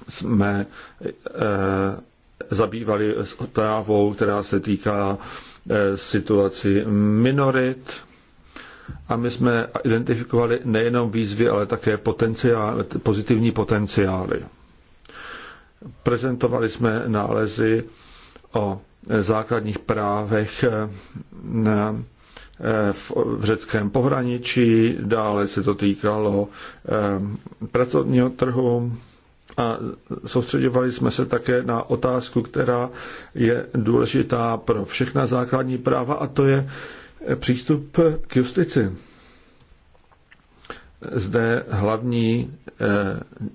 jsme zabývali otávou, která se týká situaci minorit a my jsme identifikovali nejenom výzvy, ale také potenciál, pozitivní potenciály. Prezentovali jsme nálezy o základních právech na v, v řeckém pohraničí, dále se to týkalo eh, pracovního trhu a soustředovali jsme se také na otázku, která je důležitá pro všechna základní práva a to je přístup k justici. Zde hlavní eh,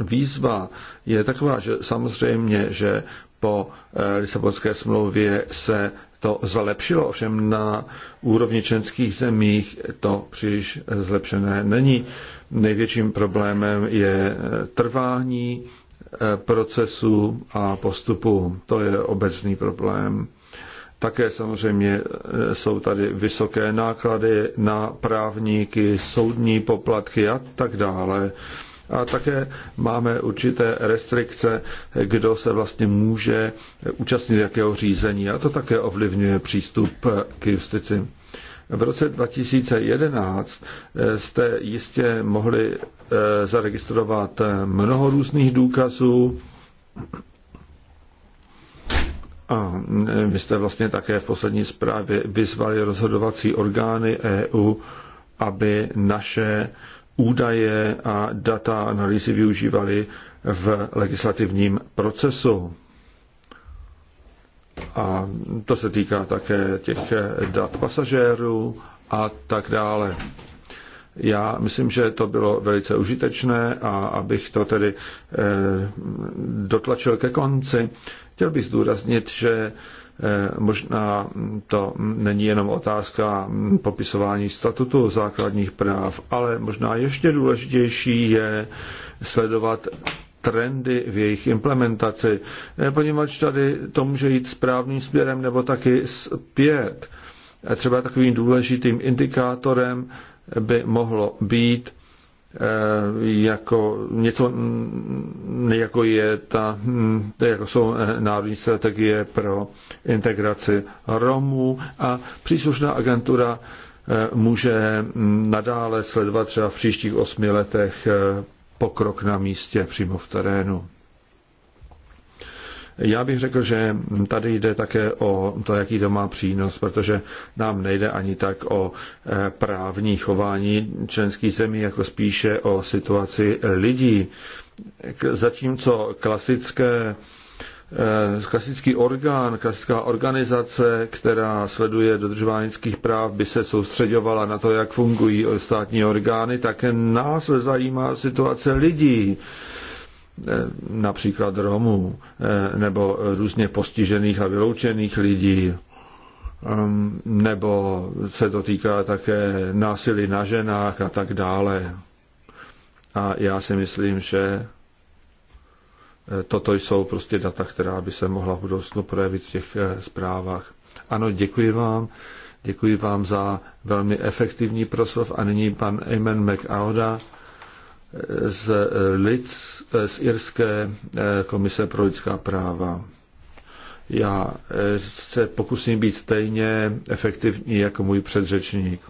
výzva je taková, že samozřejmě, že po eh, Lisabonské smlouvě se to zlepšilo, ovšem na úrovni členských zemích to příliš zlepšené není. Největším problémem je eh, trvání eh, procesu a postupu. To je obecný problém. Také samozřejmě jsou tady vysoké náklady na právníky, soudní poplatky a tak dále. A také máme určité restrikce, kdo se vlastně může účastnit jakého řízení. A to také ovlivňuje přístup k justici. V roce 2011 jste jistě mohli eh, zaregistrovat mnoho různých důkazů. A eh, vy jste vlastně také v poslední zprávě vyzvali rozhodovací orgány EU, aby naše údaje a data analýzy využívali v legislativním procesu. A to se týká také těch dat pasažérů a tak dále. Já myslím, že to bylo velice užitečné a abych to tedy eh, dotlačil ke konci, chtěl bych zdůraznit, že Eh, možná to není jenom otázka popisování statutu základních práv, ale možná ještě důležitější je sledovat trendy v jejich implementaci, eh, poněvadž tady to může jít správným směrem nebo taky zpět. Eh, třeba takovým důležitým indikátorem by mohlo být Eh, jako něco, mm, mm, jako je ta, mm, jako jsou eh, národní strategie pro integraci Romů a příslušná agentura eh, může nadále sledovat třeba v příštích osmi letech pokrok na místě přímo v terénu. Já bych řekl, že tady jde také o to, jaký to má přínos, protože nám nejde ani tak o eh, právní chování členských zemí, jako spíše o situaci lidí. Zatímco klasické eh, klasický orgán, klasická organizace, která sleduje dodržování lidských práv, by se soustředovala na to, jak fungují státní orgány, tak nás zajímá situace lidí. Eh, například Romů eh, nebo různě postižených a vyloučených lidí, ehm, nebo se to týká také násilí na ženách a tak dále. A já si myslím, že eh, toto jsou prostě data, která by se mohla v budoucnu projevit v těch zprávách. Ano, děkuji vám. Děkuji vám za velmi efektivní proslov a nyní pan Eamon McAuda z, lid z Irské eh, komise pro lidská práva. Já eh, se pokusím být stejně efektivní jako můj předřečník.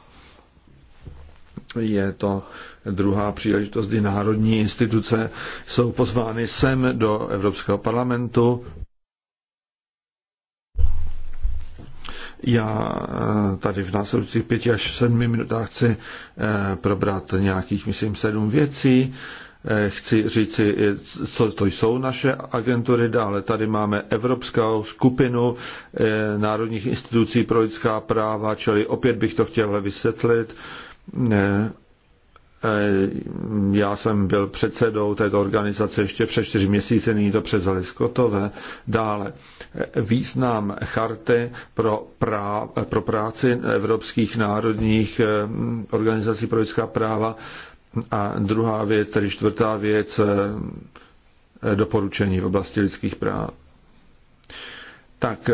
Je to druhá příležitost, kdy národní instituce jsou pozvány sem do Evropského parlamentu Já eh, tady v následujících pěti až sedmi minutách chci eh, probrat nějakých, myslím, sedm věcí. Eh, chci říci, co to jsou naše agentury. Dále tady máme Evropskou skupinu národních institucí pro lidská práva, čili opět bych to chtěl vysvětlit Eh, já jsem byl předsedou této organizace ještě před čtyři měsíce, nyní to přezali Skotové. Dále eh, význam charty pro, prá, pro práci evropských národních eh, organizací pro lidská práva a druhá věc, tedy čtvrtá věc, doporučení v oblasti lidských práv. Tak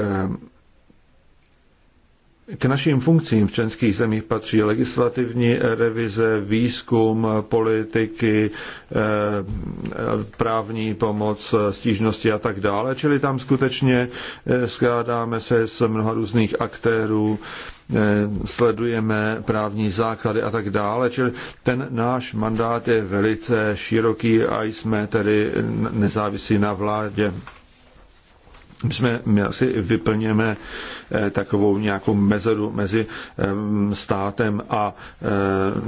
k našim funkcím v členských zemích patří legislativní revize, výzkum, politiky, eh, právní pomoc, stížnosti a tak dále. Čili tam skutečně eh, skládáme se s mnoha různých aktérů, eh, sledujeme právní základy a tak dále. Čili ten náš mandát je velice široký a jsme tedy nezávislí na vládě my, jsme, my asi vyplněme eh, takovou nějakou mezeru mezi eh, státem a eh,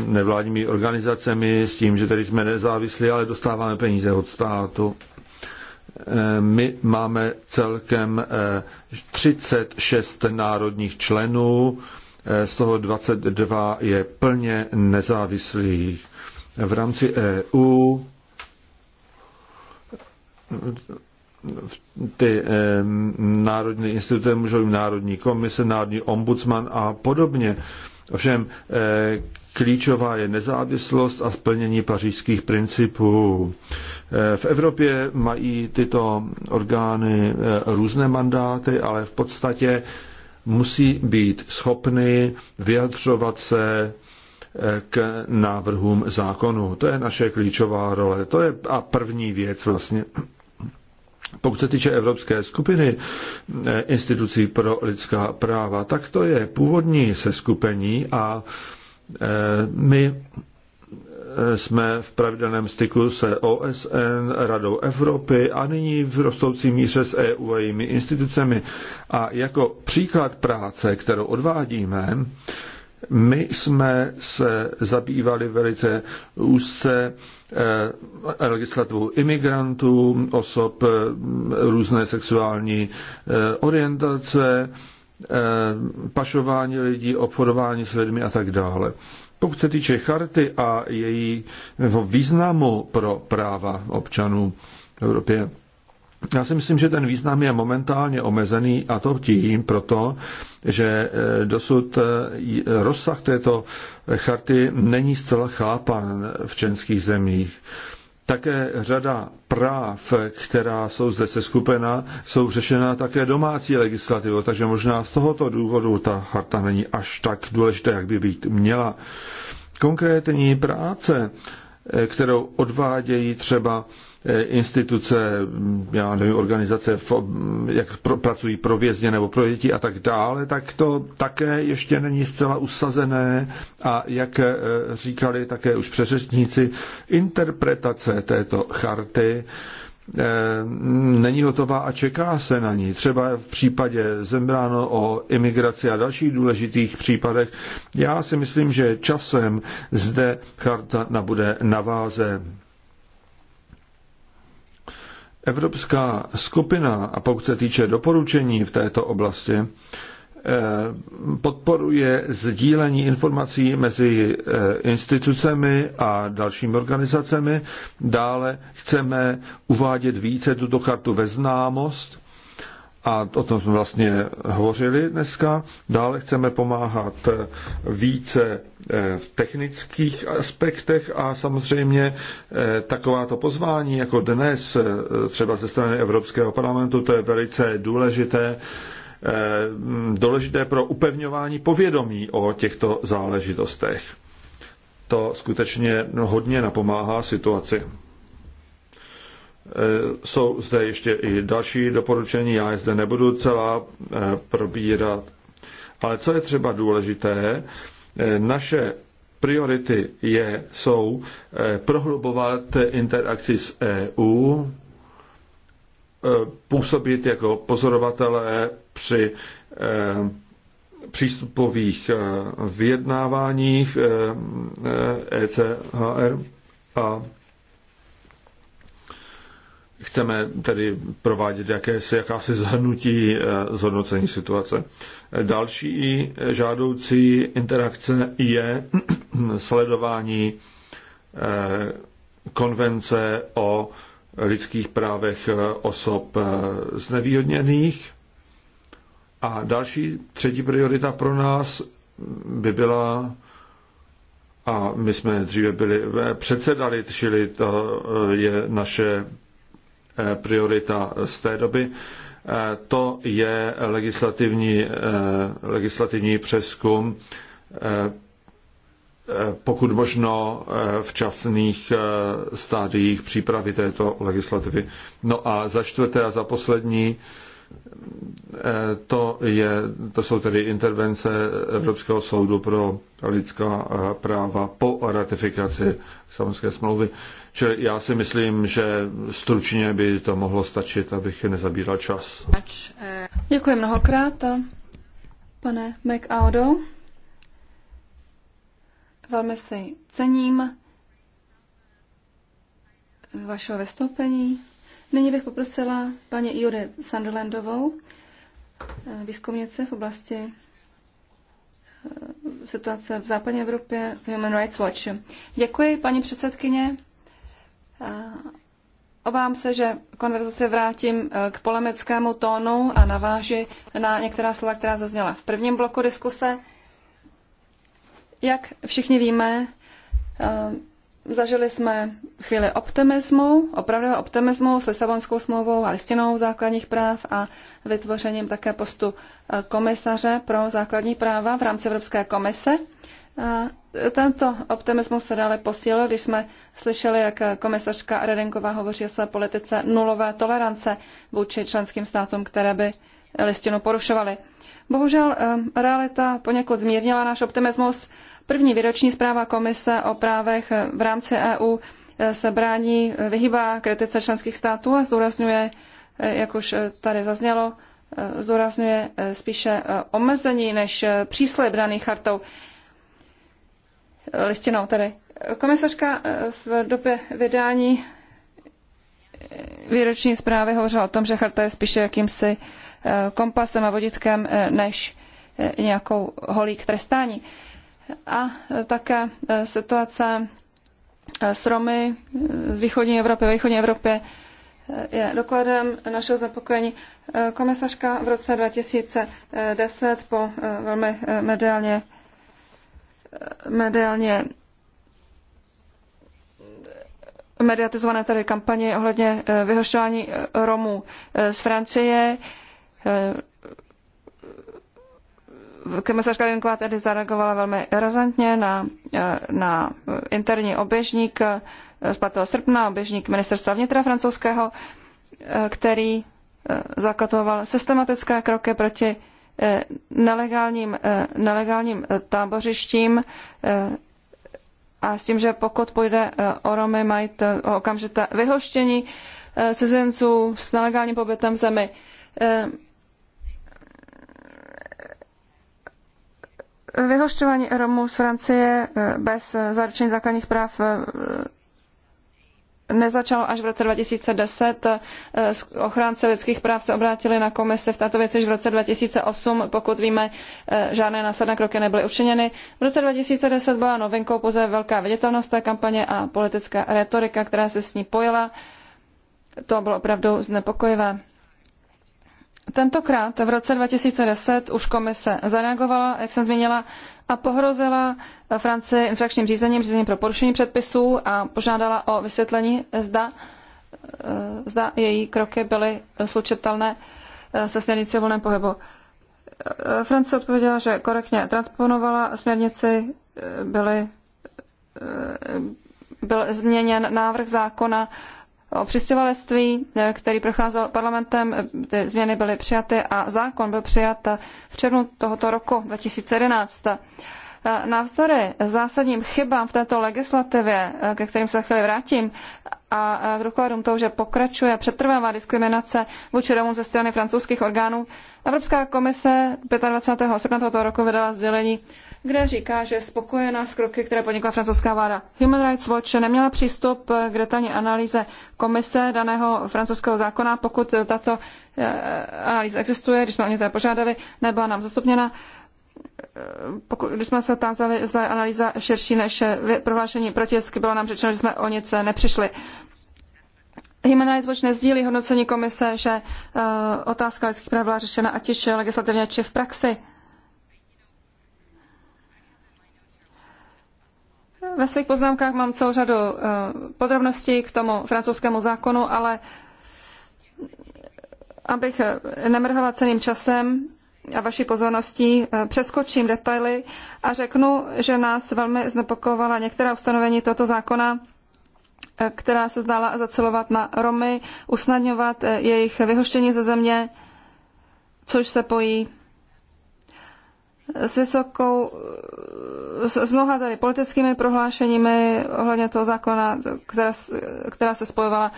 nevládními organizacemi s tím, že tady jsme nezávislí, ale dostáváme peníze od státu. My máme celkem 36 národních členů, z toho 22 je plně nezávislých. V rámci EU ty eh, národní instituty můžou jim národní komise, národní ombudsman a podobně. Ovšem eh, klíčová je nezávislost a splnění pařížských principů. Eh, v Evropě mají tyto orgány různé mandáty, ale v podstatě musí být schopny vyjadřovat se k návrhům zákonu. To je naše klíčová role. To je a první věc vlastně. Pokud se týče Evropské skupiny eh, institucí pro lidská práva, tak to je původní seskupení a eh, my eh, jsme v pravidelném styku se OSN, Radou Evropy a nyní v rostoucí míře s EU a jejími institucemi. A jako příklad práce, kterou odvádíme, my jsme se zabývali velice úzce eh, legislativou imigrantů, osob eh, různé sexuální eh, orientace, pašování lidí, obchodování s lidmi a tak dále. Pokud se týče charty a jejího významu pro práva občanů v Evropě, já si myslím, že ten význam je momentálně omezený a to tím proto, že eh, dosud eh, rozsah této charty není zcela chápan v českých zemích. Také řada práv, která jsou zde seskupena, jsou řešena také domácí legislativou, takže možná z tohoto důvodu ta charta není až tak důležitá, jak by být měla. Konkrétní práce, eh, kterou odvádějí třeba Eh, instituce, já nevím, organizace, jak pro, pracují pro vězně nebo pro děti a tak dále, tak to také ještě není zcela usazené a jak eh, říkali také už přeřečníci, interpretace této charty eh, není hotová a čeká se na ní. Třeba v případě Zembráno o imigraci a dalších důležitých případech. Já si myslím, že časem zde charta nabude na váze. Evropská skupina, a pokud se týče doporučení v této oblasti, eh, podporuje sdílení informací mezi eh, institucemi a dalšími organizacemi. Dále chceme uvádět více tuto chartu ve známost a o tom jsme vlastně hovořili dneska. Dále chceme pomáhat více eh, v technických aspektech a samozřejmě eh, takováto pozvání jako dnes eh, třeba ze strany Evropského parlamentu, to je velice důležité, důležité pro upevňování povědomí o těchto záležitostech. To skutečně hodně napomáhá situaci. Eh, jsou zde ještě i další doporučení, já je zde nebudu celá eh, probírat. Ale co je třeba důležité, eh, naše priority je, jsou prohlubovat interakci s EU, působit jako pozorovatelé při přístupových vyjednáváních ECHR e a chceme tedy provádět jakési, jakási zhrnutí eh, zhodnocení situace. Další žádoucí interakce je sledování eh, konvence o lidských právech eh, osob znevýhodněných. A další, třetí priorita pro nás by byla a my jsme dříve byli předsedali, čili to je naše Eh, priorita z té doby. Eh, to je legislativní, eh, legislativní přeskum pokud možno v časných stádiích přípravy této legislativy. No a za čtvrté a za poslední Eh, to, je, to jsou tedy intervence Evropského soudu pro lidská práva po ratifikaci samozřejmě smlouvy. Čili já si myslím, že stručně by to mohlo stačit, abych nezabíral čas. Děkuji mnohokrát, eh, pane McAudo. Velmi si cením vašeho vystoupení. Nyní bych poprosila paní Iode Sunderlandovou, eh, výzkumnice v oblasti eh, situace v západní Evropě v Human Rights Watch. Děkuji, paní předsedkyně. Obávám se, že konverzace vrátím eh, k polemickému tónu a naváži na některá slova, která zazněla v prvním bloku diskuse. Jak všichni víme, Zažili jsme chvíli optimismu, opravdového optimismu s Lisabonskou smlouvou a listinou základních práv a vytvořením také postu eh, komisaře pro základní práva v rámci Evropské komise. A eh, tento optimismus se dále posílil, když jsme slyšeli, jak eh, komisařka Redenková hovoří o své politice nulové tolerance vůči členským státům, které by listinu porušovaly. Bohužel realita poněkud zmírnila náš optimismus První výroční zpráva komise o právech v rámci EU eh, se brání, eh, vyhýbá kritice členských států a zdůrazňuje, eh, jak už tady zaznělo, zdůrazňuje spíše omezení než příslib daný chartou listinou tedy. Komisařka v době vydání výroční zprávy hovořila o tom, že charta je spíše jakýmsi kompasem a vodítkem než nějakou holík trestání a e, také e, situace e, s Romy z východní Evropy, východní Evropě je dokladem našeho znepokojení. Komisařka v roce 2010 po velmi mediálně, mediálně mediatizované tady kampani ohledně vyhošování Romů z Francie Komisař Karinková tedy zareagovala velmi razantně na, eh, na interní oběžník eh, z 5. srpna, oběžník ministerstva vnitra francouzského, eh, který zakotoval systematické kroky proti nelegálním, nelegálním tábořištím a s tím, že pokud půjde o Romy, mají to okamžité vyhoštění cizinců s nelegálním pobytem v zemi. Vyhošťování Romů z Francie eh, bez eh, zaručení základních práv eh, nezačalo až v roce 2010. Ochránce lidských práv se obrátili na komise v této věci již v roce 2008. Pokud víme, žádné následné kroky nebyly učiněny. V roce 2010 byla novinkou pouze velká viditelnost té kampaně a politická retorika, která se s ní pojila. To bylo opravdu znepokojivé. Tentokrát v roce 2010 už komise zareagovala, jak jsem zmínila, a pohrozila Francii infrakčním řízením, řízením pro porušení předpisů a požádala o vysvětlení, zda, eh, zda její kroky byly slučitelné eh, se směrnicí o volném pohybu. Eh, Francie odpověděla, že korektně transponovala směrnici, byly, byl změněn návrh zákona o přistěhovalectví, eh, který procházel parlamentem. Eh, ty změny byly přijaty a zákon byl přijat eh, v červnu tohoto roku 2011. Navzdory zásadním chybám v této legislativě, ke kterým se chvíli vrátím, a k dokladům toho, že pokračuje přetrvává diskriminace vůči Romům ze strany francouzských orgánů, Evropská komise 25. srpna tohoto roku vydala sdělení kde říká, že je spokojená s kroky, které podnikla francouzská vláda. Human Rights Watch neměla přístup k detailní analýze komise daného francouzského zákona, pokud tato eh, analýza existuje, když jsme o ně to požádali, nebyla nám zastupněna. Eh, pokud, když jsme se tázali, zda je analýza širší než prohlášení protisky, bylo nám řečeno, že jsme o nic nepřišli. Human Rights Watch nezdílí hodnocení komise, že uh, otázka lidských práv byla řešena ať již legislativně či v praxi. Ve svých poznámkách mám celou řadu eh, podrobností k tomu francouzskému zákonu, ale abych eh, nemrhala celým časem a vaší pozorností, eh, přeskočím detaily a řeknu, že nás velmi znepokojovala některá ustanovení tohoto zákona, která se zdála zacelovat na Romy, usnadňovat jejich vyhoštění ze země, což se pojí s vysokou, s, s mnoha tady politickými prohlášeními ohledně toho zákona, která, která se spojovala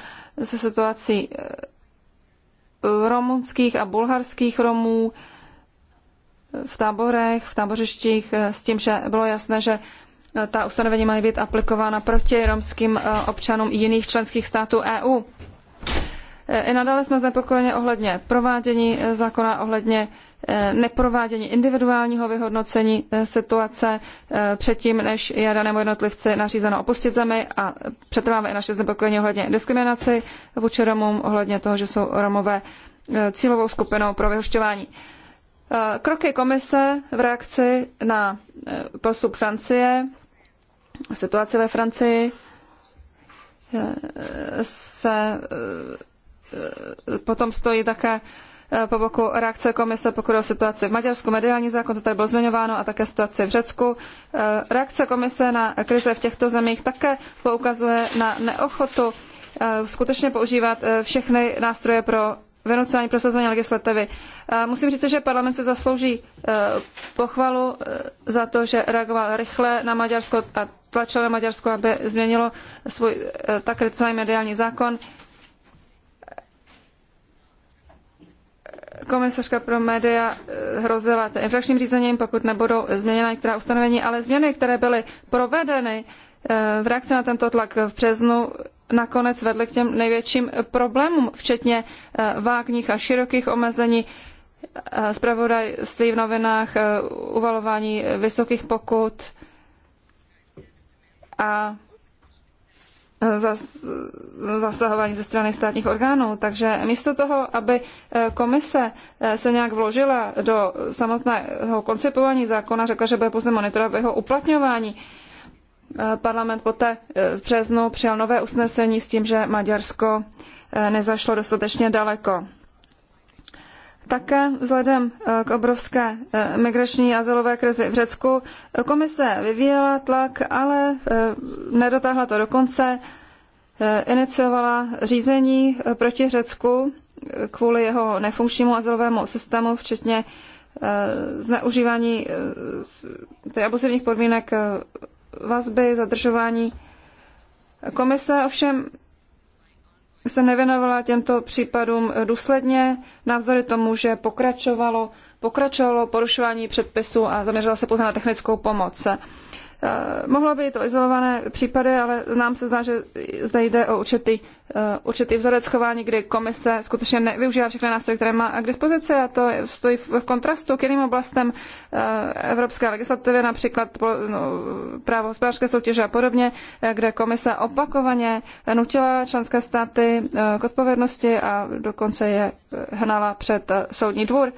se situací eh, romunských a bulharských Romů eh, v táborech, v tábořištích, eh, s tím, že bylo jasné, že ta ustanovení mají být aplikována proti romským občanům jiných členských států EU. I nadále jsme znepokojeni ohledně provádění eh, zákona, ohledně eh, neprovádění individuálního vyhodnocení eh, situace předtím, než je danému jednotlivci nařízeno opustit zemi a přetrváme i naše znepokojení ohledně diskriminaci vůči Romům, ohledně toho, že jsou Romové cílovou skupinou pro vyhošťování. Kroky komise v reakci na postup Francie, situaci ve Francii, se potom stojí také eh, po boku reakce komise, pokud o situaci v Maďarsku, mediální zákon, to tady bylo zmiňováno, a také situaci v Řecku. Eh, reakce komise na krize v těchto zemích také poukazuje na neochotu eh, skutečně používat všechny nástroje pro vynucování prosazování legislativy. Musím říct, že parlament se zaslouží pochvalu za to, že reagoval rychle na Maďarsko a tlačil na Maďarsko, aby změnilo svůj tak kritizovaný mediální zákon. komisařka pro média eh, hrozila infrakčním řízením, pokud nebudou změněna některá ustanovení, ale změny, které byly provedeny eh, v reakci na tento tlak v březnu, nakonec vedly k těm největším problémům, včetně eh, vágních a širokých omezení zpravodajství v novinách, uvalování vysokých pokut a zasahování ze strany státních orgánů. Takže místo toho, aby eh, komise eh, se nějak vložila do samotného koncipování zákona, řekla, že bude pouze monitorovat jeho uplatňování, eh, parlament poté v březnu přijal nové usnesení s tím, že Maďarsko nezašlo dostatečně daleko. Také vzhledem eh, k obrovské eh, migrační azylové krizi v Řecku eh, komise vyvíjela tlak, ale nedotáhla to do konce. Iniciovala řízení proti Řecku kvůli jeho nefunkčnímu azylovému systému, včetně zneužívání abusivních podmínek vazby, zadržování. Komise ovšem se nevěnovala těmto případům důsledně, navzdory tomu, že pokračovalo, pokračovalo porušování předpisů a zaměřila se pouze na technickou pomoc. Eh, mohlo by to izolované případy, ale nám se zdá, že zde jde o určitý, eh, určitý vzorec chování, kdy komise skutečně nevyužívá všechny nástroje, které má k dispozici a to stojí v kontrastu k jiným oblastem eh, evropské legislativy, například no, právo hospodářské soutěže a podobně, kde komise opakovaně nutila členské státy k odpovědnosti a dokonce je hnala před soudní dvůr.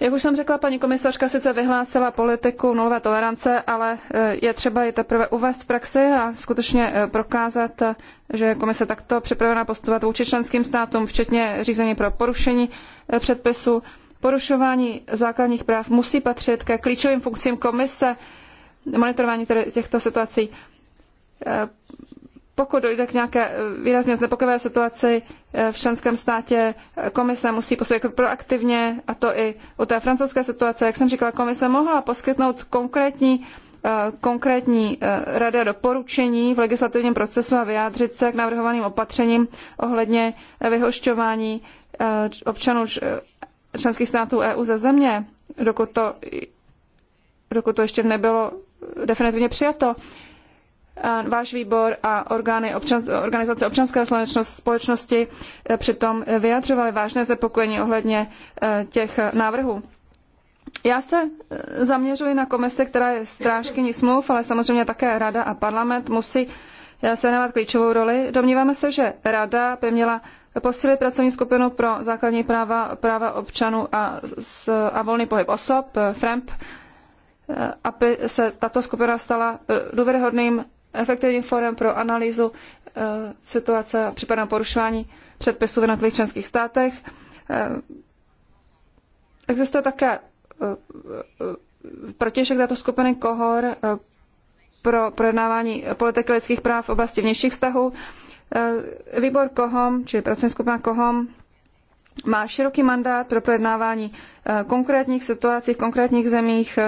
Jak už jsem řekla, paní komisařka sice vyhlásila politiku nulové tolerance, ale eh, je třeba ji teprve uvést v praxi a skutečně eh, prokázat, eh, že je komise takto připravena postupovat vůči členským státům, včetně řízení pro porušení předpisů. Porušování základních práv musí patřit ke klíčovým funkcím komise, monitorování těchto situací pokud dojde k nějaké eh, výrazně znepokojivé situaci eh, v členském státě, eh, komise musí postupovat jako proaktivně, a to i u té francouzské situace. Jak jsem říkala, komise mohla poskytnout konkrétní konkrétní a doporučení v legislativním procesu a vyjádřit se k navrhovaným opatřením ohledně vyhošťování občanů členských států EU ze země, dokud to, dokud to ještě nebylo definitivně přijato váš výbor a orgány občan, organizace občanské společnosti e, přitom vyjadřovaly vážné znepokojení ohledně e, těch návrhů. Já se e, zaměřuji na komisi, která je strážkyní smluv, ale samozřejmě také rada a parlament musí sehrávat klíčovou roli. Domníváme se, že rada by měla posílit pracovní skupinu pro základní práva, práva občanů a, a volný pohyb osob, FREMP, aby se tato skupina stala důvěryhodným efektivním fórem pro analýzu eh, situace a případného porušování předpisů v jednotlivých členských státech. Eh, existuje také eh, protěžek této skupiny Kohor pro projednávání politiky lidských práv v oblasti vnějších vztahů. Výbor Kohom, či pracovní skupina Kohom, má široký mandát pro projednávání konkrétních situací v konkrétních zemích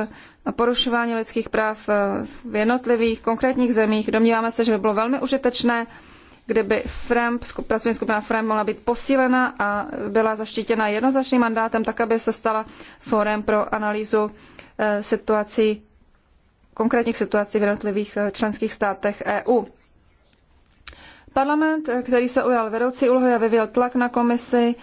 porušování lidských práv eh, v jednotlivých konkrétních zemích. Domníváme se, že by bylo velmi užitečné, kdyby FREM, pracovní skupina FREM mohla být posílena a byla zaštítěna jednoznačným mandátem, tak aby se stala fórem pro analýzu eh, situací, konkrétních situací v jednotlivých eh, členských státech EU. Parlament, který se ujal vedoucí úlohy a vyvíjel tlak na komisi,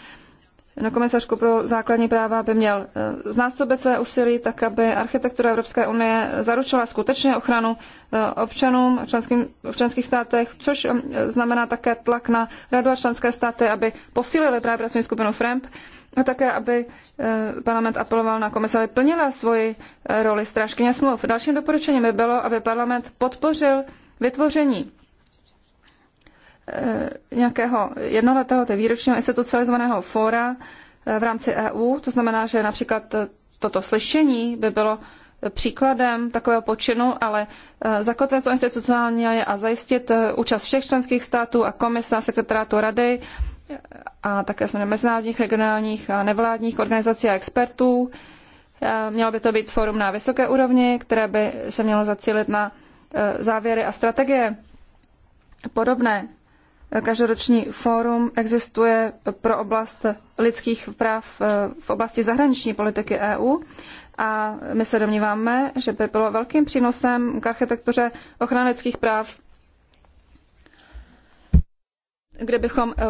na komisařku pro základní práva by měl eh, znásobit své úsilí tak, aby architektura Evropské unie zaručila skutečně ochranu eh, občanům v členských státech, což eh, znamená také tlak na radu a členské státy, aby posílili právě pracovní skupinu FREMP a také, aby parlament apeloval na komise, aby plnila svoji roli strážkyně smluv. Dalším doporučením by bylo, aby parlament podpořil vytvoření Eh, nějakého jednoletého, to je výročního institucionalizovaného fóra eh, v rámci EU. To znamená, že například eh, toto slyšení by bylo příkladem takového počinu, ale zakotvit to institucionálně a zajistit účast všech členských států a komise a sekretariátu rady a také jsme mezinárodních, regionálních a nevládních organizací a expertů. Mělo by to být fórum na vysoké úrovni, které by se mělo zacílit na závěry a strategie. Podobné každoroční fórum existuje pro oblast lidských práv eh, v oblasti zahraniční politiky EU a my se domníváme, že by bylo velkým přínosem k architektuře ochrany lidských práv, kdybychom eh,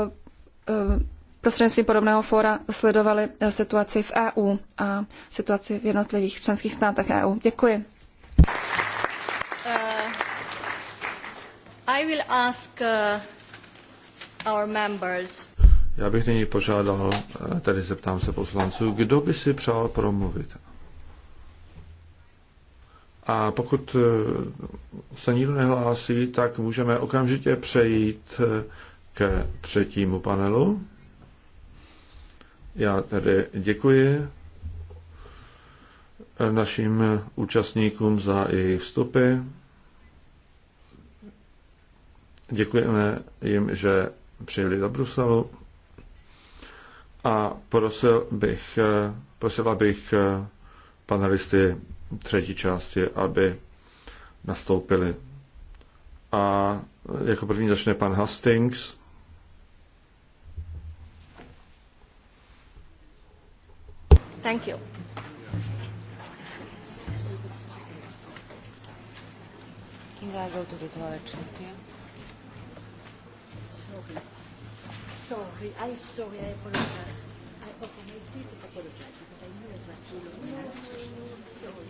eh, prostřednictvím podobného fóra sledovali situaci v EU a situaci v jednotlivých členských státech EU. Děkuji. Uh, I will ask, uh our members. Já bych nyní požádal, eh, tedy zeptám se poslanců, kdo by si přál promluvit. A pokud eh, se nikdo nehlásí, tak můžeme okamžitě přejít eh, ke třetímu panelu. Já tedy děkuji našim účastníkům za jejich vstupy. Děkujeme jim, že přijeli do Bruselu a prosil bych, prosila bych eh, panelisty třetí části, aby nastoupili. A eh, jako první začne pan Hastings. Thank you. Can I go to the toilet? Yeah sorry. I'm sorry. I apologize. I offer my deepest because I knew it was too long. No, no, no. Sorry.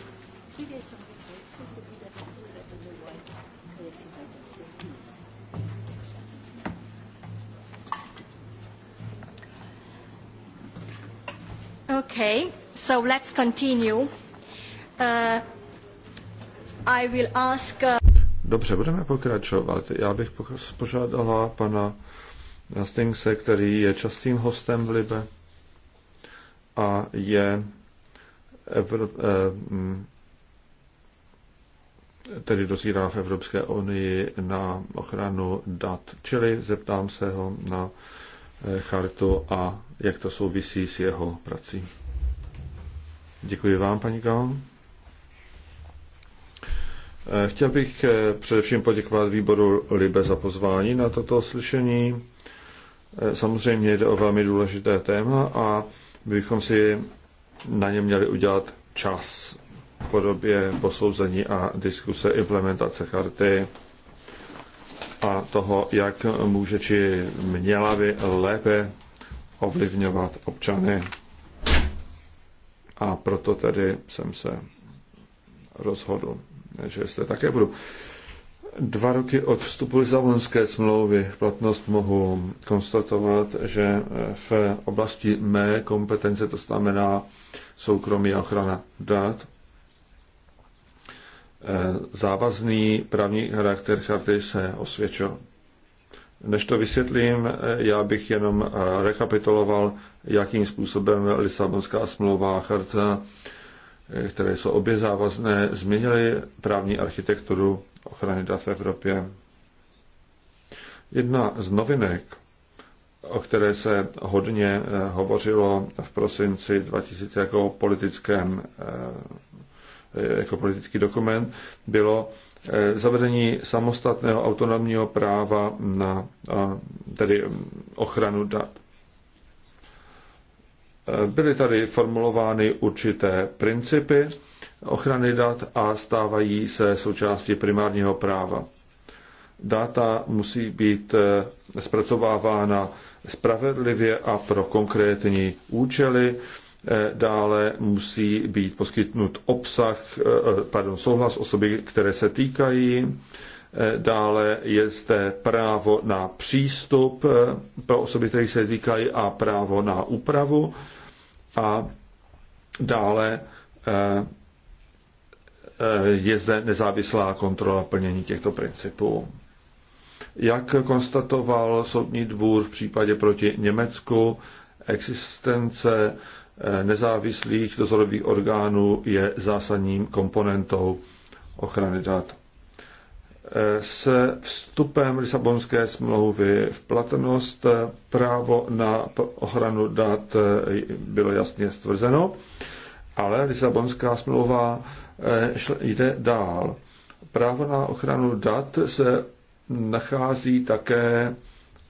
Okay, so let's continue. Uh, I will ask... Uh... Dobře, budeme pokračovat. Já bych požádala pana Stingse, který je častým hostem v Libe a je Evro, eh, mm, tedy dozírá v Evropské unii na ochranu dat. Čili zeptám se ho na eh, chartu a jak to souvisí s jeho prací. Děkuji vám, paní Gal. Eh, chtěl bych především poděkovat výboru Libe za pozvání na toto slyšení Eh, samozřejmě jde o velmi důležité téma a bychom si na ně měli udělat čas v podobě posouzení a diskuse implementace charty a toho, jak může či měla by lépe ovlivňovat občany. A proto tedy jsem se rozhodl, že jste také budu dva roky od vstupu Lisabonské smlouvy v platnost mohu konstatovat, že v oblasti mé kompetence, to znamená soukromí a ochrana dat, eh, závazný právní charakter charty se osvědčil. Než to vysvětlím, eh, já bych jenom eh, rekapituloval, jakým způsobem Lisabonská smlouva a charta, které jsou obě závazné, změnily právní architekturu ochrany dat v Evropě. Jedna z novinek, o které se hodně eh, hovořilo v prosinci 2000 jako, politickém, eh, jako politický dokument, bylo eh, zavedení samostatného autonomního práva na tedy mm, ochranu dat. Byly tady formulovány určité principy, ochrany dat a stávají se součástí primárního práva. Data musí být eh, zpracovávána spravedlivě a pro konkrétní účely. Eh, dále musí být poskytnut obsah, eh, pardon, souhlas osoby, které se týkají. Dále je zde právo na přístup pro osoby, které se týkají, a právo na úpravu. A dále Eh, je zde nezávislá kontrola plnění těchto principů. Jak konstatoval Soudní dvůr v případě proti Německu, existence eh, nezávislých dozorových orgánů je zásadním komponentou ochrany dat. Eh, Se vstupem Lisabonské smlouvy v platnost právo na ochranu dat bylo jasně stvrzeno ale Lisabonská smlouva eh, jde dál. Právo na ochranu dat se nachází také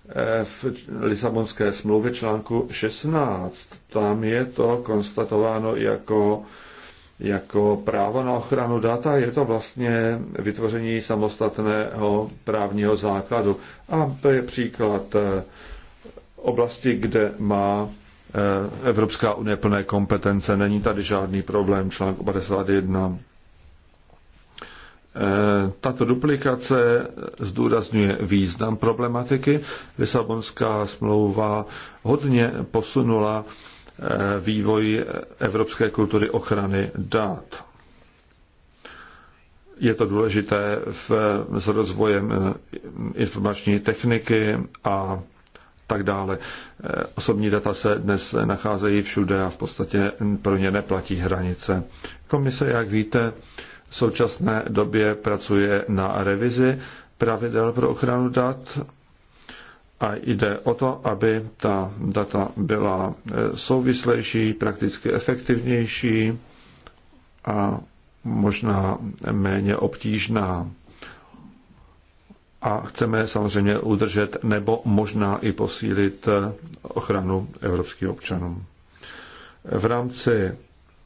eh, v Lisabonské smlouvě článku 16. Tam je to konstatováno jako, jako právo na ochranu data. Je to vlastně vytvoření samostatného právního základu. A to je příklad eh, oblasti, kde má Eh, Evropská unie plné kompetence, není tady žádný problém, článek 51. Eh, tato duplikace zdůrazňuje význam problematiky. Lisabonská smlouva hodně posunula eh, vývoj evropské kultury ochrany dat. Je to důležité v, s rozvojem informační techniky a tak dále. E, osobní data se dnes nacházejí všude a v podstatě pro ně neplatí hranice. Komise, jak víte, v současné době pracuje na revizi pravidel pro ochranu dat a jde o to, aby ta data byla e, souvislejší, prakticky efektivnější a možná méně obtížná a chceme samozřejmě udržet nebo možná i posílit ochranu evropských občanů. V rámci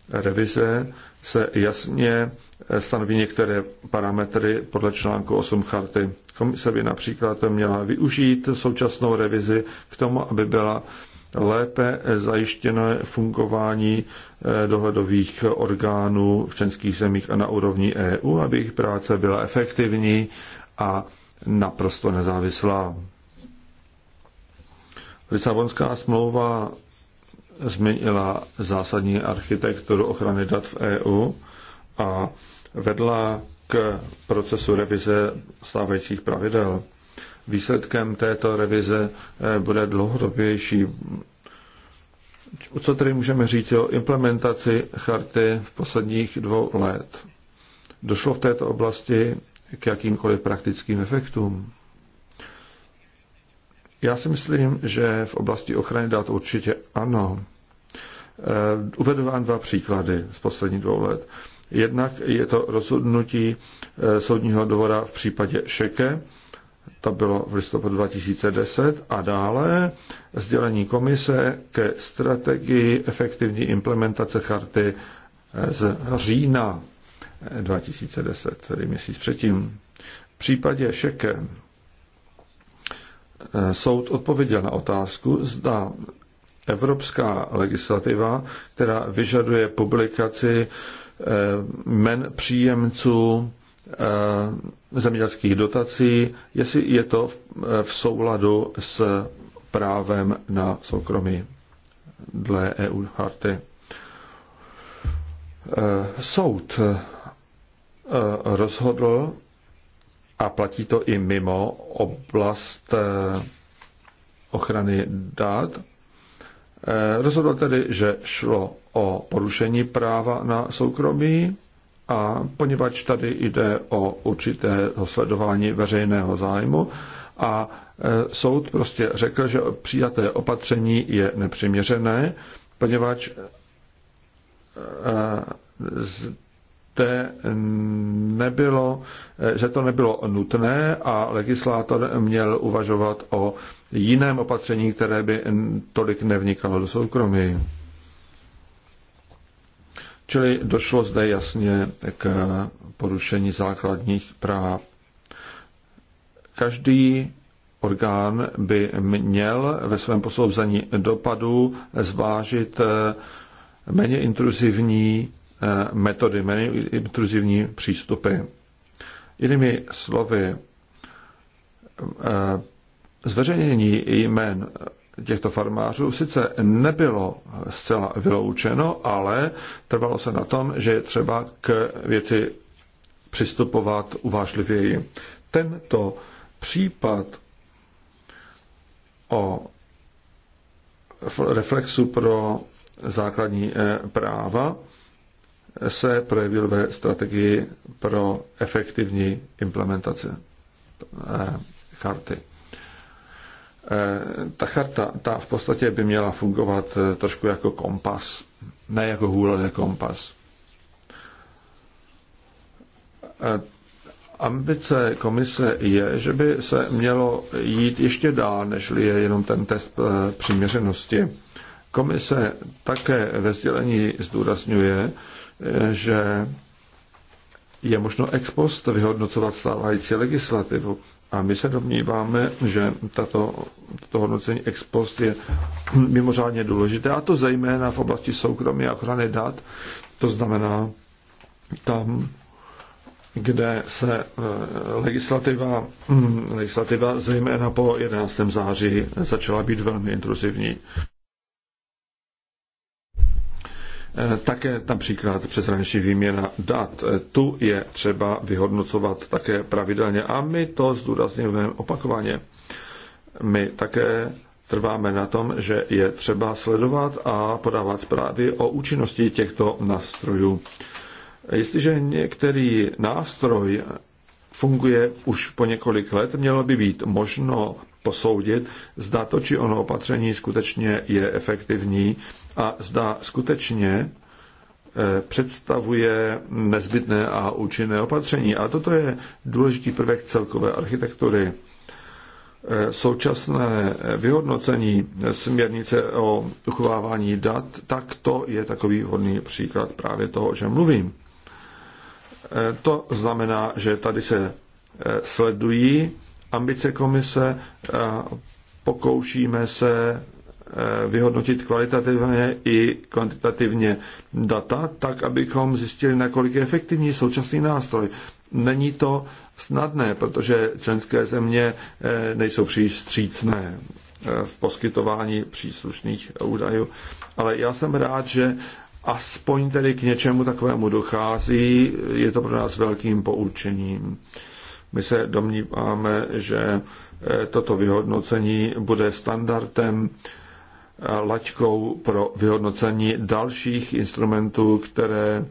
revize se jasně stanoví některé parametry podle článku 8 charty. Komise by například měla využít současnou revizi k tomu, aby byla lépe zajištěné fungování eh, dohledových orgánů v členských zemích a na úrovni EU, aby jejich práce byla efektivní a naprosto nezávislá. Lisabonská smlouva změnila zásadní architekturu ochrany dat v EU a vedla k procesu revize stávajících pravidel. Výsledkem této revize eh, bude dlouhodobější. Co tedy můžeme říct o implementaci charty v posledních dvou let? Došlo v této oblasti k jakýmkoliv praktickým efektům? Já si myslím, že v oblasti ochrany dat určitě ano. Eh, uvedu vám dva příklady z posledních dvou let. Jednak je to rozhodnutí eh, soudního dvora v případě Šeke, to bylo v listopadu 2010 a dále sdělení komise ke strategii efektivní implementace charty eh, z října. 2010, tedy měsíc předtím. V případě Šeke eh, soud odpověděl na otázku, zda evropská legislativa, která vyžaduje publikaci eh, men příjemců eh, zemědělských dotací, jestli je to v souladu s právem na soukromí dle EU charty. Soud Eh, rozhodl, a platí to i mimo oblast eh, ochrany dát, eh, rozhodl tedy, že šlo o porušení práva na soukromí a poněvadž tady jde o určité sledování veřejného zájmu a soud prostě řekl, že přijaté opatření je nepřiměřené, poněvadž nebylo, že to nebylo nutné a legislátor měl uvažovat o jiném opatření, které by tolik nevnikalo do soukromí. Čili došlo zde jasně k porušení základních práv. Každý orgán by měl ve svém posouzení dopadu zvážit méně intruzivní Eh, metody, méně intruzivní přístupy. Jinými slovy, eh, zveřejnění jmen těchto farmářů sice nebylo zcela vyloučeno, ale trvalo se na tom, že je třeba k věci přistupovat uvážlivěji. Tento případ o reflexu pro základní eh, práva se projevil ve strategii pro efektivní implementaci eh, charty. Eh, ta charta ta v podstatě by měla fungovat eh, trošku jako kompas, ne jako hůl, ale kompas. Ambice komise je, že by se mělo jít ještě dál, než je jenom ten test přiměřenosti. Komise také ve sdělení zdůrazňuje, že je možno ex post vyhodnocovat stávající legislativu. A my se domníváme, že tato, to hodnocení ex post je mimořádně důležité, a to zejména v oblasti soukromí a ochrany dat, to znamená tam, kde se eh, legislativa, hm, legislativa zejména po 11. září začala být velmi intruzivní. Eh, také například přeshraniční výměna dat. Eh, tu je třeba vyhodnocovat také pravidelně a my to zdůrazňujeme opakovaně. My také trváme na tom, že je třeba sledovat a podávat zprávy o účinnosti těchto nástrojů. Jestliže některý nástroj funguje už po několik let, mělo by být možno posoudit, zda to či ono opatření skutečně je efektivní a zda skutečně eh, představuje nezbytné a účinné opatření. A toto je důležitý prvek celkové architektury. Eh, současné eh, vyhodnocení směrnice o uchovávání dat, tak to je takový hodný příklad právě toho, o čem mluvím. To znamená, že tady se sledují ambice komise, a pokoušíme se Eh, vyhodnotit kvalitativně i kvantitativně data, tak abychom zjistili, nakolik je efektivní současný nástroj. Není to snadné, protože členské země eh, nejsou příliš střícné eh, v poskytování příslušných údajů. Ale já jsem rád, že aspoň tedy k něčemu takovému dochází. Je to pro nás velkým poučením. My se domníváme, že toto vyhodnocení bude standardem laťkou pro vyhodnocení dalších instrumentů, které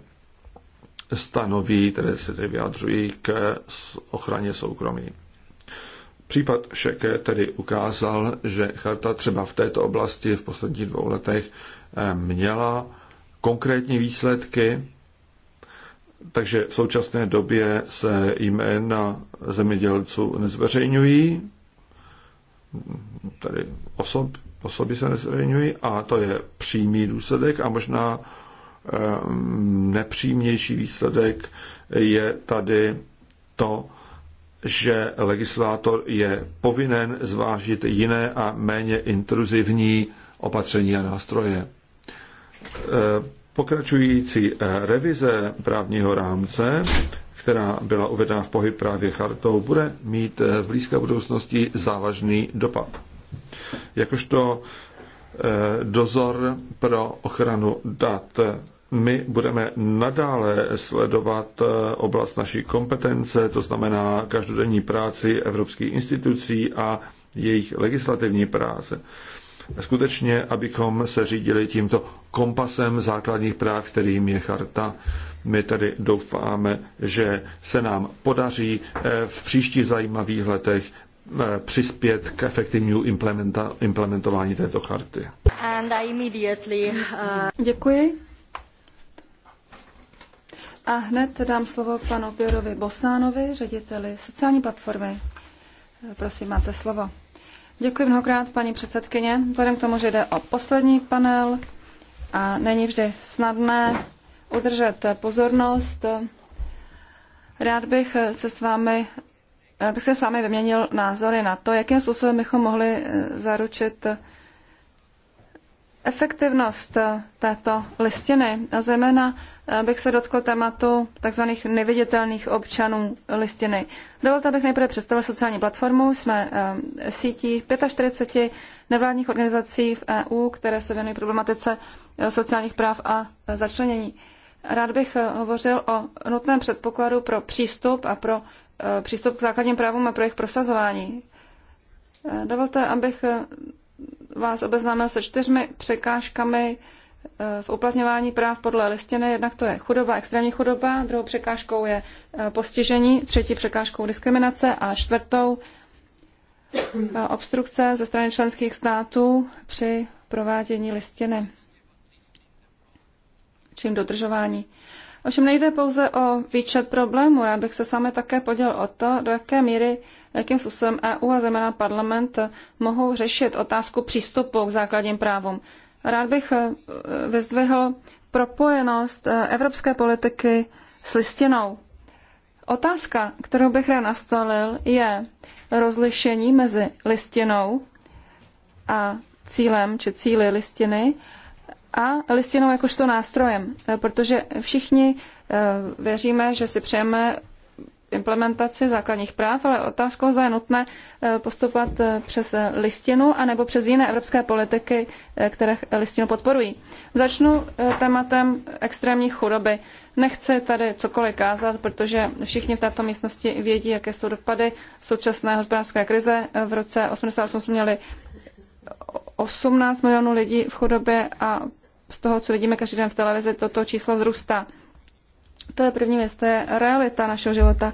stanoví, které se tedy vyjadřují k ochraně soukromí. Případ Šeke tedy ukázal, že charta třeba v této oblasti v posledních dvou letech eh, měla konkrétní výsledky, takže v současné době se jména zemědělců nezveřejňují, tedy osob osoby se nezraňují a to je přímý důsledek a možná ehm, nepřímější výsledek je tady to, že legislátor je povinen zvážit jiné a méně intruzivní opatření a nástroje. Eh, pokračující eh, revize právního rámce, která byla uvedena v pohyb právě chartou, bude mít eh, v blízké budoucnosti závažný dopad. Jakožto eh, dozor pro ochranu dat. My budeme nadále sledovat eh, oblast naší kompetence, to znamená každodenní práci evropských institucí a jejich legislativní práce. Skutečně, abychom se řídili tímto kompasem základních práv, kterým je charta. My tedy doufáme, že se nám podaří eh, v příštích zajímavých letech Eh, přispět k efektivnímu implementování této charty. And I immediately, uh... Děkuji. A hned dám slovo panu Pěrovi Bosánovi, řediteli sociální platformy. Eh, prosím, máte slovo. Děkuji mnohokrát, paní předsedkyně. Vzhledem k tomu, že jde o poslední panel a není vždy snadné udržet pozornost, rád bych se s vámi bych se s vámi vyměnil názory na to, jakým způsobem bychom mohli eh, zaručit eh, efektivnost eh, této listiny. A zejména bych se dotkl tématu tzv. neviditelných občanů listiny. Dovolte, abych nejprve představil sociální platformu. Jsme sítí 45 nevládních organizací v EU, které se věnují problematice sociálních práv a začlenění. Rád bych eh, hovořil o nutném předpokladu pro přístup a pro eh, přístup k základním právům a pro jejich prosazování. Eh, dovolte, abych vás obeznámil se čtyřmi překážkami v uplatňování práv podle listiny. Jednak to je chudoba, extrémní chudoba, druhou překážkou je postižení, třetí překážkou diskriminace a čtvrtou obstrukce ze strany členských států při provádění listiny čím dodržování. Ovšem nejde pouze o výčet problémů, rád bych se sami také podělil o to, do jaké míry, jakým způsobem EU a zejména parlament mohou řešit otázku přístupu k základním právům. Rád bych eh, vyzdvihl propojenost eh, evropské politiky s listinou. Otázka, kterou bych rád nastolil, je rozlišení mezi listinou a cílem či cíly listiny a listinou jakožto nástrojem, eh, protože všichni eh, věříme, že si přejeme implementaci základních práv, ale otázkou zda je nutné eh, postupovat přes listinu anebo přes jiné evropské politiky, které listinu podporují. Začnu tématem extrémní chudoby. Nechci tady cokoliv kázat, protože všichni v této místnosti vědí, jaké jsou dopady současné hospodářské krize. V roce 1988 měli 18 milionů lidí v chudobě a z toho, co vidíme každý den v televizi, toto číslo vzrůstá. To je první věc, to je realita našeho života.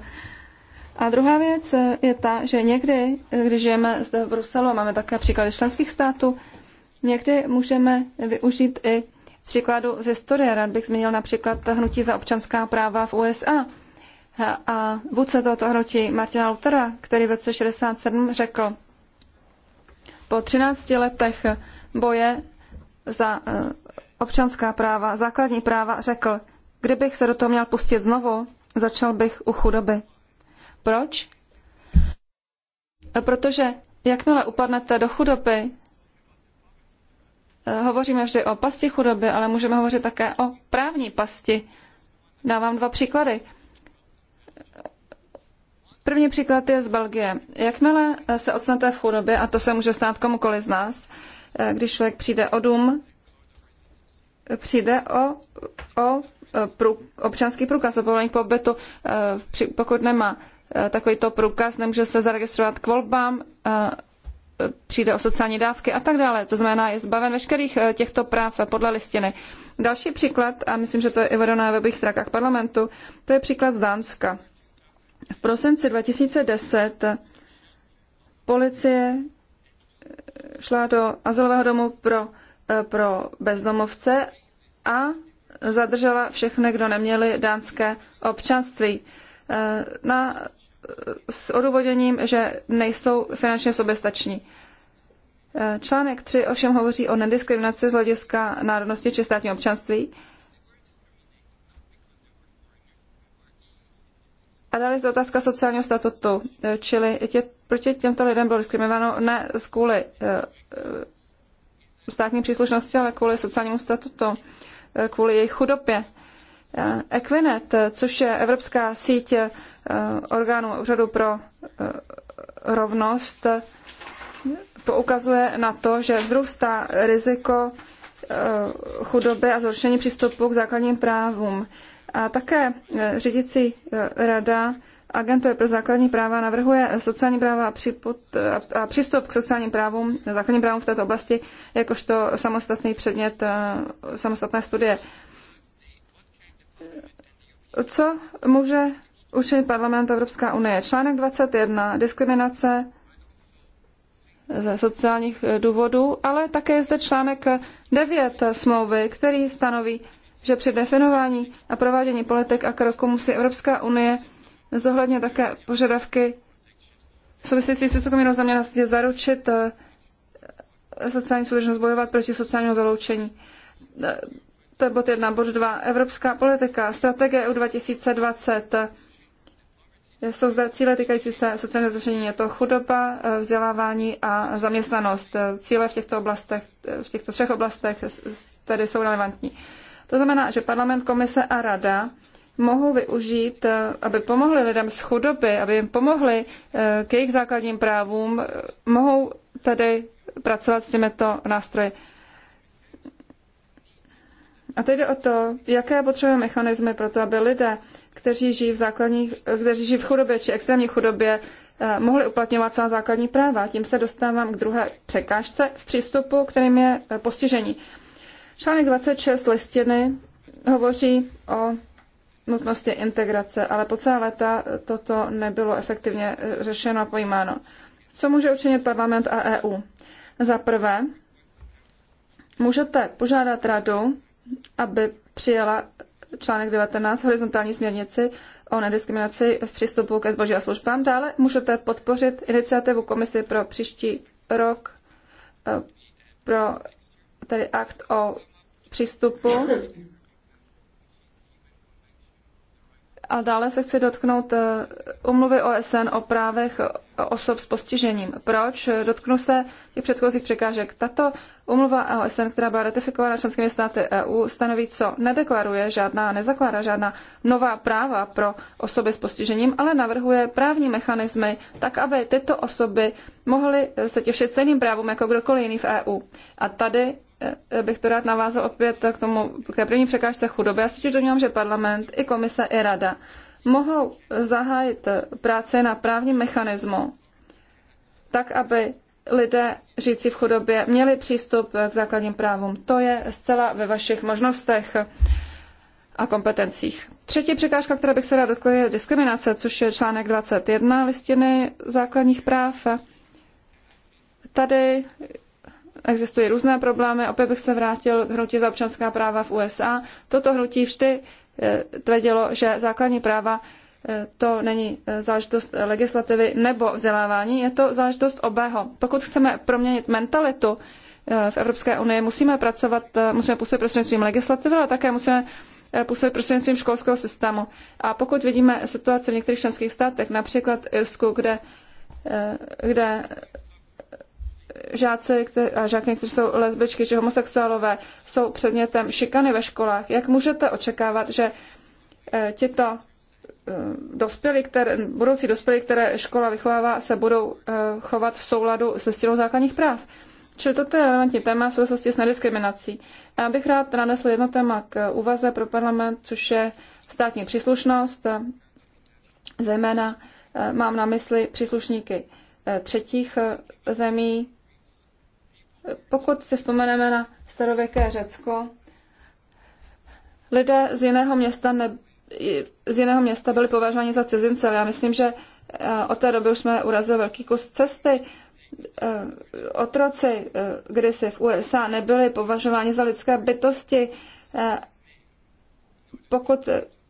A druhá věc je ta, že někdy, když žijeme zde v Bruselu, máme také příklady členských států, někdy můžeme využít i příkladu z historie. Rád bych zmínil například hnutí za občanská práva v USA. A vůdce tohoto hnutí Martina Luthera, který v roce 67 řekl, po 13 letech boje za občanská práva, základní práva, řekl, kdybych se do toho měl pustit znovu, začal bych u chudoby. Proč? Protože jakmile upadnete do chudoby, eh, hovoříme vždy o pasti chudoby, ale můžeme hovořit také o právní pasti. Dávám dva příklady. První příklad je z Belgie. Jakmile eh, se ocnete v chudobě, a to se může stát komukoli z nás, eh, když člověk přijde o dům, přijde o, o e, prů, občanský průkaz, o povolení k pobytu. E, pokud nemá e, takovýto průkaz, nemůže se zaregistrovat k volbám, přijde o sociální dávky a tak dále. To znamená, je zbaven veškerých těchto práv podle listiny. Další příklad, a myslím, že to je i vedeno na webových stránkách parlamentu, to je příklad z Dánska. V prosinci 2010 policie šla do azylového domu pro, pro bezdomovce a zadržela všechny, kdo neměli dánské občanství. E, na, e, s odůvodněním, že nejsou finančně soběstační. E, článek 3 ovšem hovoří o nediskriminaci z hlediska národnosti či státního občanství. A dále je otázka sociálního statutu, čili tě, proti těmto lidem bylo diskriminováno ne kvůli státní příslušnosti, ale kvůli sociálnímu statutu. Eh, kvůli jejich chudobě. Eh, Equinet, eh, což je evropská síť orgánů úřadu pro rovnost, poukazuje na to, že vzrůstá riziko chudoby a zhoršení přístupu k základním právům. A také řídící rada agentury pro základní práva navrhuje sociální práva a, připod, a přístup k sociálním právům, základním právům v této oblasti, jakožto samostatný předmět, eh, samostatné studie. Co může učinit parlament Evropská unie? Článek 21, diskriminace ze sociálních eh, důvodů, ale také je zde článek 9 smlouvy, který stanoví, že při definování a provádění politik a kroků musí Evropská unie zohledně také požadavky související s vysokou mírou zaměnosti zaručit eh, sociální soudržnost, bojovat proti sociálnímu vyloučení. Eh, to je bod jedna. Bod dva. Evropská politika, strategie EU 2020. Eh, jsou zde cíle týkající se sociálního zřešení. Je to chudoba, vzdělávání a zaměstnanost. Cíle v těchto oblastech, v těchto třech oblastech tedy jsou relevantní. To znamená, že parlament, komise a rada mohou využít, eh, aby pomohli lidem z chudoby, aby jim pomohli eh, k jejich základním právům, eh, mohou tedy pracovat s těmito nástroji. A teď jde o to, jaké potřebujeme mechanismy pro to, aby lidé, kteří žijí v, základních, kteří žijí v chudobě či extrémní chudobě, mohli uplatňovat svá základní práva. Tím se dostávám k druhé překážce v přístupu, kterým je postižení. Článek 26 listiny hovoří o nutnosti integrace, ale po celá léta toto nebylo efektivně eh, řešeno a pojímáno. Co může učinit parlament a EU? Za prvé, můžete požádat radu, aby přijela článek 19 horizontální směrnici o nediskriminaci v přístupu ke zboží a službám. Dále můžete podpořit iniciativu komisy pro příští rok eh, pro tedy akt o přístupu A dále se chci dotknout umluvy eh, OSN o právech osob s postižením. Proč? Dotknu se těch předchozích překážek. Tato umluva OSN, která byla ratifikována členskými státy EU, stanoví, co nedeklaruje žádná, nezakládá žádná nová práva pro osoby s postižením, ale navrhuje právní mechanismy tak, aby tyto osoby mohly se těšit stejným právům jako kdokoliv jiný v EU. A tady Eh, bych to rád navázal opět k tomu, k té první překážce chudoby. Já si totiž domnívám, že parlament, i komise, i rada mohou zahájit práce na právním mechanismu, tak, aby lidé žijící v chudobě měli přístup k základním právům. To je zcela ve vašich možnostech a kompetencích. Třetí překážka, která bych se rád dotkla, je diskriminace, což je článek 21 listiny základních práv. Tady Existují různé problémy, opět bych se vrátil k hnutí za občanská práva v USA. Toto hnutí vždy eh, tvrdilo, že základní práva eh, to není eh, záležitost legislativy nebo vzdělávání, je to záležitost obého. Pokud chceme proměnit mentalitu v Evropské unii, musíme pracovat, musíme působit prostřednictvím legislativy, ale také musíme působit prostřednictvím školského systému. A pokud vidíme situaci v některých členských státech, například Irsku, kde, kde žáci a žáky, kteří jsou lesbičky či homosexuálové, jsou předmětem šikany ve školách, jak můžete očekávat, že eh, tito eh, dospělí, které, budoucí dospělí, které škola vychovává, se budou eh, chovat v souladu s listinou základních práv? Čili toto je relevantní téma v souvislosti s nediskriminací. Já bych rád nanesl jedno téma k úvaze pro parlament, což je státní příslušnost. Zejména mám na mysli příslušníky třetích zemí, pokud si vzpomeneme na starověké Řecko, lidé z jiného města, ne, z jiného města byli považováni za cizince. Já myslím, že eh, od té doby už jsme urazili velký kus cesty. Eh, otroci eh, kdysi v USA nebyli považováni za lidské bytosti. Pokud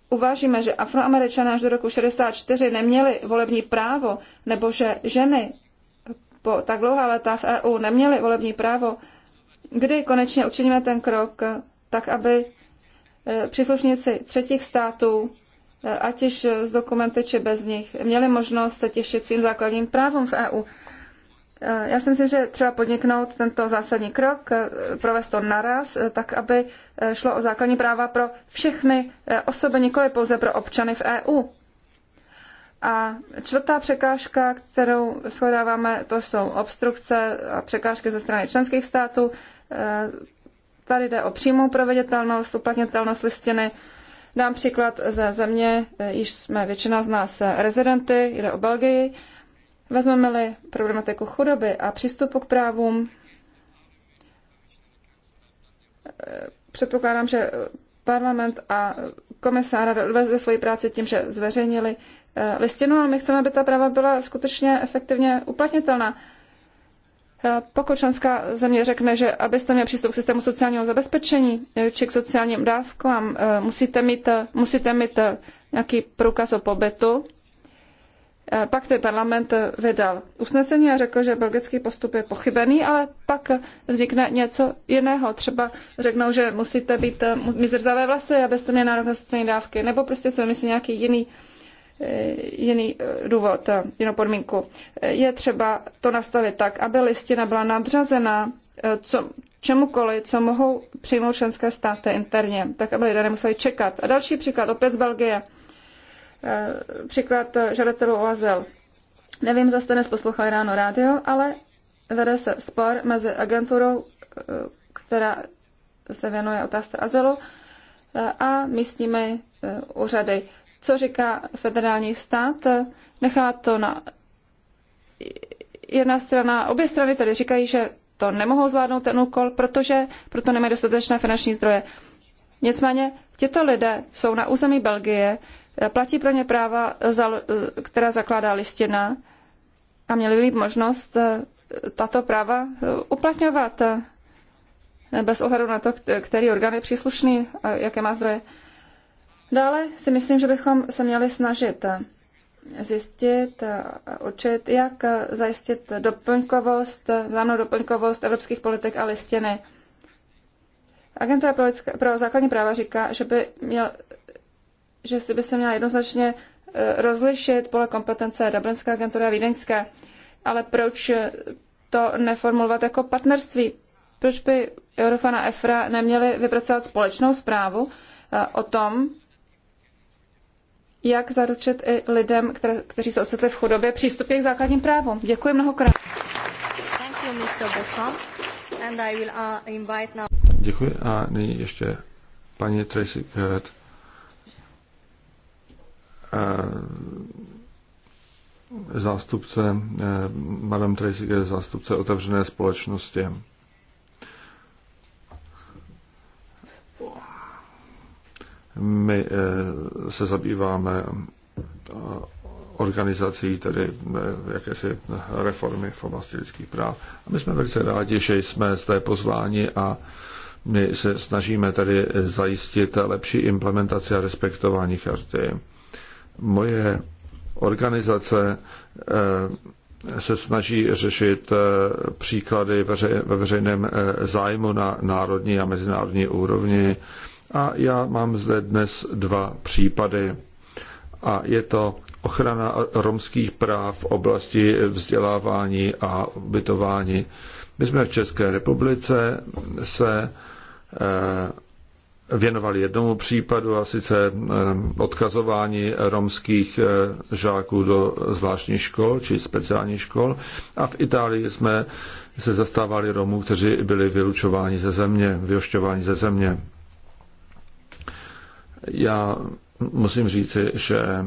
uvážíme, že afroameričané až do roku 64 neměli volební právo, nebo že ženy po tak dlouhá léta v EU neměli volební právo, kdy konečně učiníme ten krok tak, aby e, příslušníci třetích států, e, ať již z dokumenty či bez nich, měli možnost se těšit svým základním právům v EU. E, já si myslím, že třeba podniknout tento zásadní krok, provést to naraz, tak aby šlo o základní práva pro všechny osoby, nikoli pouze pro občany v EU. A čtvrtá překážka, kterou shledáváme, to jsou obstrukce a překážky ze strany členských států. E, tady jde o přímou proveditelnost, uplatnitelnost listiny. Dám příklad ze země, e, již jsme většina z nás rezidenty, jde o Belgii. Vezmeme-li problematiku chudoby a přístupu k právům, e, předpokládám, že parlament a komisára odvezli svoji práci tím, že zveřejnili eh, listinu, ale my chceme, aby ta práva byla skutečně efektivně uplatnitelná. Eh, pokud členská země řekne, že abyste měli přístup k systému sociálního zabezpečení eh, či k sociálním dávkám, musíte mít, musíte mít nějaký průkaz o pobytu, Eh, pak ten parlament vydal usnesení a řekl, že belgický postup je pochybený, ale pak vznikne něco jiného. Třeba řeknou, že musíte být eh, mít zrzavé vlasy, abyste měli nárok na sociální dávky, nebo prostě se myslí nějaký jiný eh, jiný důvod, jinou podmínku. Je třeba to nastavit tak, aby listina byla nadřazená co, čemukoliv, co mohou přijmout členské státy interně, tak aby lidé nemuseli čekat. A další příklad, opět z Belgie. Eh, příklad žadatelů o azyl. Nevím, zda jste dnes poslouchali ráno rádio, ale vede se spor mezi agenturou, eh, která se věnuje otázce azylu, eh, a místními úřady. Co říká federální stát? Nechá to na jedna strana, obě strany tady říkají, že to nemohou zvládnout ten úkol, protože proto nemají dostatečné finanční zdroje. Nicméně tito lidé jsou na území Belgie, Platí pro ně práva, eh, eh, která zakládá listina a měli by mít možnost eh, tato práva uplatňovat bez ohledu na to, který orgán je příslušný, jaké má zdroje. Dále si myslím, že bychom se měli snažit zjistit, určit, jak zajistit doplňkovost, vzájemnou doplňkovost evropských politik a listiny. Agentura pro, lidské, pro základní práva říká, že by měl že si by se měla jednoznačně e, rozlišit pole kompetence Dublinské agentury a Vídeňské. Ale proč to neformulovat jako partnerství? Proč by Eurofan a EFRA neměli vypracovat společnou zprávu e, o tom, jak zaručit i lidem, které, kteří se ocitli v chudobě, přístup k jejich základním právům. Děkuji mnohokrát. Uh, Děkuji a nyní ještě paní Tracy Kurt. Eh, zástupce, eh, Madame Tracy je zástupce otevřené společnosti. My eh, se zabýváme organizací, tedy jakési reformy v oblasti lidských práv. A my jsme velice rádi, že jsme zde pozváni a my se snažíme tady zajistit lepší implementaci a respektování charty. Moje organizace eh, se snaží řešit eh, příklady ve veřejném eh, zájmu na národní a mezinárodní úrovni. A já mám zde dnes dva případy. A je to ochrana romských práv v oblasti vzdělávání a ubytování. My jsme v České republice se věnoval jednomu případu, a sice eh, odkazování romských eh, žáků do zvláštních škol či speciálních škol. A v Itálii jsme se zastávali Romů, kteří byli vylučováni ze země, vyhošťováni ze země. Já musím říci, že eh,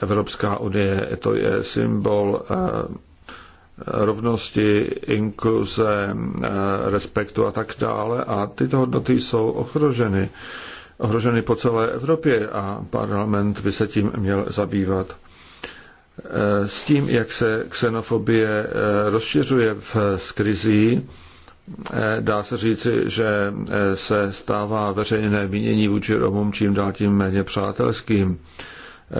Evropská unie to je symbol rovnosti, inkluze, eh, respektu a tak dále. A tyto hodnoty jsou ohroženy. Ohroženy po celé Evropě a parlament by se tím měl zabývat. Eh, s tím, jak se xenofobie eh, rozšiřuje v skrizí, dá se říci, že se stává veřejné mínění vůči Romům čím dál tím méně přátelským.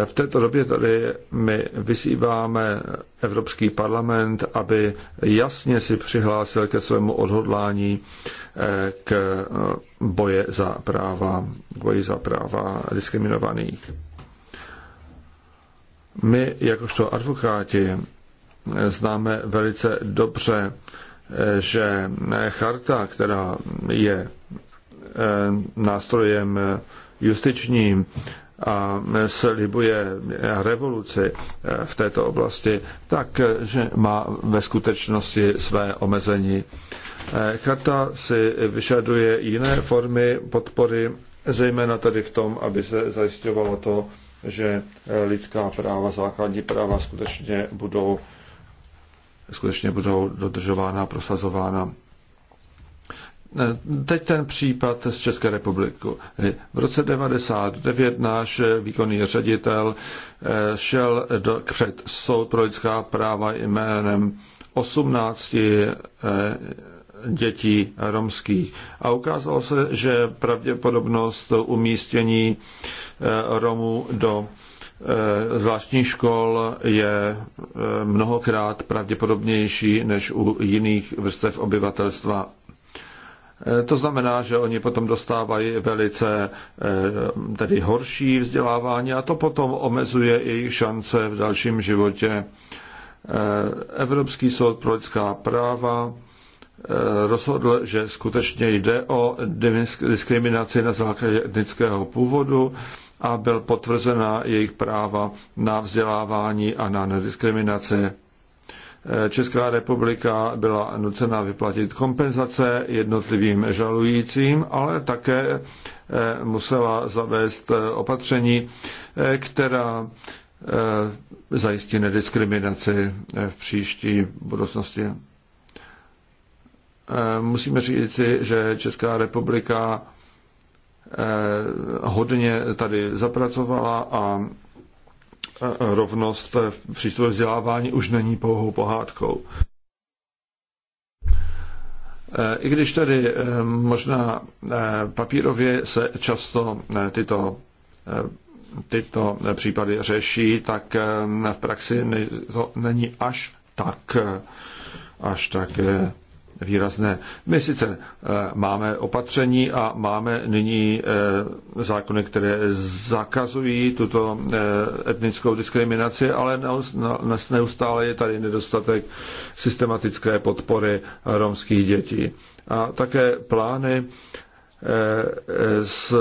V této době tady my vyzýváme Evropský parlament, aby jasně si přihlásil ke svému odhodlání eh, k eh, boje za práva, boji za práva diskriminovaných. My, jakožto advokáti, eh, známe velice dobře, že charta, která je nástrojem justičním, a slibuje revoluci eh, v této oblasti, tak, eh, že má ve skutečnosti své omezení. Eh, Charta si vyžaduje jiné formy podpory, zejména tady v tom, aby se zajišťovalo to, že lidská práva, základní práva skutečně budou, skutečně budou dodržována, prosazována. Teď ten případ z České republiky. V roce 1999 náš výkonný ředitel eh, šel do, před soud pro lidská práva jménem 18 eh, dětí romských. A ukázalo se, že pravděpodobnost umístění eh, Romů do zvláštních škol je mnohokrát pravděpodobnější než u jiných vrstev obyvatelstva Eh, to znamená, že oni potom dostávají velice eh, tedy horší vzdělávání a to potom omezuje jejich šance v dalším životě. Eh, Evropský soud pro lidská práva rozhodl, že skutečně jde o diskriminaci na základě etnického původu a byl potvrzena jejich práva na vzdělávání a na nediskriminaci. Eh, Česká republika byla nucena vyplatit kompenzace jednotlivým žalujícím, ale také eh, musela zavést eh, opatření, která zajistí nediskriminaci v příští budoucnosti. Musíme říci, že Česká republika hodně tady zapracovala a rovnost v přístupu vzdělávání už není pouhou pohádkou. E, I když tedy e, možná e, papírově se často tyto, tyto případy řeší, tak v praxi není až tak, až tak výrazné. My sice eh, máme opatření a máme nyní eh, zákony, které zakazují tuto eh, etnickou diskriminaci, ale neustále je tady nedostatek systematické podpory romských dětí. A také plány s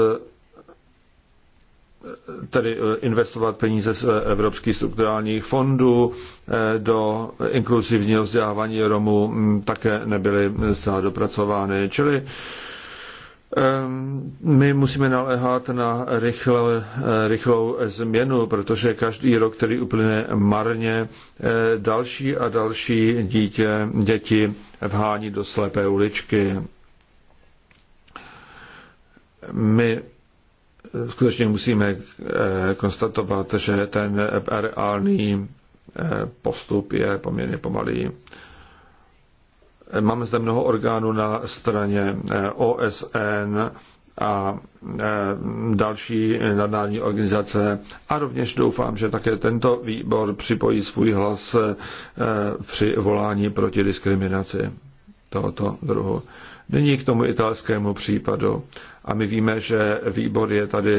tedy eh, investovat peníze z eh, evropských strukturálních fondů eh, do inkluzivního vzdělávání Romů mm, také nebyly zcela dopracovány. Čili ehm, my musíme naléhat na rychlou, rychlou změnu, protože každý rok, který uplyne marně, další a další dítě, děti vhání do slepé uličky. My skutečně musíme eh, konstatovat, že ten reálný eh, postup je poměrně pomalý. Máme zde mnoho orgánů na straně eh, OSN a další nadnárodní organizace a rovněž doufám, že také tento výbor připojí svůj hlas při volání proti diskriminaci tohoto druhu. Nyní k tomu italskému případu. A my víme, že výbor je tady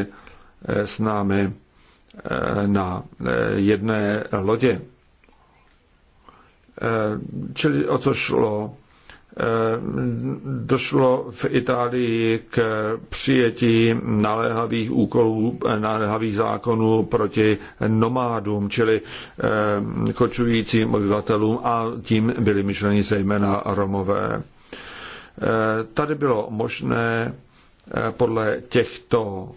eh, s námi eh, na eh, jedné lodě. Čili o co šlo? Došlo v Itálii k přijetí naléhavých úkolů, naléhavých zákonů proti nomádům, čili kočujícím obyvatelům a tím byly myšleny zejména Romové. Tady bylo možné Eh, podle těchto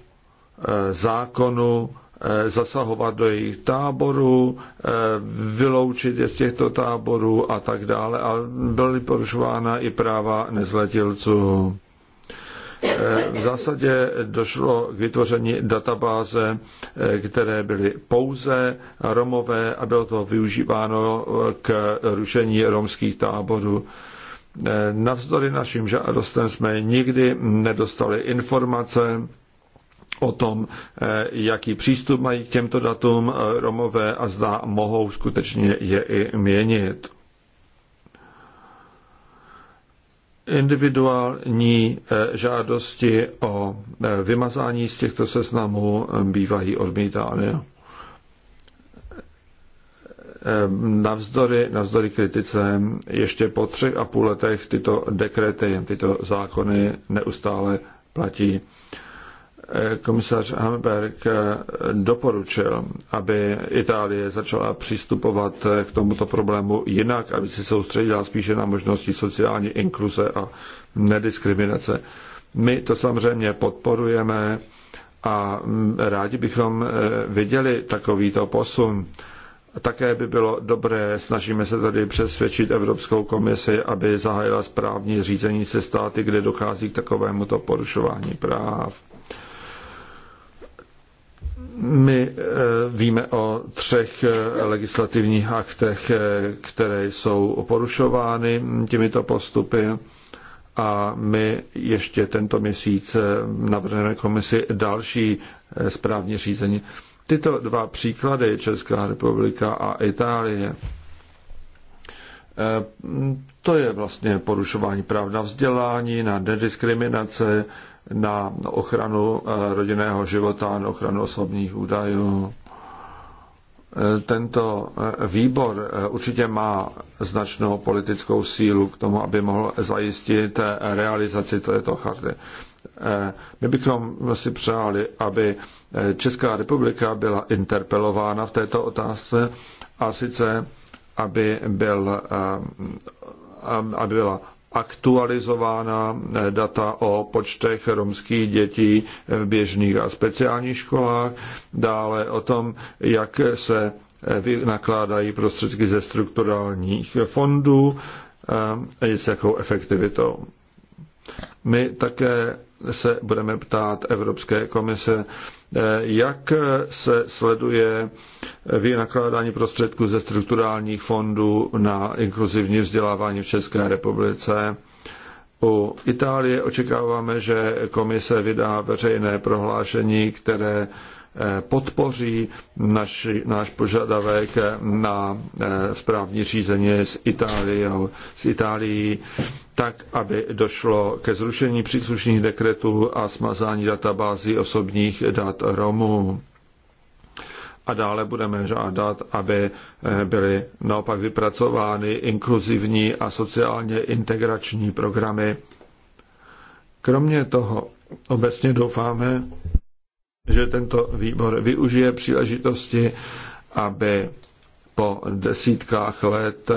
eh, zákonů eh, zasahovat do jejich táborů, vyloučit je z těchto táborů a tak dále. A byly porušována i práva nezletilců. V zásadě došlo k vytvoření databáze, které byly pouze romové a bylo to využíváno k rušení romských táborů. Eh, navzdory našim žádostem jsme nikdy nedostali informace o tom, eh, jaký přístup mají k těmto datům eh, Romové a zda mohou skutečně je i měnit. Individuální žádosti o vymazání z těchto seznamů bývají odmítány. Ehm, navzdory, navzdory kritice ještě po třech a půl letech tyto dekrety, tyto zákony neustále platí. Ehm, komisař Hamberg ehm, doporučil, aby Itálie začala přistupovat k tomuto problému jinak, aby se soustředila spíše na možnosti sociální inkluze a nediskriminace. My to samozřejmě podporujeme a mm, rádi bychom viděli takovýto posun také by bylo dobré, snažíme se tady přesvědčit Evropskou komisi, aby zahájila správní řízení se státy, kde dochází k takovémuto porušování práv. My eh, víme o třech eh, legislativních aktech, eh, které jsou porušovány těmito postupy a my ještě tento měsíc navrhneme komisi další správní řízení. Tyto dva příklady, Česká republika a Itálie, eh, to je vlastně porušování práv na vzdělání, na nediskriminace, na ochranu eh, rodinného života, na ochranu osobních údajů. Eh, tento výbor určitě má značnou politickou sílu k tomu, aby mohl zajistit realizaci této charty. Eh, my bychom si přáli, aby eh, Česká republika byla interpelována v této otázce a sice, aby, byl, eh, aby byla aktualizována data o počtech romských dětí v běžných a speciálních školách, dále o tom, jak se nakládají prostředky ze strukturálních fondů s jakou efektivitou. My také se budeme ptát Evropské komise, eh, jak se sleduje vynakládání prostředků ze strukturálních fondů na inkluzivní vzdělávání v České republice. U Itálie očekáváme, že komise vydá veřejné prohlášení, které podpoří naš, náš požadavek na eh, správní řízení s Itálií, s Itálií, tak, aby došlo ke zrušení příslušných dekretů a smazání databází osobních dat Romů. A dále budeme žádat, aby eh, byly naopak vypracovány inkluzivní a sociálně integrační programy. Kromě toho obecně doufáme, že tento výbor využije příležitosti, aby po desítkách let eh,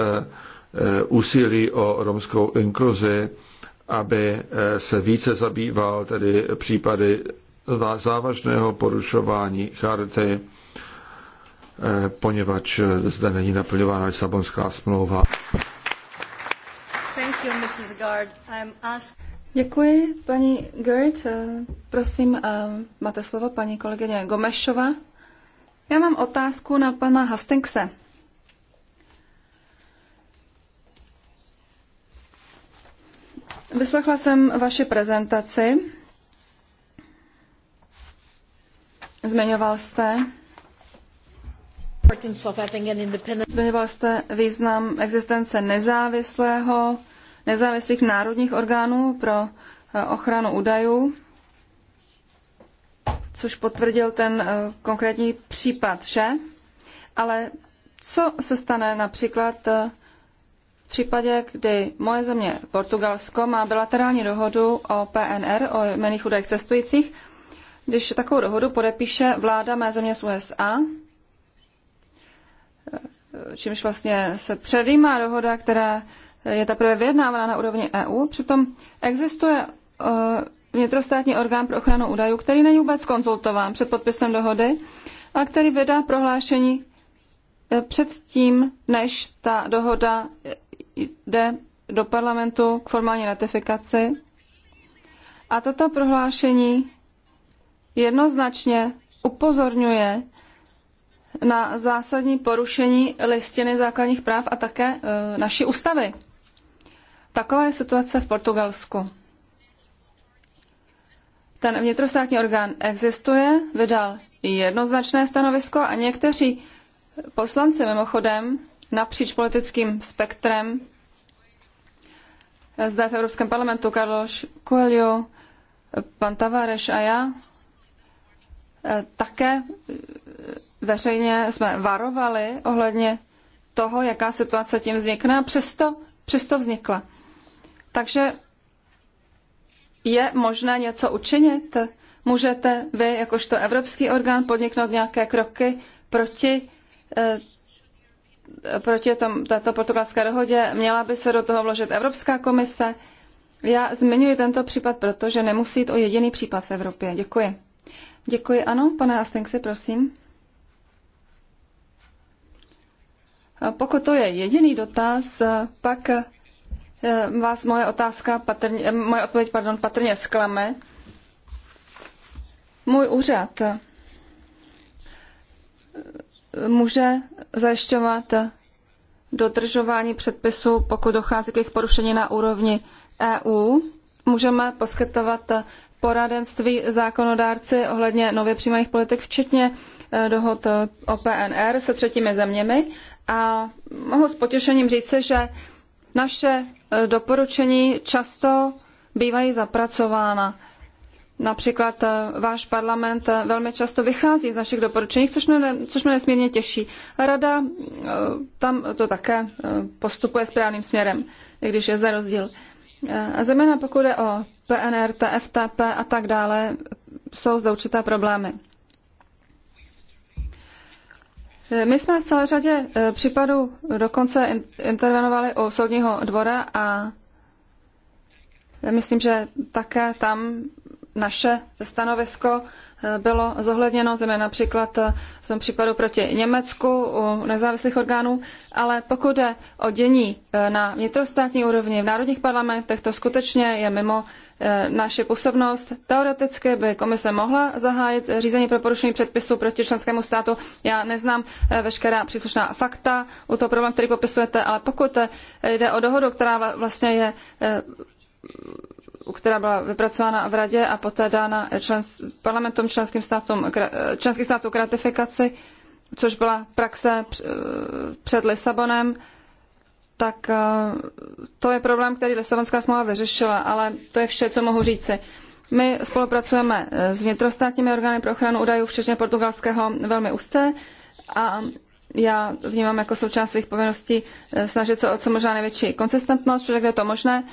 eh, úsilí o romskou inkluzi, aby eh, se více zabýval tedy případy závažného porušování charty, poněvadž zde není naplňována Lisabonská smlouva. Thank you, Mrs. Gard. I'm Děkuji, paní Gert. Prosím, eh, máte slovo, paní kolegyně Gomešova. Já mám otázku na pana Hastingse. Vyslechla jsem vaši prezentaci. Zmiňoval jste, zmiňoval jste význam existence nezávislého nezávislých národních orgánů pro eh, ochranu údajů, což potvrdil ten eh, konkrétní případ, že? Ale co se stane například eh, v případě, kdy moje země Portugalsko má bilaterální dohodu o PNR, o jmených údajích cestujících, když takovou dohodu podepíše vláda mé země z USA, čímž vlastně se předjímá dohoda, která je teprve vyjednávána na úrovni EU, přitom existuje eh, vnitrostátní orgán pro ochranu údajů, který není vůbec konzultován před podpisem dohody a který vydá prohlášení eh, předtím, než ta dohoda jde do parlamentu k formální ratifikaci. A toto prohlášení jednoznačně upozorňuje na zásadní porušení listiny základních práv a také eh, naší ústavy. Taková je situace v Portugalsku. Ten vnitrostátní orgán existuje, vydal jednoznačné stanovisko a někteří poslanci mimochodem napříč politickým spektrem zde v Evropském parlamentu Carlos Coelho, pan Tavares a já také veřejně jsme varovali ohledně toho, jaká situace tím vznikne a přesto, přesto vznikla. Takže je možné něco učinit? Můžete vy, jakožto evropský orgán, podniknout nějaké kroky proti, eh, proti tom, této portugalské dohodě? Měla by se do toho vložit Evropská komise? Já zmiňuji tento případ, protože nemusí jít o jediný případ v Evropě. Děkuji. Děkuji, ano. Pane Astingsi, prosím. Pokud to je jediný dotaz, pak Eh, vás moje otázka, patrně, eh, moje odpověď, pardon, patrně zklame. Můj úřad eh, může zajišťovat dodržování předpisů, pokud dochází k jejich porušení na úrovni EU. Můžeme poskytovat poradenství zákonodárci ohledně nově přijímaných politik, včetně dohod o PNR se třetími zeměmi. A mohu s potěšením říci, že naše Eh, doporučení často bývají zapracována. Například eh, váš parlament eh, velmi často vychází z našich doporučení, což mě, což mě nesmírně těší. Rada tam to také postupuje správným směrem, i když je zde rozdíl. A zejména pokud je o PNR, TFTP a tak dále, jsou zde určité problémy. My jsme v celé řadě eh, případů dokonce intervenovali u soudního dvora a myslím, že také tam naše stanovisko eh, bylo zohledněno, země například eh, v tom případu proti Německu u nezávislých orgánů, ale pokud je o dění na vnitrostátní úrovni v národních parlamentech, to skutečně je mimo Eh, naši působnost. Teoreticky by komise mohla zahájit řízení pro porušení předpisů proti členskému státu. Já neznám eh, veškerá příslušná fakta u toho problému, který popisujete, ale pokud eh, jde o dohodu, která vlastně je která byla vypracována v radě a poté dána člen, parlamentům členským státům, členských států k ratifikaci, což byla praxe před Lisabonem, tak eh, to je problém, který Lisabonská smlouva vyřešila, ale to je vše, co mohu říci. My spolupracujeme eh, s vnitrostátními orgány pro ochranu údajů, včetně portugalského, velmi úzce a já vnímám jako součást svých povinností eh, snažit se o co možná největší konsistentnost, všude, kde je to možné.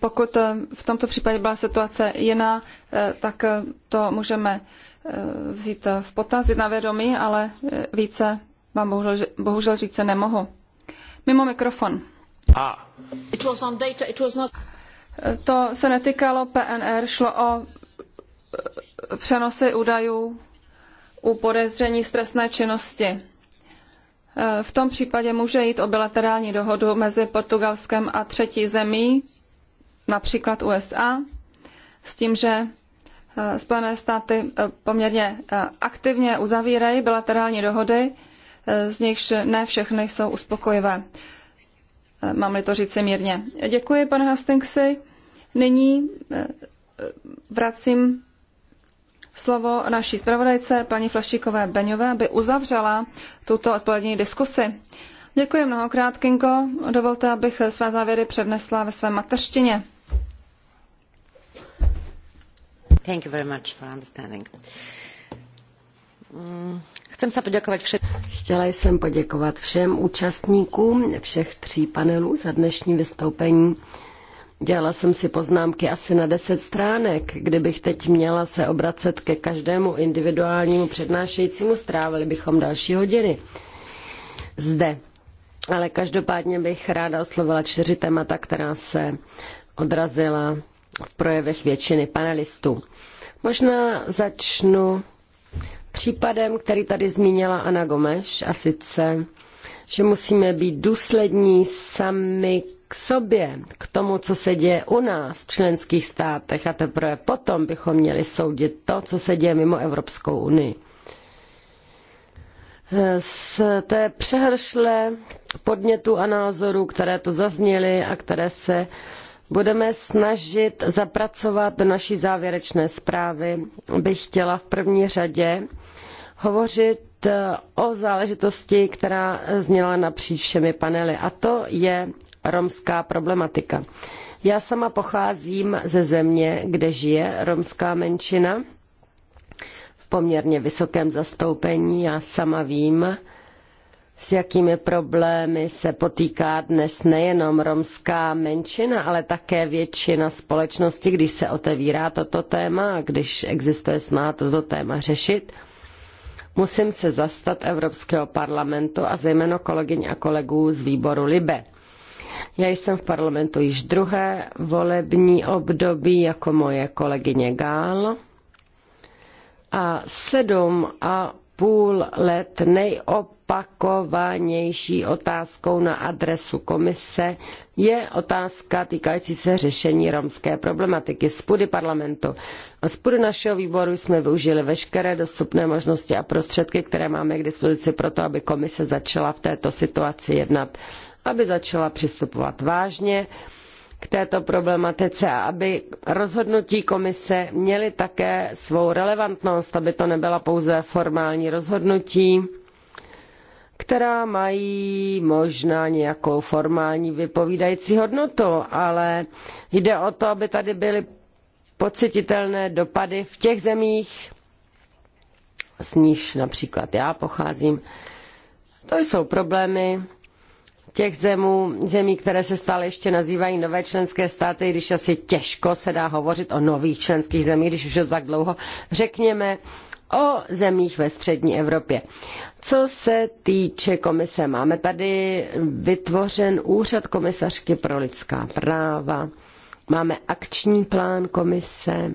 Pokud v tomto případě byla situace jiná, tak to můžeme vzít v potaz, na vědomí, ale více vám bohužel, bohužel říct se nemohu mimo mikrofon. A. It was on data, it was not... To se netýkalo PNR, šlo o e, přenosy údajů u podezření z trestné činnosti. E, v tom případě může jít o bilaterální dohodu mezi Portugalskem a třetí zemí, například USA, s tím, že e, Spojené státy poměrně aktivně uzavírají bilaterální dohody z nichž ne všechny jsou uspokojivé. Mám-li to říci mírně. Děkuji, pane Hastingsi. Nyní eh, eh, vracím slovo naší zpravodajce, paní Flašíkové Beňové, aby uzavřela tuto odpolední diskusi. Děkuji mnohokrát, Kinko. Dovolte, abych své závěry přednesla ve své mateřštině. Thank you very much for understanding. Mm, Chcem se poděkovat všem. Chtěla jsem poděkovat všem účastníkům všech tří panelů za dnešní vystoupení. Dělala jsem si poznámky asi na deset stránek. Kdybych teď měla se obracet ke každému individuálnímu přednášejícímu, strávili bychom další hodiny. Zde. Ale každopádně bych ráda oslovila čtyři témata, která se odrazila v projevech většiny panelistů. Možná začnu případem, který tady zmínila Ana Gomeš, a sice, že musíme být důslední sami k sobě, k tomu, co se děje u nás v členských státech a teprve potom bychom měli soudit to, co se děje mimo Evropskou unii. Z té přehršle podnětů a názorů, které tu zazněly a které se uh, budeme snažit zapracovat do naší závěrečné zprávy, bych chtěla v první řadě hovořit eh, o záležitosti, která zněla napříč všemi panely, a to je romská problematika. Já sama pocházím ze země, kde žije romská menšina v poměrně vysokém zastoupení. Já sama vím, s jakými problémy se potýká dnes nejenom romská menšina, ale také většina společnosti, když se otevírá toto téma a když existuje snaha toto téma řešit. Musím se zastat Evropského parlamentu a zejména kolegyň a kolegů z výboru LIBE. Já jsem v parlamentu již druhé volební období jako moje kolegyně Gál a sedm a půl let nejop opakovanější otázkou na adresu komise je otázka týkající se řešení romské problematiky z půdy parlamentu. A z půdy našeho výboru jsme využili veškeré dostupné možnosti a prostředky, které máme k dispozici pro to, aby komise začala v této situaci jednat, aby začala přistupovat vážně k této problematice a aby rozhodnutí komise měly také svou relevantnost, aby to nebyla pouze formální rozhodnutí, která mají možná nějakou formální vypovídající hodnotu, ale jde o to, aby tady byly pocititelné dopady v těch zemích, z níž například já pocházím. To jsou problémy těch zemů, zemí, které se stále ještě nazývají nové členské státy, když asi těžko se dá hovořit o nových členských zemích, když už je to tak dlouho, řekněme o zemích ve střední Evropě. Co se týče komise, máme tady vytvořen úřad komisařky pro lidská práva, máme akční plán komise,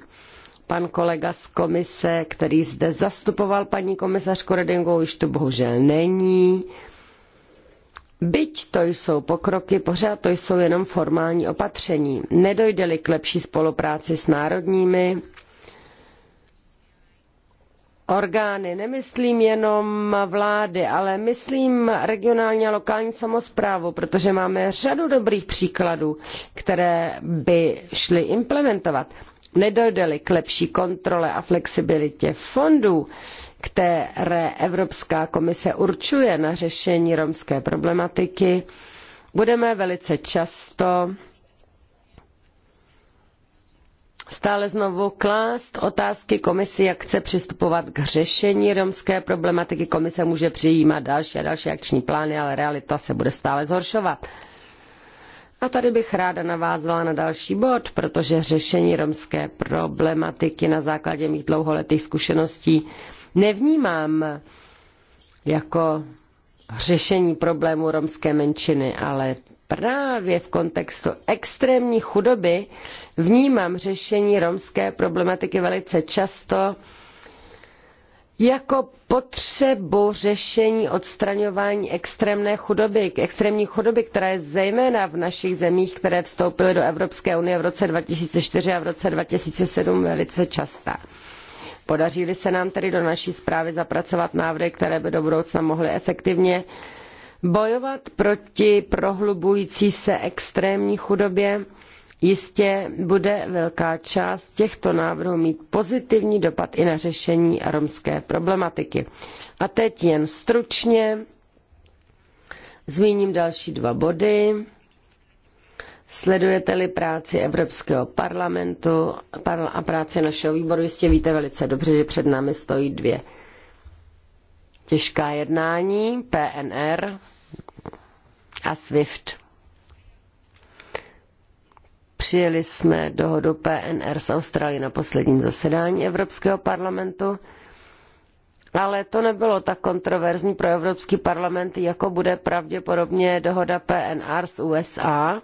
pan kolega z komise, který zde zastupoval paní komisařku Redingovou, už tu bohužel není. Byť to jsou pokroky, pořád to jsou jenom formální opatření. Nedojde-li k lepší spolupráci s národními orgány. Nemyslím jenom vlády, ale myslím regionální a lokální samosprávu, protože máme řadu dobrých příkladů, které by šly implementovat. Nedojde-li k lepší kontrole a flexibilitě fondů, které Evropská komise určuje na řešení romské problematiky, budeme velice často stále znovu klást otázky komisi, jak chce přistupovat k řešení romské problematiky. Komise může přijímat další a další akční plány, ale realita se bude stále zhoršovat. A tady bych ráda navázala na další bod, protože řešení romské problematiky na základě mých dlouholetých zkušeností nevnímám jako řešení problému romské menšiny, ale právě v kontextu extrémní chudoby vnímám řešení romské problematiky velice často jako potřebu řešení odstraňování extrémné chudoby, extrémní chudoby, která je zejména v našich zemích, které vstoupily do Evropské unie v roce 2004 a v roce 2007 velice častá. Podaří-li se nám tedy do naší zprávy zapracovat návrhy, které by do budoucna mohly efektivně Bojovat proti prohlubující se extrémní chudobě jistě bude velká část těchto návrhů mít pozitivní dopad i na řešení romské problematiky. A teď jen stručně zmíním další dva body. Sledujete-li práci Evropského parlamentu a práci našeho výboru, jistě víte velice dobře, že před námi stojí dvě těžká jednání, PNR a SWIFT. Přijeli jsme dohodu PNR s Austrálií na posledním zasedání Evropského parlamentu, ale to nebylo tak kontroverzní pro Evropský parlament, jako bude pravděpodobně dohoda PNR s USA.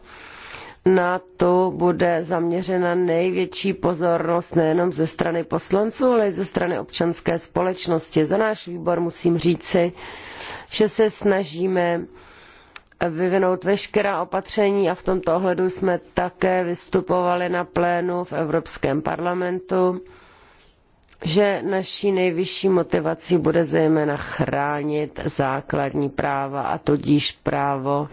Na to bude zaměřena největší pozornost nejenom ze strany poslanců, ale i ze strany občanské společnosti. Za náš výbor musím říci, že se snažíme vyvinout veškerá opatření a v tomto ohledu jsme také vystupovali na plénu v Evropském parlamentu, že naší nejvyšší motivací bude zejména chránit základní práva a tudíž právo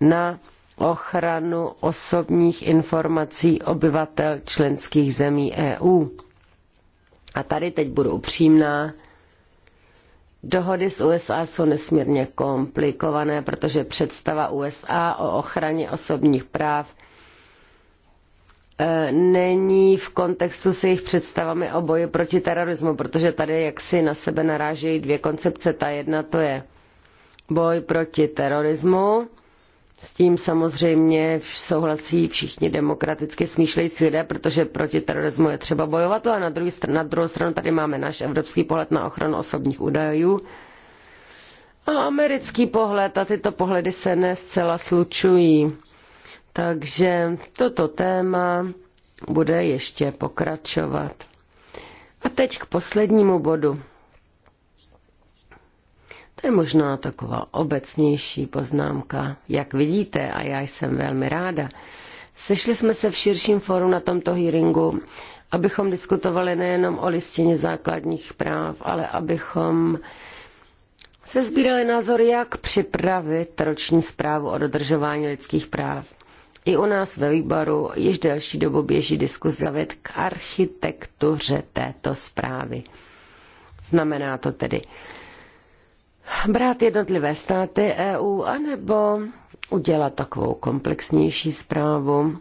na ochranu osobních informací obyvatel členských zemí EU. A tady teď budu upřímná, Dohody s USA jsou nesmírně komplikované, protože představa USA o ochraně osobních práv e, není v kontextu s jejich představami o boji proti terorismu, protože tady jaksi na sebe narážejí dvě koncepce. Ta jedna to je boj proti terorismu s tím samozřejmě souhlasí všichni demokraticky smýšlející lidé, protože proti terorismu je třeba bojovat, ale na, druhý, na druhou stranu tady máme náš evropský pohled na ochranu osobních údajů a americký pohled a tyto pohledy se ne zcela slučují. Takže toto téma bude ještě pokračovat. A teď k poslednímu bodu. To je možná taková obecnější poznámka. Jak vidíte, a já jsem velmi ráda, sešli jsme se v širším fóru na tomto hearingu, abychom diskutovali nejenom o listině základních práv, ale abychom se sbírali názory, jak připravit roční zprávu o dodržování lidských práv. I u nás ve výboru již delší dobu běží diskuze k architektuře této zprávy. Znamená to tedy brát jednotlivé státy EU, anebo udělat takovou komplexnější zprávu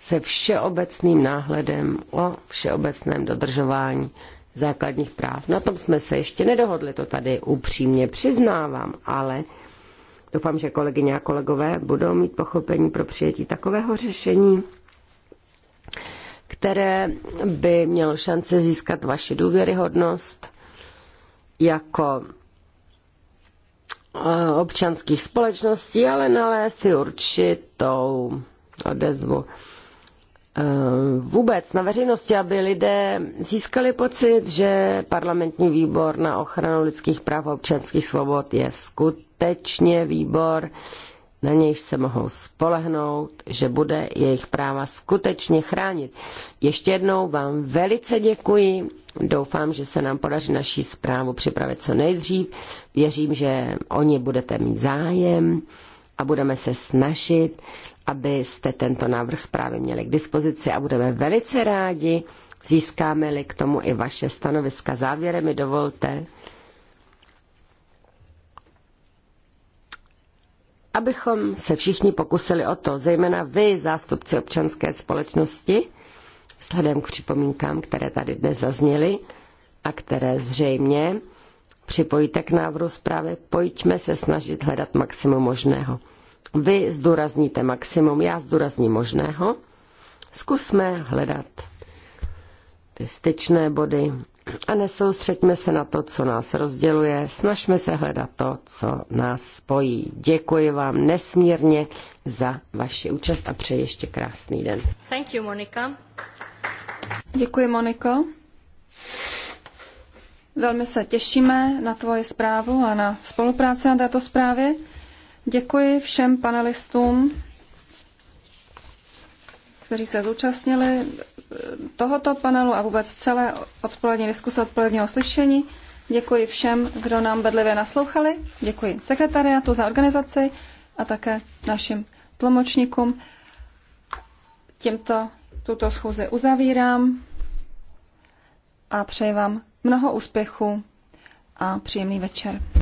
se všeobecným náhledem o všeobecném dodržování základních práv. Na tom jsme se ještě nedohodli, to tady upřímně přiznávám, ale doufám, že kolegyně a kolegové budou mít pochopení pro přijetí takového řešení, které by mělo šance získat vaši důvěryhodnost jako Eh, občanských společností, ale nalézt si určitou odezvu eh, vůbec na veřejnosti, aby lidé získali pocit, že parlamentní výbor na ochranu lidských práv a občanských svobod je skutečně výbor, na nějž se mohou spolehnout, že bude jejich práva skutečně chránit. Ještě jednou vám velice děkuji. Doufám, že se nám podaří naší zprávu připravit co nejdřív. Věřím, že o ně budete mít zájem a budeme se snažit, abyste tento návrh zprávy měli k dispozici a budeme velice rádi, získáme-li k tomu i vaše stanoviska. Závěrem mi dovolte, abychom se všichni pokusili o to, zejména vy, zástupci občanské společnosti, vzhledem k připomínkám, které tady dnes zazněly a které zřejmě připojíte k návrhu zprávy, pojďme se snažit hledat maximum možného. Vy zdůrazníte maximum, já zdůrazním možného. Zkusme hledat ty styčné body, a nesoustřeďme se na to, co nás rozděluje, snažme se hledat to, co nás spojí. Děkuji vám nesmírně za vaši účast a přeji ještě krásný den. Thank you, Monika. Děkuji, Moniko. Velmi se těšíme na tvoji zprávu a na spolupráci na této zprávě. Děkuji všem panelistům, kteří se zúčastnili tohoto panelu a vůbec celé odpolední diskuse odpoledního slyšení. Děkuji všem, kdo nám bedlivě naslouchali. Děkuji sekretariátu za organizaci a také našim tlumočníkům. Tímto tuto schůzi uzavírám a přeji vám mnoho úspěchů a příjemný večer.